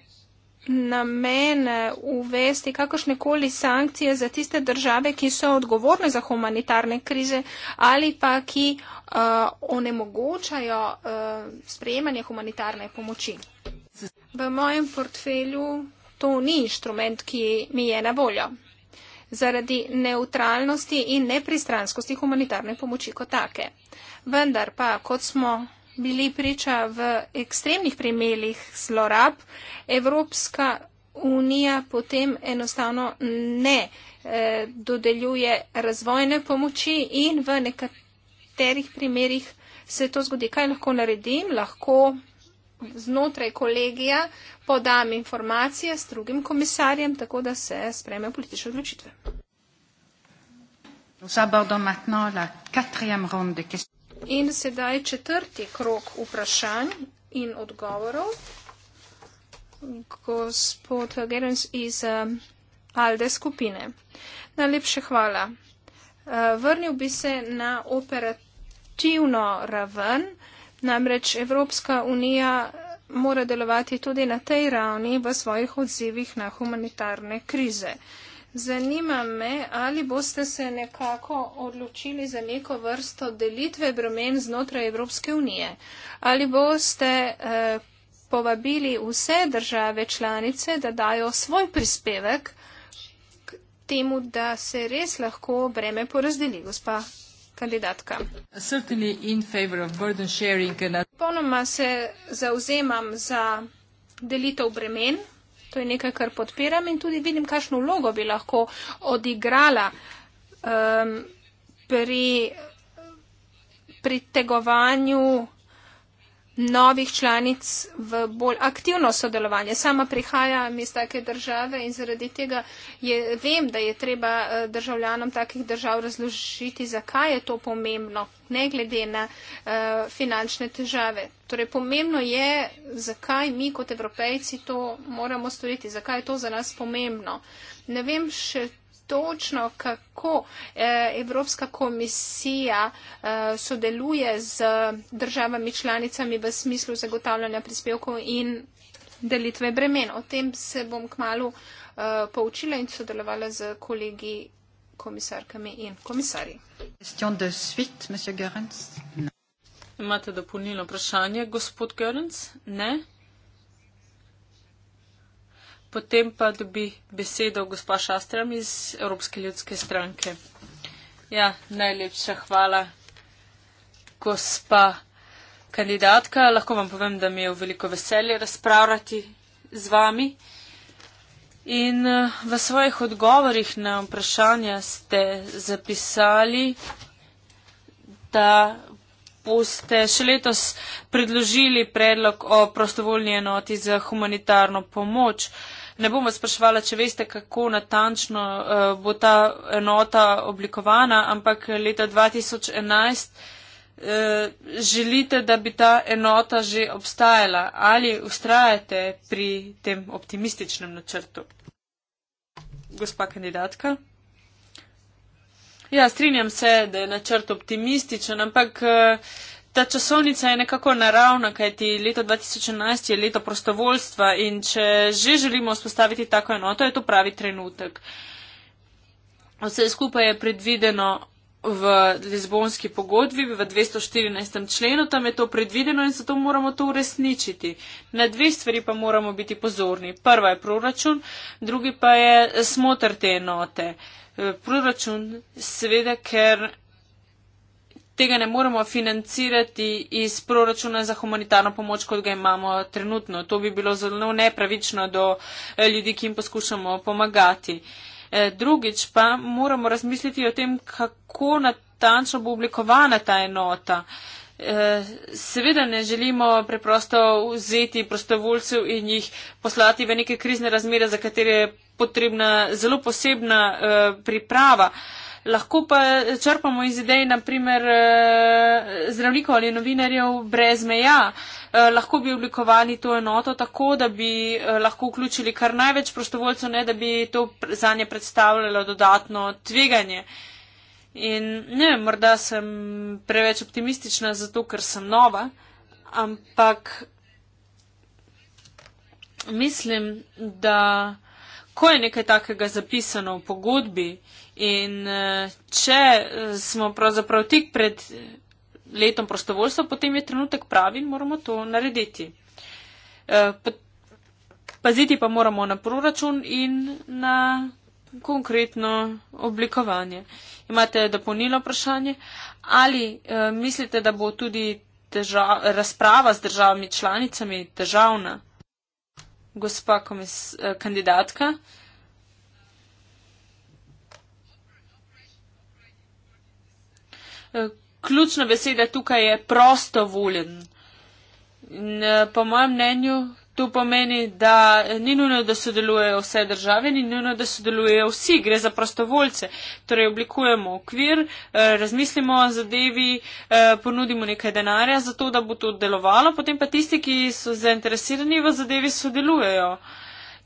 namen eh, uvesti kakršne koli sankcije za tiste države, ki so odgovorne za humanitarne krize ali pa ki uh, onemogočajo uh, sprejemanje humanitarne pomoči. V mojem portfelju to ni inštrument, ki mi je na voljo zaradi neutralnosti in nepristranskosti humanitarne pomoči kot take. Vendar pa, kot smo bili priča v ekstremnih primerjih zlorab, Evropska unija potem enostavno ne eh, dodeljuje razvojne pomoči in v nekaterih primerjih se to zgodi. Kaj lahko naredim? Lahko znotraj kolegija podam informacije s drugim komisarjem, tako da se spreme politične odločitve. Nous abordons maintenant la quatrième ronde des questions. In sedaj četrti krok vprašanj in odgovorov. Gospod Gerens iz um, Alde skupine. Najlepše hvala. Uh, vrnil bi se na operativno raven, namreč Evropska unija mora delovati tudi na tej ravni v svojih odzivih na humanitarne krize. Uh, Zanima me, ali boste se nekako odločili za neko vrsto delitve bremen znotraj Evropske unije. Ali boste eh, povabili vse države članice, da dajo svoj prispevek k temu, da se res lahko breme porazdeli, gospa kandidatka. Ponoma se zauzemam za delitev bremen. To je nekaj, kar podpiram in tudi vidim, kakšno vlogo bi lahko odigrala um, pri pritegovanju novih članic v bolj aktivno sodelovanje. Sama prihajam iz take države in zaradi tega je, vem, da je treba eh, državljanom takih držav razložiti, zakaj je to pomembno, ne glede na uh, finančne težave. Torej, pomembno je, zakaj mi kot evropejci to moramo storiti, zakaj je to za nas pomembno. Ne vem še točno, kako eh, Evropska komisija eh, sodeluje z državami članicami v smislu zagotavljanja prispevkov in delitve bremen. O tem se bom kmalo eh, poučila in sodelovala z kolegi komisarkami in komisarji. Question de suite, monsieur Gerens? Non. Imate dopolnilno vprašanje, gospod Görens? Ne. Potem pa dobi besedo gospa Šastram iz Evropske ljudske stranke. Ja, najlepša hvala, gospa kandidatka. Lahko vam povem, da mi je v veliko veselje razpravljati z vami. In v svojih odgovorih na vprašanja ste zapisali, da boste še letos predložili predlog o prostovoljni enoti za humanitarno pomoč. Ne bom vas spraševala, če veste, kako natančno uh, bo ta enota oblikovana, ampak leta 2011 uh, eh, želite, da bi ta enota že obstajala. Ali ustrajate pri tem optimističnem načrtu? Gospa kandidatka. Ja, strinjam se, da je načrt optimističen, ampak. Eh, ta časovnica je nekako naravna, kajti leto 2011 je leto prostovoljstva in če že želimo vzpostaviti tako enoto, je to pravi trenutek. Vse skupaj je predvideno v Lizbonski pogodbi, v 214. členu, tam je to predvideno in zato moramo to uresničiti. Na dve stvari pa moramo biti pozorni. Prva je proračun, drugi pa je smotr te enote. Eh, proračun, seveda, ker tega ne moremo financirati iz proračuna za humanitarno pomoč, kot ga imamo trenutno. To bi bilo zelo nepravično do eh, ljudi, ki jim poskušamo pomagati. Eh, drugič pa moramo razmisliti o tem, kako natančno bo oblikovana ta enota. Seveda ne želimo preprosto vzeti prostovoljcev in jih poslati v neke krizne razmere, za katere potrebna zelo posebna eh, priprava. Lahko pa črpamo iz idej, naprimer, eh, zdravnikov ali novinarjev brez meja. Eh, lahko bi oblikovali to enoto tako, da bi eh, lahko vključili kar največ prostovoljcev, ne da bi to za nje predstavljalo dodatno tveganje. In ne, morda sem preveč optimistična zato, ker sem nova, ampak mislim, da ko je nekaj takega zapisano v pogodbi in eh, če eh, smo pravzaprav tik pred eh, letom prostovoljstva, potem je trenutek pravi in moramo to narediti. Paziti pa moramo na proračun in na konkretno oblikovanje. Imate dopolnilo vprašanje? Ali mislite, da bo tudi. Država, razprava z državami članicami državna gospa komis, eh, kandidatka. Eh, ključna beseda tukaj je prostovoljen. In eh, po mojem mnenju To pomeni, da ni nujno, da sodelujejo vse države, ni nujno, da sodelujejo vsi, gre za prostovoljce. Torej, oblikujemo okvir, eh, razmislimo o zadevi, eh, ponudimo nekaj denarja za to, da bo to delovalo, potem pa tisti, ki so zainteresirani v zadevi, sodelujejo.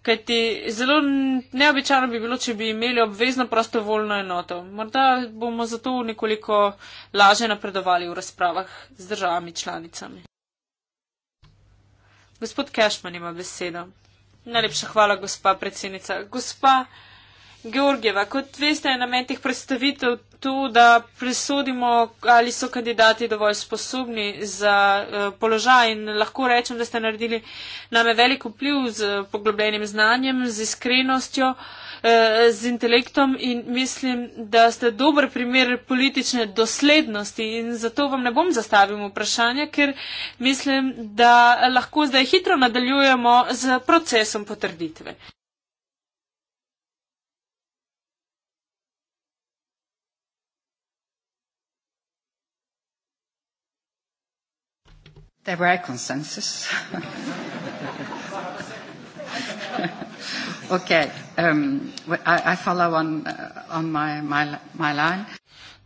Kajti zelo neobičajno bi bilo, če bi imeli obvezno prostovoljno enoto. Morda bomo zato nekoliko laže napredovali v razpravah z državami članicami. Gospod Kešman ima besedo. Najlepša hvala, gospa predsednica. Gospa Georgieva, kot veste, je namen teh predstavitev tu, da presodimo, ali so kandidati dovolj sposobni za uh, položaj in lahko rečem, da ste naredili name veliko vpliv z uh, poglobljenim znanjem, z iskrenostjo, uh, z intelektom in mislim, da ste dober primer politične doslednosti in zato vam ne bom zastavil vprašanja, ker mislim, da lahko zdaj hitro nadaljujemo z procesom potrditve. There were a consensus. okay, um, I, I follow on, uh, on my, my, my line.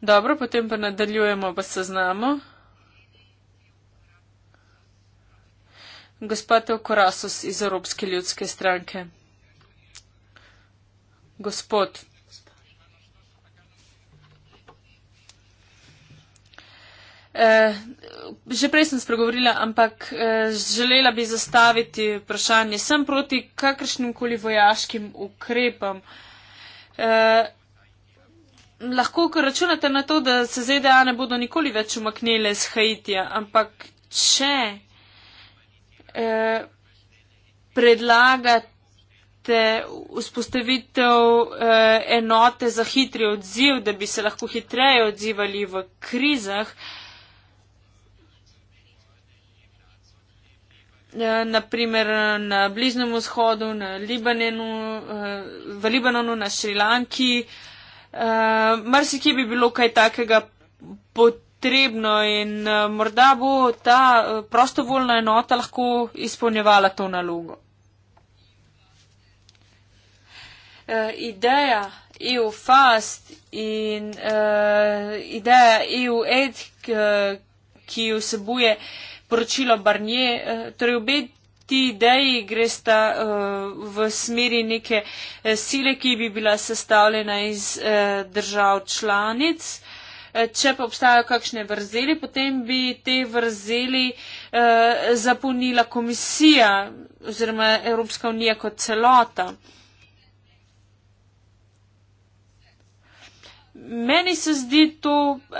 Dobro, potem pa nadaljujemo pa seznamo. Gospod Teokorasos iz Evropske ljudske stranke. Gospod. Eh, že prej sem spregovorila, ampak eh, želela bi zastaviti vprašanje. Sem proti kakršnim koli vojaškim ukrepom. Eh, lahko kar računate na to, da se ZDA ne bodo nikoli več umaknile z Haitija, ampak če eh, predlagate vzpostavitev eh, enote za hitri odziv, da bi se lahko hitreje odzivali v krizah, eh, naprimer eh, na Bližnem vzhodu, na Libanenu, eh, v Libanonu, na Šrilanki. Eh, marsikje bi bilo kaj takega potrebno in morda bo ta prostovoljna enota lahko izpolnjevala to nalogo. Ideja EU Fast in uh, ideja EU Aid, ki, ki vsebuje uh, poročilo Barnje. Eh, torej obe ti ideji gresta eh, v smeri neke eh, sile, ki bi bila sestavljena iz držav članic. Če pa obstajajo kakšne vrzeli, potem bi te vrzeli eh, zapolnila komisija oziroma Evropska unija kot celota. Eh, meni se zdi to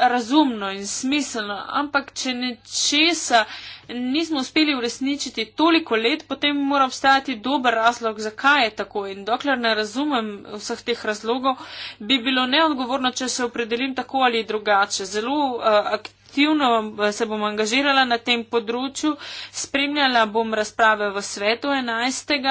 razumno in smiselno, ampak če nečesa nismo uspeli uresničiti toliko let, potem mora obstajati dober razlog, zakaj je tako. In dokler ne razumem vseh teh razlogov, bi bilo neodgovorno, če se opredelim tako ali drugače. Zelo uh, aktivno eh, se bom angažirala na tem področju, spremljala bom razprave v svetu 11.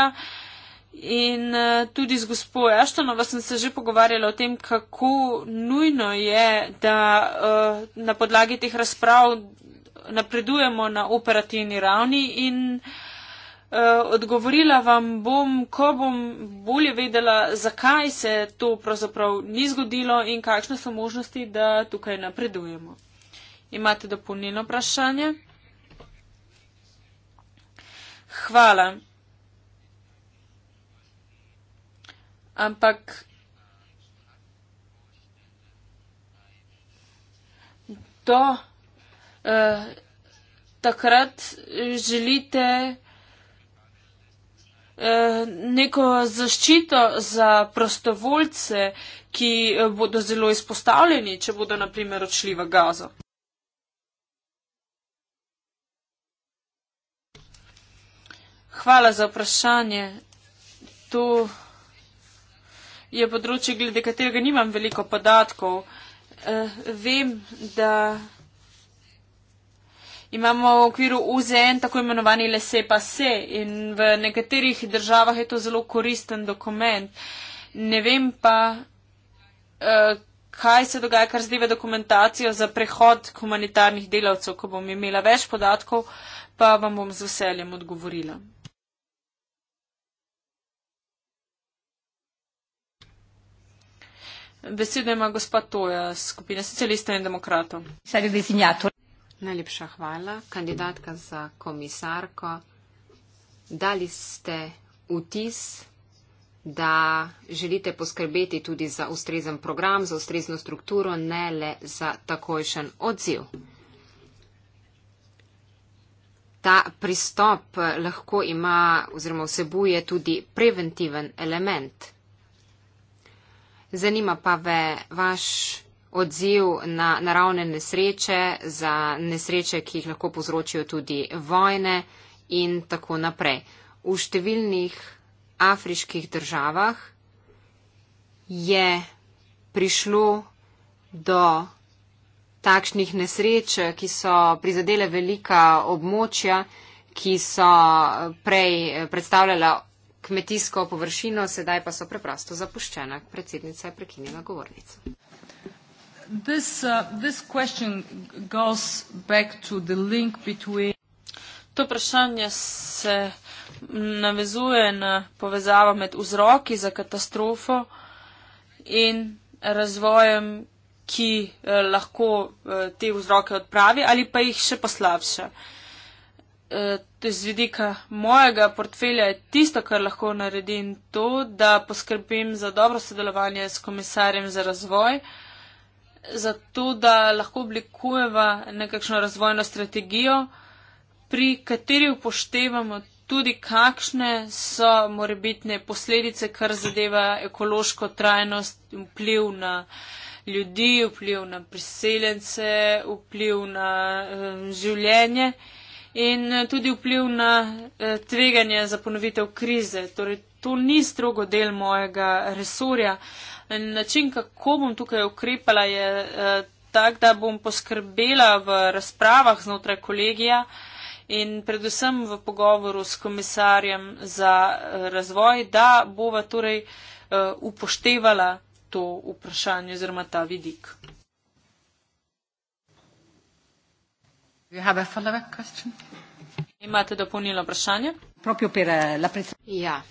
In uh, tudi z gospo Ashtonova sem se že pogovarjala o tem, kako nujno je, da uh, na podlagi teh razprav napredujemo na operativni ravni in uh, odgovorila vam bom, ko bom bolje vedela, zakaj se to pravzaprav ni zgodilo in kakšne so možnosti, da tukaj napredujemo. Imate dopolnilno vprašanje? Hvala. ampak do uh, takrat želite eh, neko zaščito za prostovoljce, ki eh, bodo zelo izpostavljeni, če bodo na primer odšli v gazo. Hvala za vprašanje. To je področje, glede katerega nimam veliko podatkov. Uh, vem, da imamo v okviru UZN tako imenovani lese pa se in v nekaterih državah je to zelo koristen dokument. Ne vem pa, uh, kaj se dogaja, kar zdaj v dokumentacijo za prehod humanitarnih delavcev, ko bom imela več podatkov, pa vam bom z veseljem odgovorila. Besedo ima gospa Toja, skupina socialistov in demokratov. Najlepša hvala, kandidatka za komisarko. Dali ste vtis, da želite poskrbeti tudi za ustrezen program, za ustrezno strukturo, ne le za takojšen odziv. Ta pristop lahko ima oziroma vsebuje tudi preventiven element. Zanima pa me vaš odziv na naravne nesreče, za nesreče, ki jih lahko povzročijo tudi vojne in tako naprej. V številnih afriških državah je prišlo do takšnih nesreč, ki so prizadele velika območja, ki so prej predstavljala kmetijsko površino, sedaj pa so preprosto zapuščena. Predsednica je prekinila govornico. This, uh, this between... To vprašanje se navezuje na povezavo med vzroki za katastrofo in razvojem, ki eh, lahko eh, te vzroke odpravi ali pa jih še poslabša. Eh, Eh, z vidika mojega portfelja je tisto, kar lahko naredim, to, da poskrbim za dobro sodelovanje s komisarjem za razvoj, zato da lahko oblikujeva nekakšno razvojno strategijo, pri kateri upoštevamo tudi, kakšne so morebitne posledice, kar zadeva ekološko trajnost in vpliv na ljudi, vpliv na priseljence, vpliv na um, življenje in eh, tudi vpliv na eh, tveganje za ponovitev krize. Torej, to ni strogo del mojega resorja. Način, kako bom tukaj ukrepala, je eh, tak, da bom poskrbela v razpravah znotraj kolegija in predvsem v pogovoru s komisarjem za razvoj, da bova torej upoštevala to vprašanje oziroma ta vidik. you have a follow-up question? Imate dopolnilno vprašanje? Per, eh, la ja.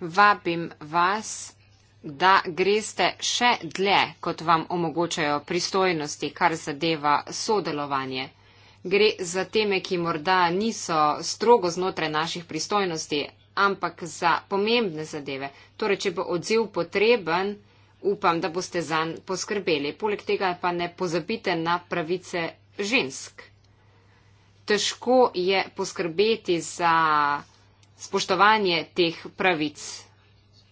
Vabim vas, da greste še dlje, kot vam omogočajo pristojnosti, kar zadeva sodelovanje. Gre za teme, ki morda niso strogo znotraj naših pristojnosti, ampak za pomembne zadeve. Torej, če bo odziv potreben, upam, da boste zanj poskrbeli. Poleg tega pa ne pozabite na pravice žensk. Težko je poskrbeti za spoštovanje teh pravic,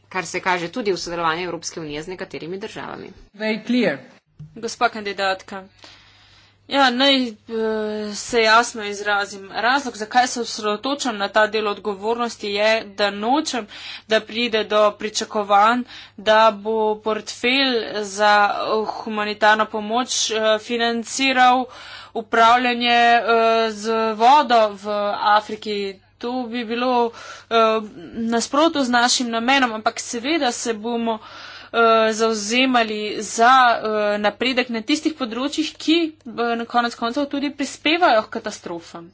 kar se kaže tudi v sodelovanju Evropske unije z nekaterimi državami. Gospa kandidatka, Ja, naj eh, se jasno izrazim. Razlog, zakaj se osredotočam na ta del odgovornosti, je, da nočem, da pride do pričakovanj, da bo portfelj za eh, humanitarno pomoč eh, financiral upravljanje z vodo v Afriki. To bi bilo nasprotno z našim namenom, ampak seveda se bomo. Eh, zauzemali za eh, napredek na tistih področjih, ki eh, na konec koncev tudi prispevajo k katastrofam.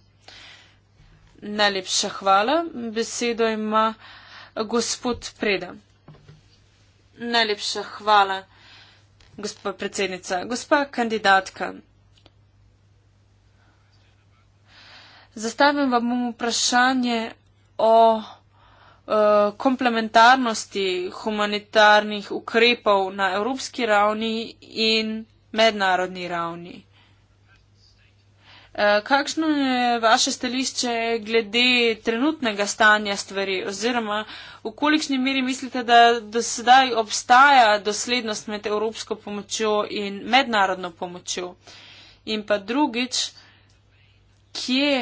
Najlepša hvala. Besedo ima gospod Preda. Najlepša hvala, gospa predsednica. Gospa kandidatka. Zastavim vam vprašanje o Eh, komplementarnosti humanitarnih ukrepov na evropski ravni in mednarodni ravni. Eh, kakšno je vaše stališče glede trenutnega stanja stvari oziroma v kolikšni meri mislite, da do sedaj obstaja doslednost med evropsko pomočjo in mednarodno pomočjo? In pa drugič, kje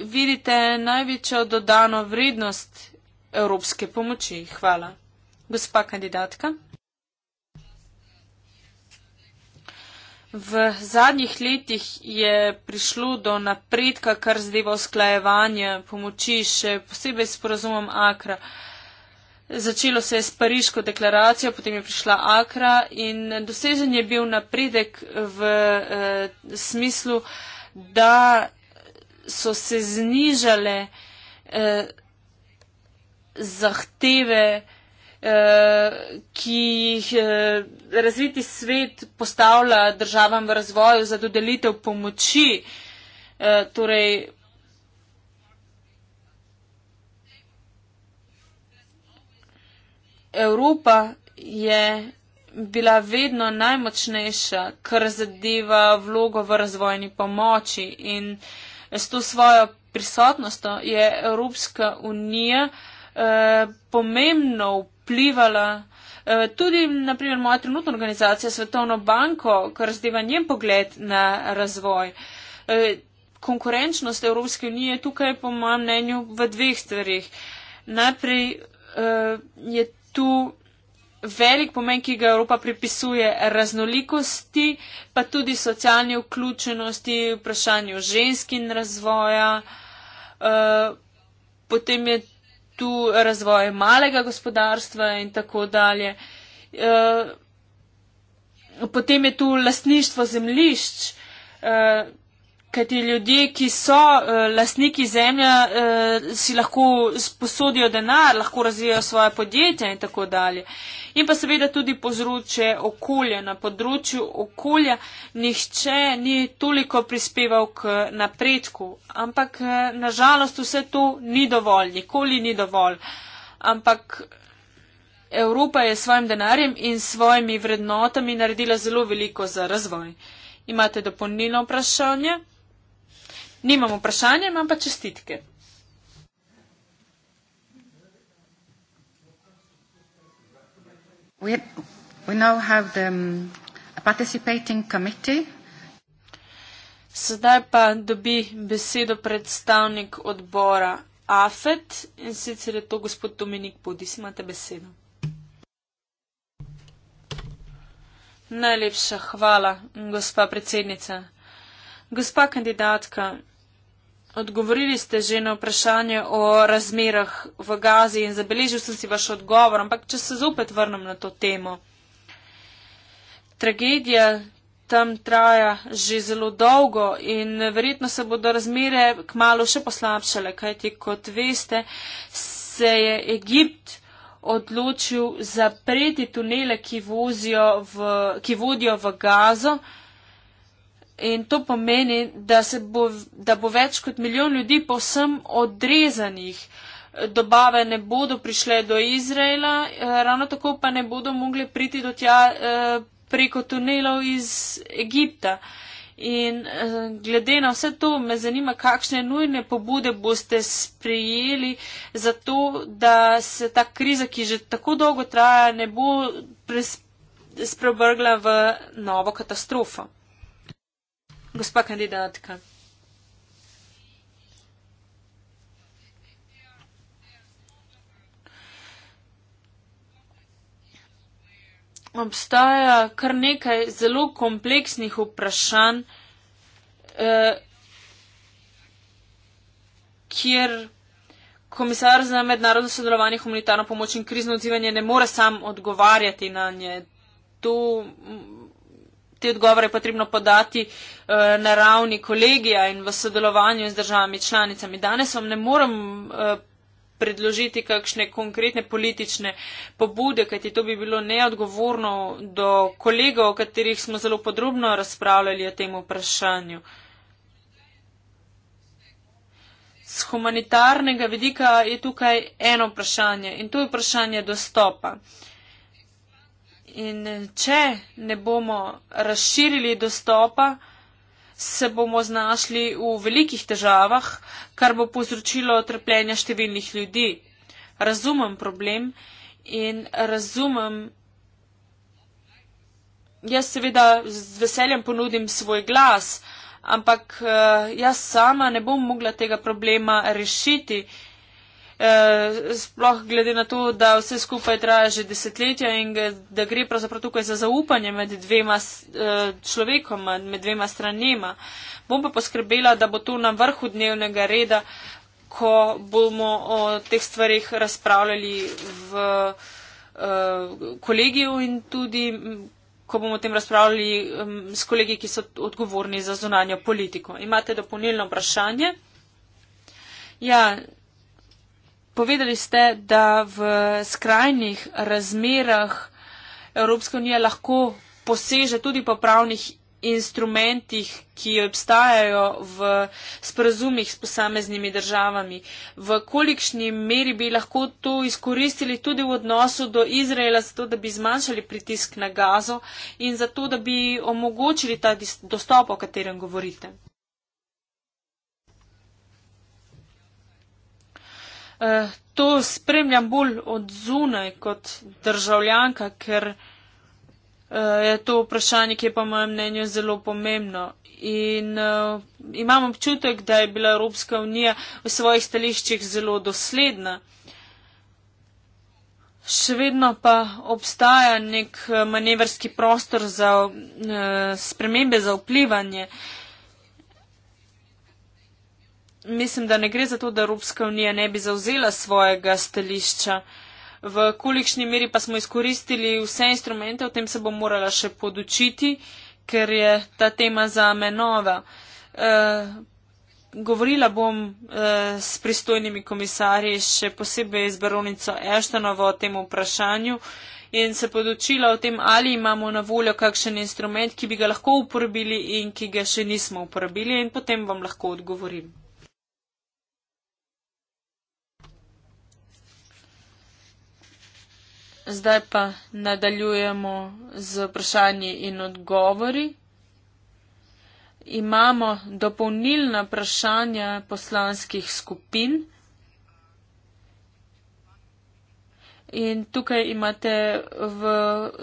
vidite največjo dodano vrednost evropske pomoči? Hvala. Gospa kandidatka. V zadnjih letih je prišlo do napredka, kar zdeva usklajevanje pomoči, še posebej s porazumom Akra. Začelo se je s Pariško deklaracijo, potem je prišla Akra in dosežen je bil napredek v eh, smislu, da so se znižale eh, zahteve, eh, ki jih eh, razviti svet postavlja državam v razvoju za dodelitev pomoči. Eh, torej, Evropa je bila vedno najmočnejša, kar zadeva vlogo v razvojni pomoči in eh, s to svojo prisotnostjo je Evropska unija eh, pomembno vplivala eh, tudi na primer moja trenutna organizacija Svetovno banko, kar zdeva njen pogled na razvoj. Eh, konkurenčnost Evropske unije je tukaj po mojem mnenju v dveh stvarih. Najprej eh, je tu velik pomen, ki ga Evropa pripisuje raznolikosti, pa tudi socialni vključenosti, vprašanju ženski in razvoja. Uh, potem je tu razvoj malega gospodarstva in tako dalje. Uh, potem je tu lasništvo zemlišč. Uh, eh, Kajti ljudje, ki so uh, lastniki zemlja, uh, eh, si lahko sposodijo denar, lahko razvijajo svoje podjetja in tako dalje. In pa seveda tudi povzroče okolje. Na področju okolja nihče ni toliko prispeval k napredku, ampak uh, eh, nažalost vse to ni dovolj, nikoli ni dovolj. Ampak Evropa je s svojim denarjem in svojimi vrednotami naredila zelo veliko za razvoj. Imate dopolnilno vprašanje? Nimam vprašanja, imam pa čestitke. We, we um, Sedaj pa dobi besedo predstavnik odbora AFET in sicer je to gospod Dominik Budis. Imate besedo. Najlepša hvala, gospa predsednica. Gospa kandidatka, Odgovorili ste že na vprašanje o razmerah v Gazi in zabeležil sem si vaš odgovor, ampak če se zopet vrnem na to temo. Tragedija tam traja že zelo dolgo in verjetno se bodo razmere k malu še poslabšale, kajti kot veste, se je Egipt odločil zapreti tunele, ki, v, ki vodijo v Gazo. In to pomeni, da, bo, da bo več kot milijon ljudi povsem odrezanih. Dobave ne bodo prišle do Izraela, eh, ravno tako pa ne bodo mogli priti do tja eh, preko tunelov iz Egipta. In eh, glede na vse to, me zanima, kakšne nujne pobude boste sprejeli za to, da se ta kriza, ki že tako dolgo traja, ne bo spreobrgla v novo katastrofo. Gospa kandidatka. Obstaja kar nekaj zelo kompleksnih vprašanj, eh, kjer komisar za mednarodno sodelovanje, humanitarno pomoč in krizno odzivanje ne more sam odgovarjati na nje. To te odgovore je potrebno podati eh, na ravni kolegija in v sodelovanju z državami članicami. Danes vam ne morem eh, predložiti kakšne konkretne politične pobude, kajti to bi bilo neodgovorno do kolegov, o katerih smo zelo podrobno razpravljali o tem vprašanju. Z humanitarnega vidika je tukaj eno vprašanje in to je vprašanje dostopa. Uh, In eh, če ne bomo razširili dostopa, se bomo znašli v velikih težavah, kar bo povzročilo trpljenje številnih ljudi. Razumem problem in razumem. Jaz seveda z veseljem ponudim svoj glas, ampak eh, jaz sama ne bom mogla tega problema rešiti. Eh, sploh glede na to, da vse skupaj traja že desetletja in da gre pravzaprav tukaj za zaupanje med dvema eh, človekoma, med dvema stranema. Bom pa poskrbela, da bo to na vrhu dnevnega reda, ko bomo o teh stvarih razpravljali v eh, kolegiju in tudi, ko bomo o tem razpravljali s kolegi, ki so odgovorni za zunanjo politiko. Imate dopolnilno vprašanje? Ja, povedali ste, da v skrajnih razmerah Evropska unija lahko poseže tudi po pravnih instrumentih, ki obstajajo v sporazumih s posameznimi državami. V kolikšni meri bi lahko to izkoristili tudi v odnosu do Izraela, zato da bi zmanjšali pritisk na gazo in zato da bi omogočili ta dostop, o katerem govorite? Eh, to spremljam bolj od zunaj kot državljanka, ker eh, je to vprašanje, ki je po mojem mnenju zelo pomembno. In uh, imam občutek, da je bila Evropska unija v svojih stališčih zelo dosledna. Še vedno pa obstaja nek manevrski prostor za uh, spremembe, za vplivanje. Uh, mislim, da ne gre za to, da Evropska unija ne bi zauzela svojega stališča. V kolikšni meri pa smo izkoristili vse instrumente, o tem se bom morala še podučiti, ker je ta tema za me nova. E, govorila bom e, s pristojnimi komisarji, še posebej z baronico Eštonovo o tem vprašanju in se podučila o tem, ali imamo na voljo kakšen instrument, ki bi ga lahko uporabili in ki ga še nismo uporabili in potem vam lahko odgovorim. Zdaj pa nadaljujemo z vprašanji in odgovori. Imamo dopolnilna vprašanja poslanskih skupin. In tukaj imate v,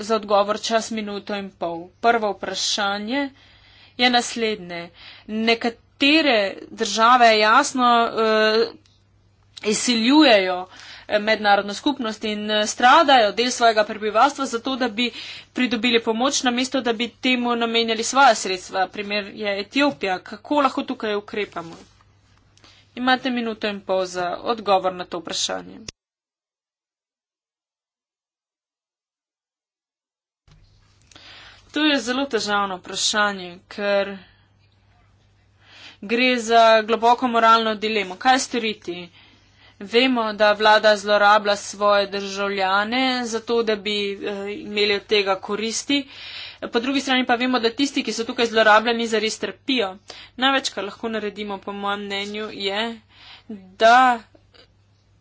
za odgovor čas minuto in pol. Prvo vprašanje je naslednje. Nekatere države jasno uh, izsiljujejo uh, mednarodno skupnost in eh, stradajo del svojega prebivalstva zato, da bi pridobili pomoč, namesto da bi temu namenjali svoje sredstva. Primer je Etiopija. Kako lahko tukaj ukrepamo? Imate minuto in pol za odgovor na to vprašanje. To je zelo težavno vprašanje, ker gre za globoko moralno dilemo. Kaj storiti? Vemo, da vlada zlorablja svoje državljane, zato da bi eh, imeli od tega koristi. Po drugi strani pa vemo, da tisti, ki so tukaj zlorabljeni, zares trpijo. Največ, kar lahko naredimo, po mojem mnenju, je, da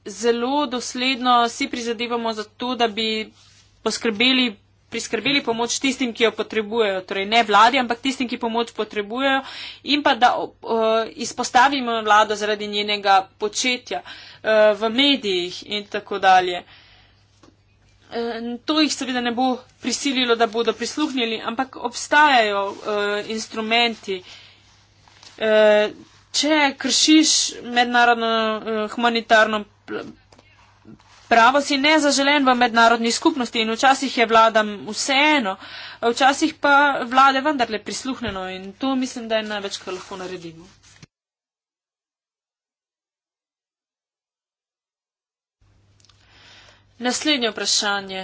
zelo dosledno si prizadevamo za to, da bi poskrbeli, priskrbeli pomoč tistim, ki jo potrebujejo. Torej ne vladi, ampak tistim, ki pomoč potrebujejo in pa da uh, izpostavimo vlado zaradi njenega početja. Uh, Eh, v medijih in tako dalje. Eh, to jih seveda ne bo prisililo, da bodo prisluhnili, ampak obstajajo eh, instrumenti. Če kršiš mednarodno humanitarno pravo, si nezaželen v mednarodni skupnosti in včasih je vladam vseeno, včasih pa vlade vendarle prisluhneno in to mislim, da je največ, kar lahko naredimo. Naslednje vprašanje.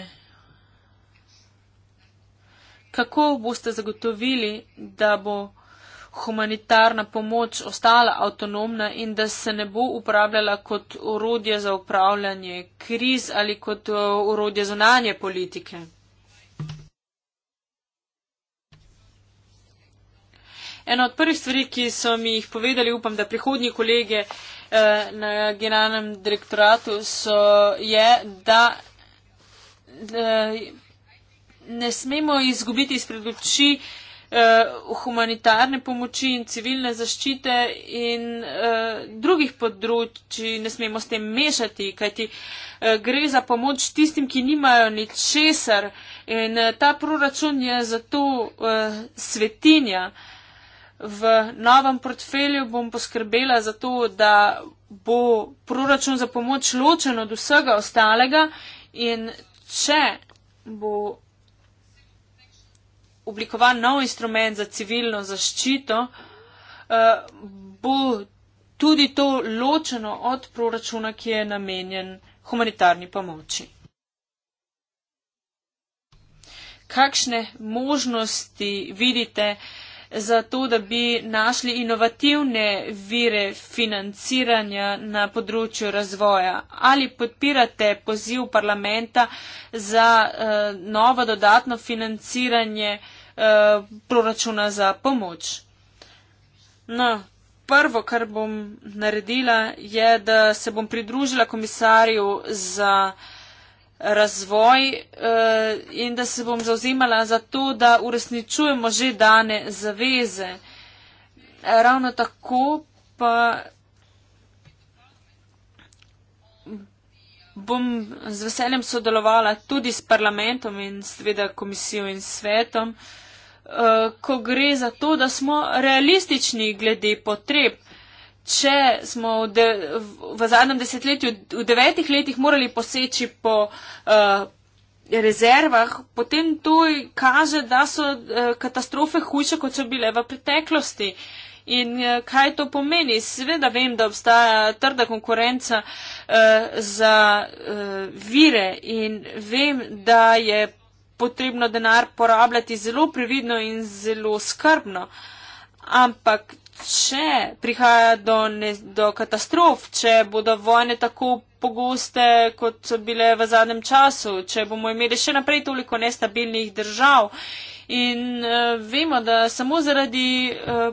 Kako boste zagotovili, da bo humanitarna pomoč ostala avtonomna in da se ne bo uporabljala kot urodje za upravljanje kriz ali kot urodje eh, zunanje politike? Ena od prvih stvari, ki so mi jih povedali, upam, da prihodnji kolege eh, na generalnem direktoratu, so, je, da, da eh, ne smemo izgubiti izpred oči eh, humanitarne pomoči in civilne zaščite in eh, drugih področji, ne smemo s tem mešati, kajti eh, gre za pomoč tistim, ki nimajo ničesar in eh, ta proračun je zato eh, svetinja. V novem portfelju bom poskrbela za to, da bo proračun za pomoč ločen od vsega ostalega in če bo oblikovan nov instrument za civilno zaščito, eh, bo tudi to ločeno od proračuna, ki je namenjen humanitarni pomoči. Kakšne možnosti vidite, za to, da bi našli inovativne vire financiranja na področju razvoja? Ali podpirate poziv parlamenta za uh, novo dodatno financiranje uh, proračuna za pomoč? No. Prvo, kar bom naredila, je, da se bom pridružila komisarju za uh, razvoj eh, in da se bom zauzimala za to, da uresničujemo že dane zaveze. Ravno tako pa bom z veseljem sodelovala tudi s parlamentom in seveda komisijo in svetom, eh, ko gre za to, da smo realistični glede potreb če smo v, de, v, v zadnjem desetletju, v devetih letih morali poseči po uh, rezervah, potem to kaže, da so uh, katastrofe hujše, kot so bile v preteklosti. In uh, kaj to pomeni? Sveda vem, da obstaja trda konkurenca uh, za uh, vire in vem, da je potrebno denar porabljati zelo previdno in zelo skrbno. Ampak če prihaja do, ne, do katastrof, če bodo vojne tako pogoste, kot so bile v zadnjem času, če bomo imeli še naprej toliko nestabilnih držav. In uh, vemo, da samo zaradi. Uh,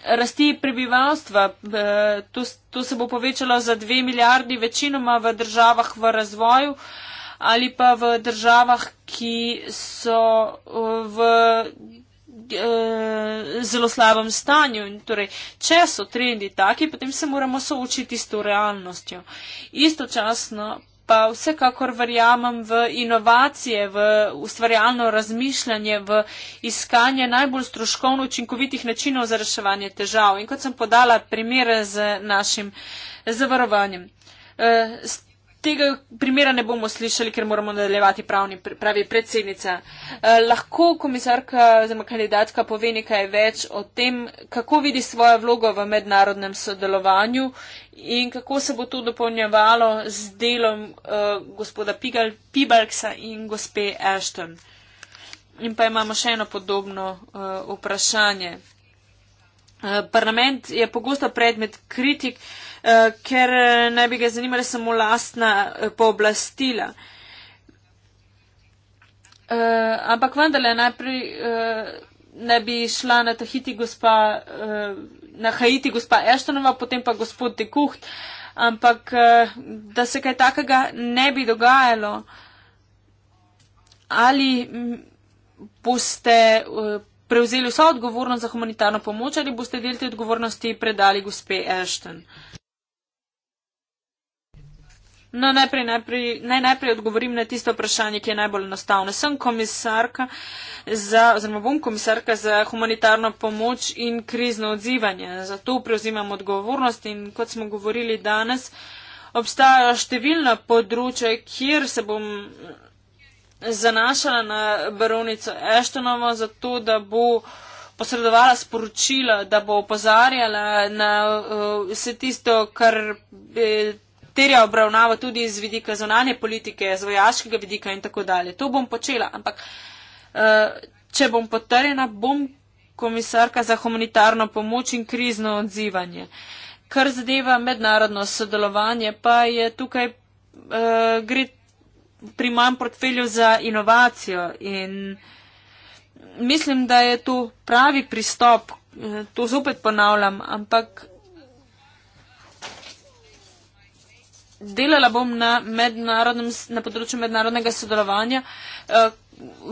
Rasti prebivalstva, eh, to, to se bo povečalo za dve milijardi večinoma v državah v razvoju ali pa v državah, ki so v Eh, zelo slabem stanju. Torej, če so trendi taki, potem se moramo soočiti s to realnostjo. Istočasno pa vsekakor verjamem v inovacije, v ustvarjalno razmišljanje, v iskanje najbolj stroškovno učinkovitih načinov za reševanje težav. In kot sem podala primere z našim zavarovanjem. Uh, tega primera ne bomo slišali, ker moramo nadaljevati pravni, pravi predsednica. Eh, lahko komisarka oziroma kandidatka pove nekaj več o tem, kako vidi svojo vlogo v mednarodnem sodelovanju in kako se bo to dopolnjevalo z delom eh, gospoda Pigal, Pibalksa in gospe Ashton. In pa imamo še eno podobno eh, vprašanje. Parlament je pogosto predmet kritik. Eh, ker eh, naj bi ga zanimala samo lastna eh, pooblastila. Ampak vendarle najprej ne bi šla na Tahiti gospa, na Haiti gospa Eštonova, potem pa gospod Dekuht, ampak da se kaj takega ne bi dogajalo. Ali boste prevzeli vso odgovornost za humanitarno pomoč ali boste del te odgovornosti predali gospe Ešton? No, najprej, najprej, naj najprej odgovorim na tisto vprašanje, ki je najbolj enostavno. Sem komisarka za, oziroma bom komisarka za humanitarno pomoč in krizno odzivanje. Zato prevzimam odgovornost in kot smo govorili danes, obstajajo številna področja, kjer se bom zanašala na baronico Eštonovo, zato da bo posredovala sporočila, da bo opozarjala na uh, vse tisto, kar. Eh, terja obravnavo tudi z vidika zonanje politike, z vojaškega vidika in tako dalje. To bom počela, ampak eh, če bom potrjena, bom komisarka za humanitarno pomoč in krizno odzivanje. Kar zadeva mednarodno sodelovanje, pa je tukaj eh, gre pri manj portfelju za inovacijo in mislim, da je to pravi pristop, eh, to zopet ponavljam, ampak delala bom na, na področju mednarodnega sodelovanja eh,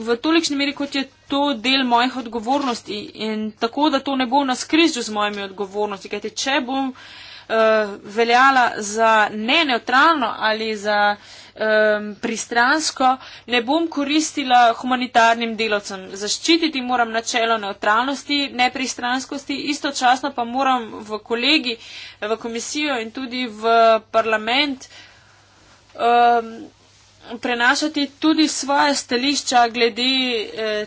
v tolikšni meri, kot je to del mojih odgovornosti in tako, da to ne bo na skrižju z mojimi odgovornosti. Kajte, če bom uh, veljala za neutralno ali za uh, um, pristransko, ne bom koristila humanitarnim delovcem. Zaščititi moram načelo neutralnosti, nepristranskosti, istočasno pa moram v kolegi, v komisijo in tudi v parlament um, prenašati tudi svoje stališča glede eh,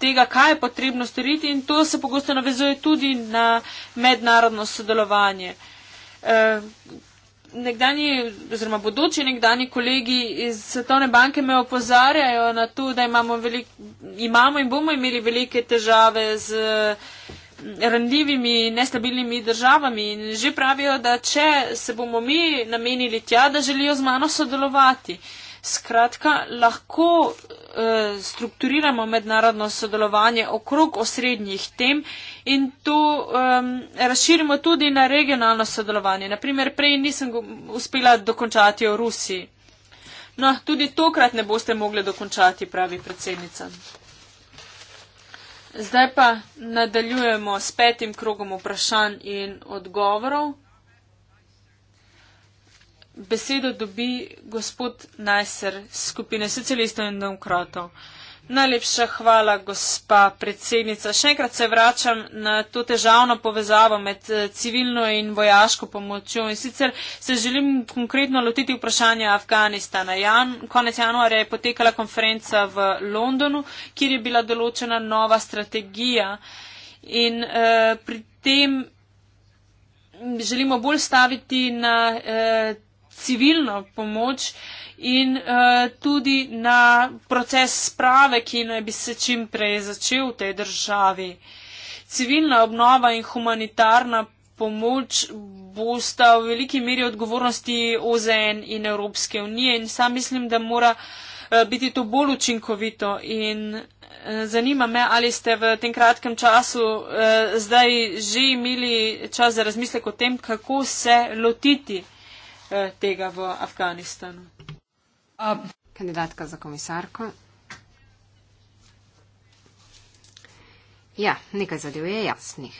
tega, kaj je potrebno storiti in to se pogosto navezuje tudi na mednarodno sodelovanje. Eh, nekdani, oziroma bodoči nekdani kolegi iz Svetovne banke me opozarjajo na to, da imamo, velik, imamo in bomo imeli velike težave z mm, randljivimi, nestabilnimi državami in že pravijo, da če se bomo mi namenili tja, da želijo z mano sodelovati. Uh, Skratka, lahko eh, strukturiramo mednarodno sodelovanje okrog osrednjih tem in to eh, razširimo tudi na regionalno sodelovanje. Naprimer, prej nisem uspela dokončati o Rusiji. No, tudi tokrat ne boste mogli dokončati, pravi predsednica. Zdaj pa nadaljujemo s petim krogom vprašanj in odgovorov. Besedo dobi gospod Najser skupine socialistov in demokratov. Najlepša hvala, gospa predsednica. Še enkrat se vračam na to težavno povezavo med eh, civilno in vojaško pomočjo in sicer se želim konkretno lotiti vprašanja Afganistana. Jan, konec januarja je potekala konferenca v Londonu, kjer je bila določena nova strategija in uh, pri tem mm, želimo bolj staviti na uh, civilno pomoč in uh, tudi na proces sprave, ki naj bi se čim prej začel v tej državi. Civilna obnova in humanitarna pomoč bosta v veliki meri odgovornosti OZN in Evropske unije in sam mislim, da mora eh, biti to bolj učinkovito in eh, zanima me, ali ste v tem kratkem času zdaj že imeli čas za razmislek o tem, kako se lotiti Eh, tega v Afganistanu. Um. Kandidatka za komisarko. Ja, nekaj zadev je jasnih.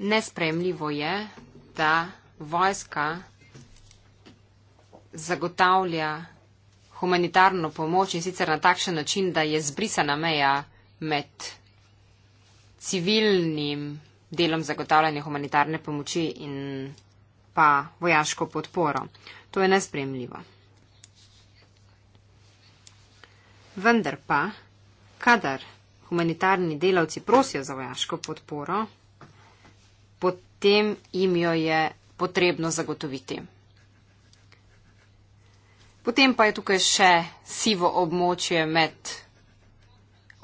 Nespremljivo je, da vojska zagotavlja humanitarno pomoč in sicer na takšen način, da je zbrisana meja med civilnim delom zagotavljanje humanitarne pomoči in pa vojaško podporo. To je nespremljivo. Vendar pa, kadar humanitarni delavci prosijo za vojaško podporo, potem jim jo je potrebno zagotoviti. Potem pa je tukaj še sivo območje med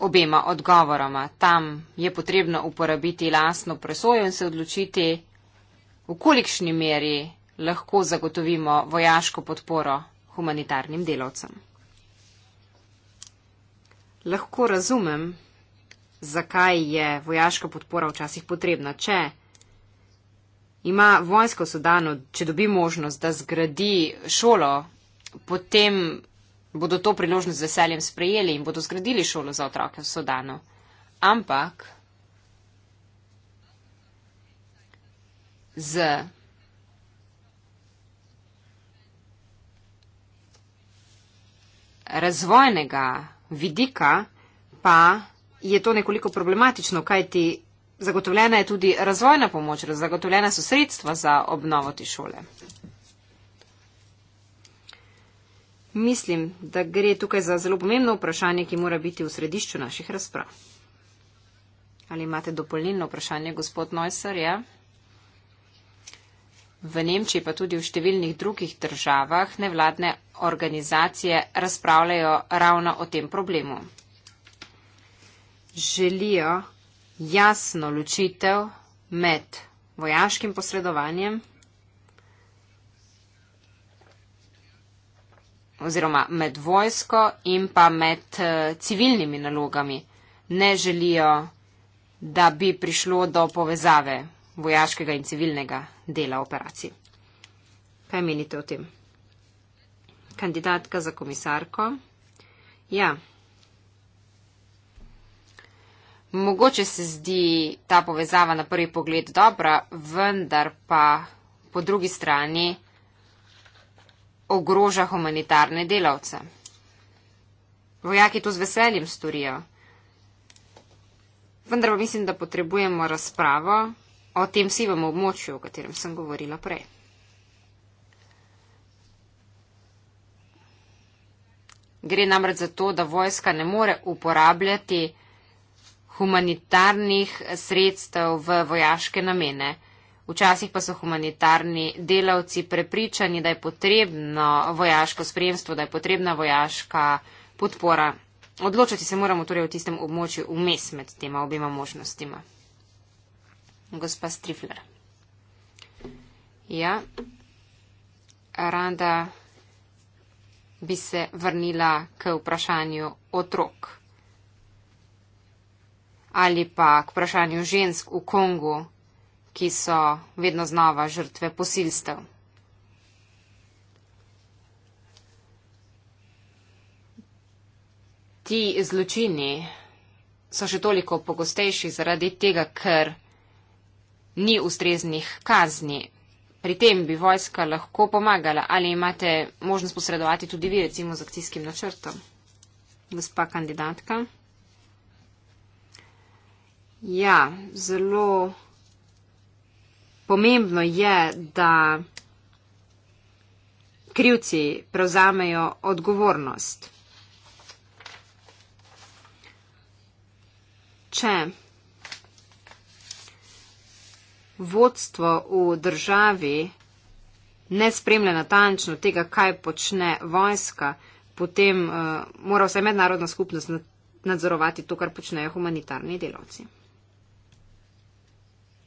obema odgovoroma. Tam je potrebno uporabiti lasno presojo in se odločiti, v kolikšni meri lahko zagotovimo vojaško podporo humanitarnim delavcem. Lahko razumem, zakaj je vojaška podpora včasih potrebna. Če ima vojsko v Sudanu, če dobi možnost, da zgradi šolo, potem bodo to priložnost z veseljem sprejeli in bodo zgradili šolo za otroke v Sodanu. Ampak z razvojnega vidika pa je to nekoliko problematično, kajti zagotovljena je tudi razvojna pomoč, zagotovljena so sredstva za obnovo te šole. Mislim, da gre tukaj za zelo pomembno vprašanje, ki mora biti v središču naših razprav. Ali imate dopolnilno vprašanje, gospod Neusser? Ja? V Nemčiji, pa tudi v številnih drugih državah, nevladne organizacije razpravljajo ravno o tem problemu. Želijo jasno ločitev med vojaškim posredovanjem oziroma med vojsko in pa med eh, civilnimi nalogami. Ne želijo, da bi prišlo do povezave vojaškega in civilnega dela operacij. Kaj menite o tem? Kandidatka za komisarko. Ja. Mogoče se zdi ta povezava na prvi pogled dobra, vendar pa po drugi strani ogroža humanitarne delavce. Vojaki to z veseljem storijo. Vendar pa mislim, da potrebujemo razpravo o tem sivem območju, o katerem sem govorila prej. Gre namreč za to, da vojska ne more uporabljati humanitarnih sredstev v vojaške namene. Včasih pa so humanitarni delavci prepričani, da je potrebno vojaško spremstvo, da je potrebna vojaška podpora. Odločati se moramo torej v tistem območju vmes med tema obima možnostima. Gospa Strifler. Ja, rada bi se vrnila k vprašanju otrok ali pa k vprašanju žensk v Kongu, ki so vedno znova žrtve posilstev. Ti zločini so še toliko pogostejši zaradi tega, ker ni ustreznih kazni. Pri tem bi vojska lahko pomagala. Ali imate možnost posredovati tudi vi, recimo, z akcijskim načrtom? Gospa kandidatka. Ja, zelo pomembno je, da krivci prevzamejo odgovornost. Če vodstvo v državi ne spremlja natančno tega, kaj počne vojska, potem uh, mora vsaj mednarodna skupnost nadzorovati to, kar počnejo humanitarni delavci.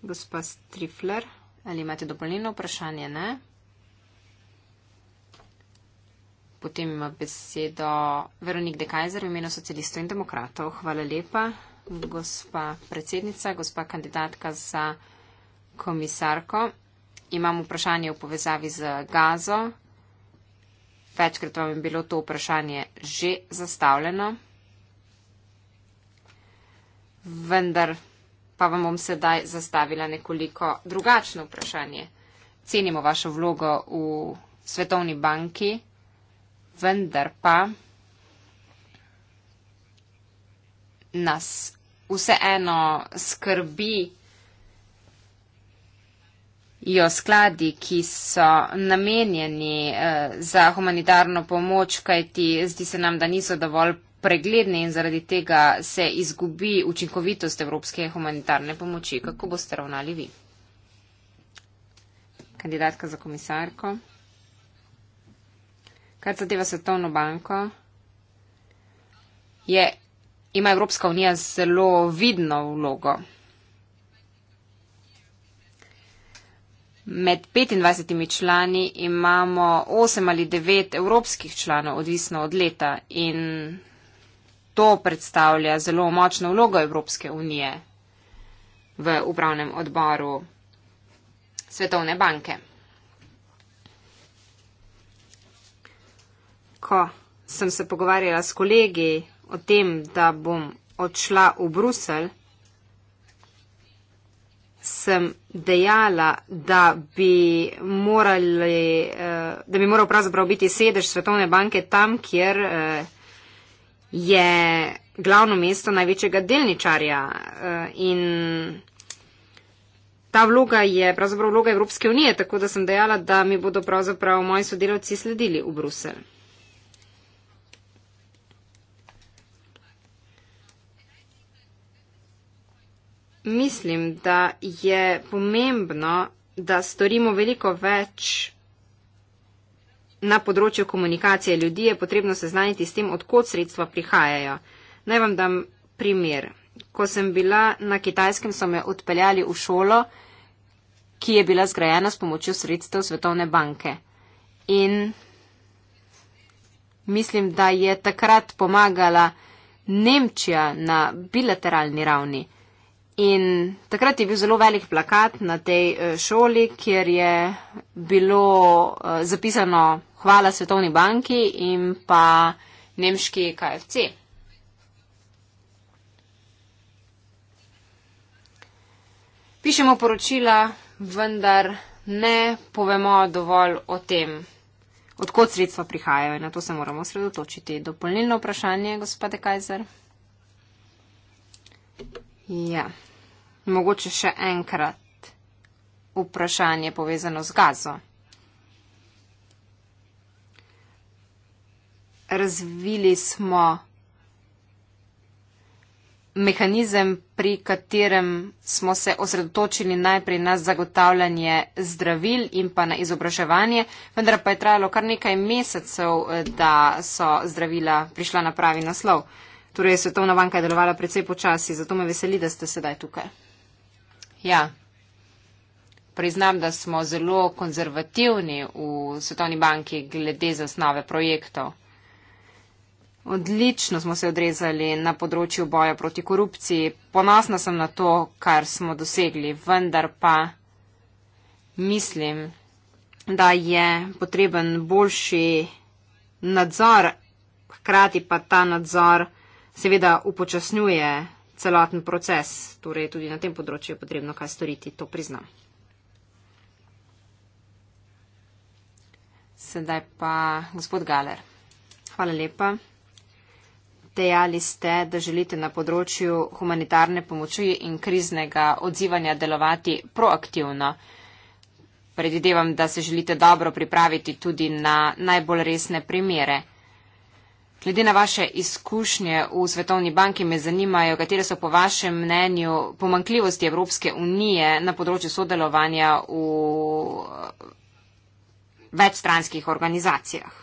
Gospa Strifler, ali imate dopolnilno vprašanje? Ne. Potem ima besedo Veronik Dekajzer v imenu socialistov in demokratov. Hvala lepa, gospa predsednica, gospa kandidatka za komisarko. Imam vprašanje v povezavi z gazo. Večkrat vam je bilo to vprašanje že zastavljeno. Vendar pa vam bom sedaj zastavila nekoliko drugačno vprašanje. Cenimo vašo vlogo v Svetovni banki, vendar pa nas vseeno skrbi. Jo skladi, ki so namenjeni eh, za humanitarno pomoč, kajti zdi se nam, da niso dovolj pregledne in zaradi tega se izgubi učinkovitost evropske humanitarne pomoči. Kako boste ravnali vi? Kandidatka za komisarko. Kar zadeva Svetovno banko, je, ima Evropska unija zelo vidno vlogo. Med 25 člani imamo 8 ali 9 evropskih članov, odvisno od leta. In to predstavlja zelo močno vlogo Evropske unije v upravnem odboru Svetovne banke. Ko sem se pogovarjala s kolegi o tem, da bom odšla v Brusel, sem dejala, da bi, morali, eh, da bi moral pravzaprav biti sedež Svetovne banke tam, kjer eh, je glavno mesto največjega delničarja eh, in ta vloga je pravzaprav vloga Evropske unije, tako da sem dejala, da mi bodo pravzaprav moji sodelavci sledili v Brusel. Mislim, da je pomembno, da storimo veliko več na področju komunikacije ljudi je potrebno seznaniti s tem, odkot sredstva prihajajo. Naj vam dam primer. Ko sem bila na kitajskem, so me odpeljali v šolo, ki je bila zgrajena s pomočjo sredstev Svetovne banke. In mislim, da je takrat pomagala Nemčija na bilateralni ravni. In takrat je bil zelo velik plakat na tej eh, šoli, kjer je bilo eh, zapisano hvala Svetovni banki in pa nemški KFC. Pišemo poročila, vendar ne povemo dovolj o tem, odkot sredstva prihajajo in na to se moramo sredotočiti. Dopolnilno vprašanje, gospode Kajzer. Ja, mogoče še enkrat vprašanje povezano z gazo. razvili smo mehanizem, pri katerem smo se osredotočili najprej na zagotavljanje zdravil in pa na izobraževanje, vendar pa je trajalo kar nekaj mesecev, eh, da so zdravila prišla na pravi naslov. Torej je svetovna banka delovala precej počasi, zato me veseli, da ste sedaj tukaj. Ja. Priznam, da smo zelo konzervativni v Svetovni banki glede zasnove projektov. Odlično smo se odrezali na področju boja proti korupciji. Ponosna sem na to, kar smo dosegli, vendar pa mislim, da je potreben boljši nadzor, hkrati pa ta nadzor seveda upočasnjuje celoten proces. Torej tudi na tem področju je potrebno kaj storiti, to priznam. Sedaj pa gospod Galer. Hvala lepa dejali ste, da želite na področju humanitarne pomoči in kriznega odzivanja delovati proaktivno. Predvidevam, da se želite dobro pripraviti tudi na najbolj resne primere. Glede na vaše izkušnje v Svetovni banki me zanimajo, katere so po vašem mnenju pomankljivosti Evropske unije na področju sodelovanja v eh, večstranskih organizacijah.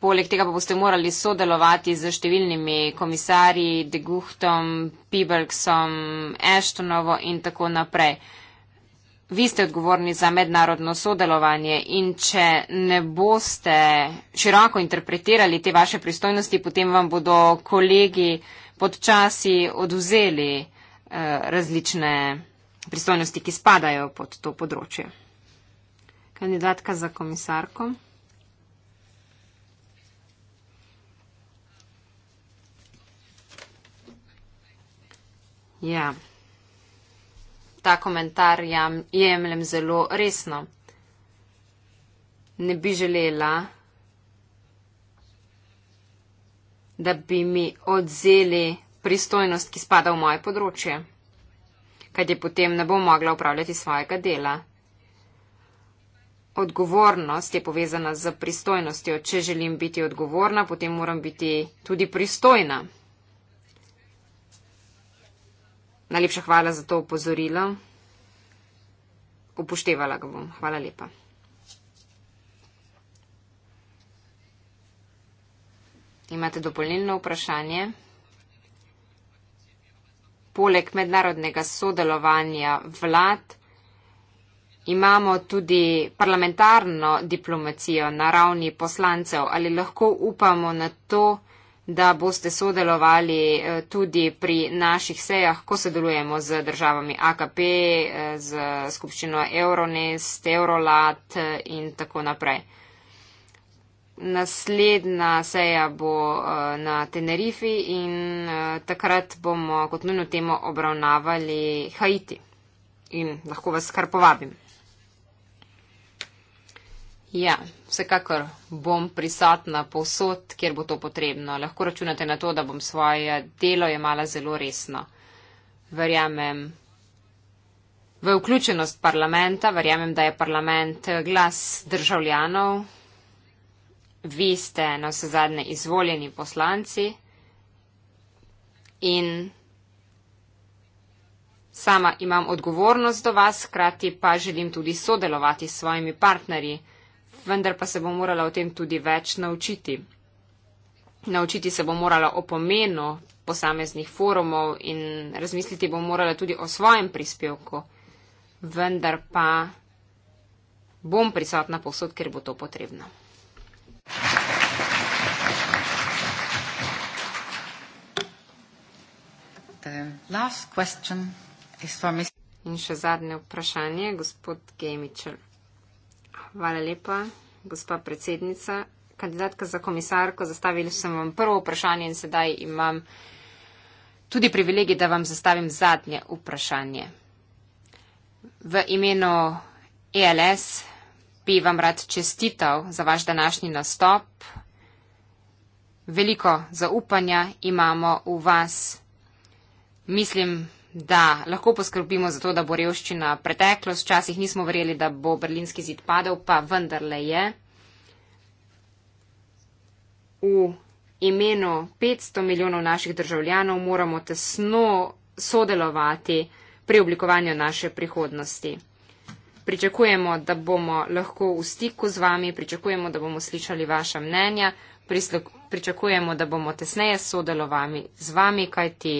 Poleg tega pa boste morali sodelovati z številnimi komisarji, De Guchtom, Pibergsom, Ashtonovo in tako naprej. Vi ste odgovorni za mednarodno sodelovanje in če ne boste široko interpretirali te vaše pristojnosti, potem vam bodo kolegi podčasi oduzeli eh, različne pristojnosti, ki spadajo pod to področje. Kandidatka za komisarko. Ja, ta komentar jam, jemljem zelo resno. Ne bi želela, da bi mi odzeli pristojnost, ki spada v moje področje, kaj je potem ne bom mogla upravljati svojega dela. Odgovornost je povezana z pristojnostjo. Če želim biti odgovorna, potem moram biti tudi pristojna. Najlepša hvala za to opozorilo. Upoštevala ga bom. Hvala lepa. Imate dopolnilno vprašanje? Poleg mednarodnega sodelovanja vlad imamo tudi parlamentarno diplomacijo na ravni poslancev. Ali lahko upamo na to, da da boste sodelovali eh, tudi pri naših sejah, ko sodelujemo z državami AKP, eh, z skupščino Euronest, Eurolat eh, in tako naprej. Naslednja seja bo na Tenerifi in takrat bomo kot nujno temo obravnavali Haiti. In lahko vas kar povabim. Ja, vsekakor bom prisotna povsod, kjer bo to potrebno. Lahko računate na to, da bom svoje delo jemala zelo resno. Verjamem v vključenost parlamenta, verjamem, da je parlament glas državljanov. Vi ste na vse zadnje izvoljeni poslanci in sama imam odgovornost do vas, hkrati pa želim tudi sodelovati s svojimi partnerji vendar pa se bo morala o tem tudi več naučiti. Naučiti se bo morala o pomenu posameznih forumov in razmisliti bo morala tudi o svojem prispevku, vendar pa bom prisotna povsod, ker bo to potrebno. In še zadnje vprašanje, gospod Gemičer. Hvala lepa, gospa predsednica. Kandidatka za komisarko, zastavili sem vam prvo vprašanje in sedaj imam tudi privilegij, da vam zastavim zadnje vprašanje. V imenu ELS bi vam rad čestital za vaš današnji nastop. Veliko zaupanja imamo v vas. Mislim, da lahko poskrbimo za to, da bo revščina preteklost. Včasih nismo verjeli, da bo berlinski zid padel, pa vendarle je. V imenu 500 milijonov naših državljanov moramo tesno sodelovati pri oblikovanju naše prihodnosti. Pričakujemo, da bomo lahko v stiku z vami, pričakujemo, da bomo slišali vaša mnenja, pričakujemo, da bomo tesneje sodelovali z vami, kajti.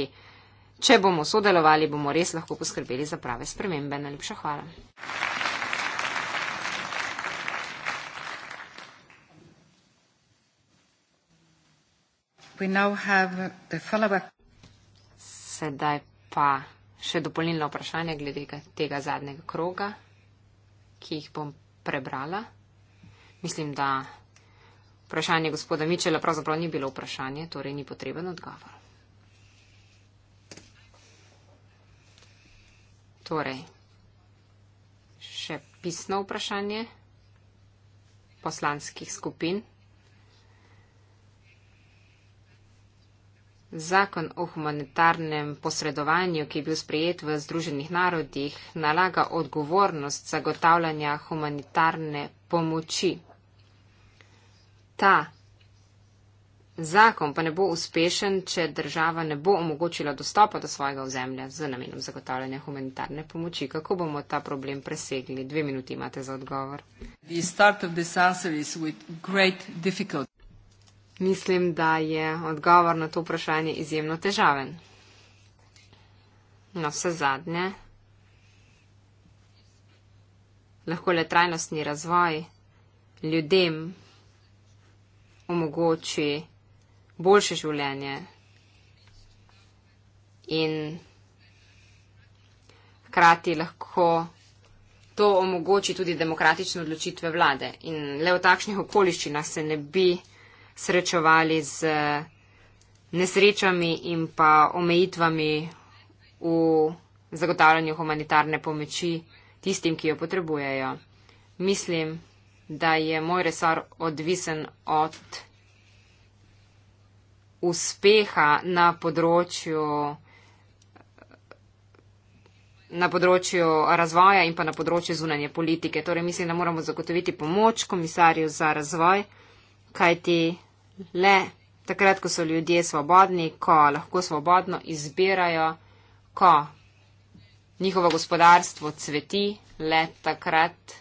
Če bomo sodelovali, bomo res lahko poskrbeli za prave spremembe. Najlepša hvala. Sedaj pa še dopolnilno vprašanje glede tega zadnjega kroga, ki jih bom prebrala. Mislim, da vprašanje gospoda Mičela pravzaprav ni bilo vprašanje, torej ni potreben odgovor. Torej, še pisno vprašanje poslanskih skupin. Zakon o humanitarnem posredovanju, ki je bil sprejet v Združenih narodih, nalaga odgovornost zagotavljanja humanitarne pomoči. Ta Zakon pa ne bo uspešen, če država ne bo omogočila dostopa do svojega ozemlja z namenom zagotavljanja humanitarne pomoči. Kako bomo ta problem presegli? Dve minuti imate za odgovor. Mislim, da je odgovor na to vprašanje izjemno težaven. Na no, vse zadnje. Lahko le trajnostni razvoj ljudem omogoči boljše življenje. In hkrati lahko to omogoči tudi demokratične odločitve vlade. In le v takšnih okoliščinah se ne bi srečevali z nesrečami in pa omejitvami v zagotavljanju humanitarne pomoči tistim, ki jo potrebujejo. Mislim, da je moj resor odvisen od uspeha na področju, na področju razvoja in pa na področju zunanje politike. Torej mislim, da moramo zagotoviti pomoč komisarju za razvoj, kajti le takrat, ko so ljudje svobodni, ko lahko svobodno izbirajo, ko njihovo gospodarstvo cveti, le takrat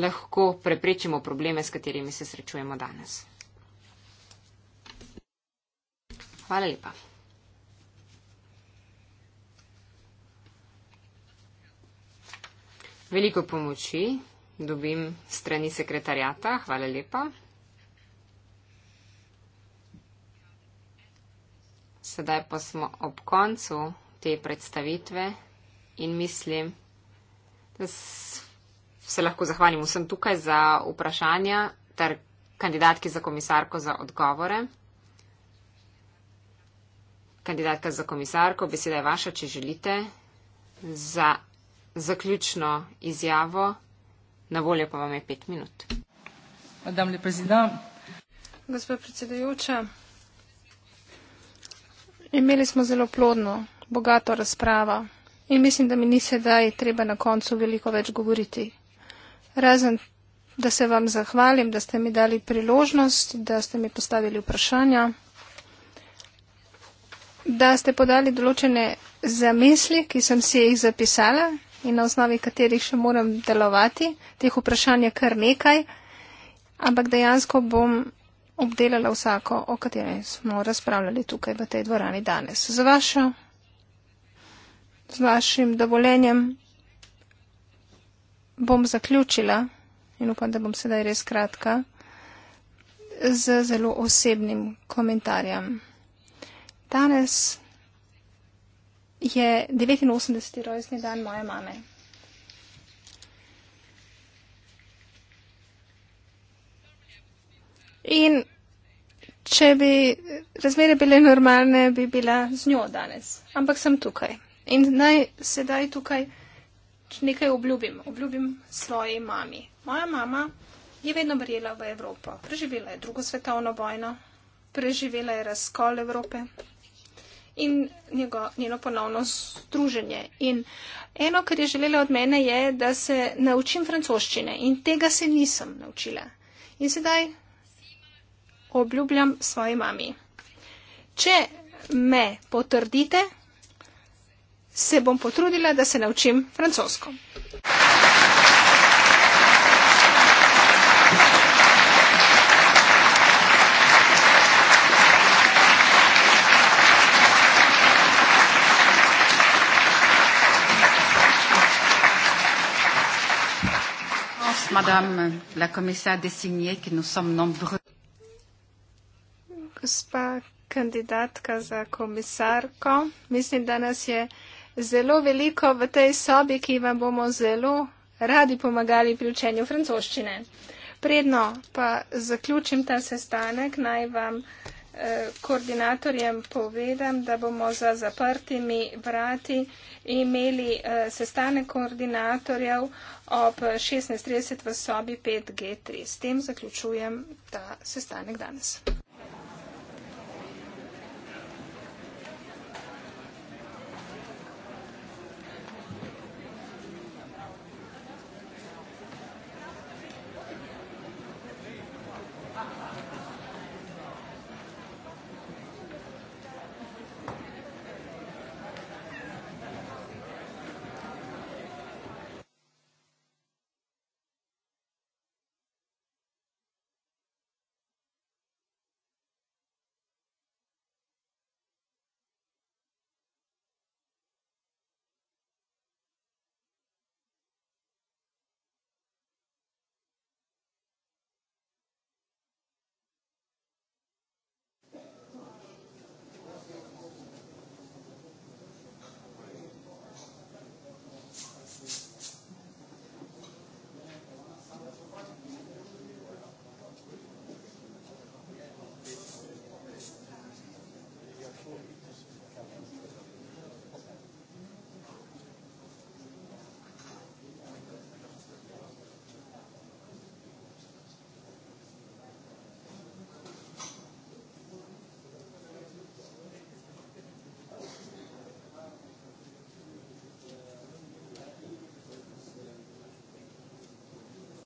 lahko preprečimo probleme, s katerimi se srečujemo danes. Hvala lepa. Veliko pomoči dobim strani sekretarjata. Hvala lepa. Sedaj pa smo ob koncu te predstavitve in mislim, da se lahko zahvalim vsem tukaj za vprašanja ter kandidatki za komisarko za odgovore kandidatka za komisarko, beseda je vaša, če želite, za zaključno izjavo. Na voljo pa vam je pet minut. Madame le président. Gospod predsedujoča, imeli smo zelo plodno, bogato razpravo in mislim, da mi ni sedaj treba na koncu veliko več govoriti. Razen, da se vam zahvalim, da ste mi dali priložnost, da ste mi postavili vprašanja da ste podali določene zamisli, ki sem si jih zapisala in na osnovi katerih še moram delovati. Teh vprašanj je kar nekaj, ampak dejansko bom obdelala vsako, o kateri smo razpravljali tukaj v tej dvorani danes. Z, vašo, z vašim dovoljenjem bom zaključila in upam, da bom sedaj res kratka z zelo osebnim komentarjem. Danes je 89. rojstni dan moje mame. In če bi razmere bile normalne, bi bila z njo danes. Ampak sem tukaj. In naj sedaj tukaj nekaj obljubim. Obljubim svoji mami. Moja mama je vedno verjela v Evropo. Preživela je drugo svetovno vojno. Preživela je razkol Evrope in njego, njeno ponovno združenje. In eno, kar je želela od mene, je, da se naučim francoščine in tega se nisem naučila. In sedaj obljubljam svoji mami. Če me potrdite, se bom potrudila, da se naučim francosko. madame la commissaire désignée, que nous sommes nombreux. Gospa kandidatka za komisarko, mislim, da nas je zelo veliko v tej sobi, ki vam bomo zelo radi pomagali pri učenju francoščine. Predno pa zaključim ta sestanek, naj vam koordinatorjem povedam, da bomo za zaprtimi vrati imeli eh, sestanek koordinatorjev ob 16.30 v sobi 5G3. S tem zaključujem ta sestanek danes.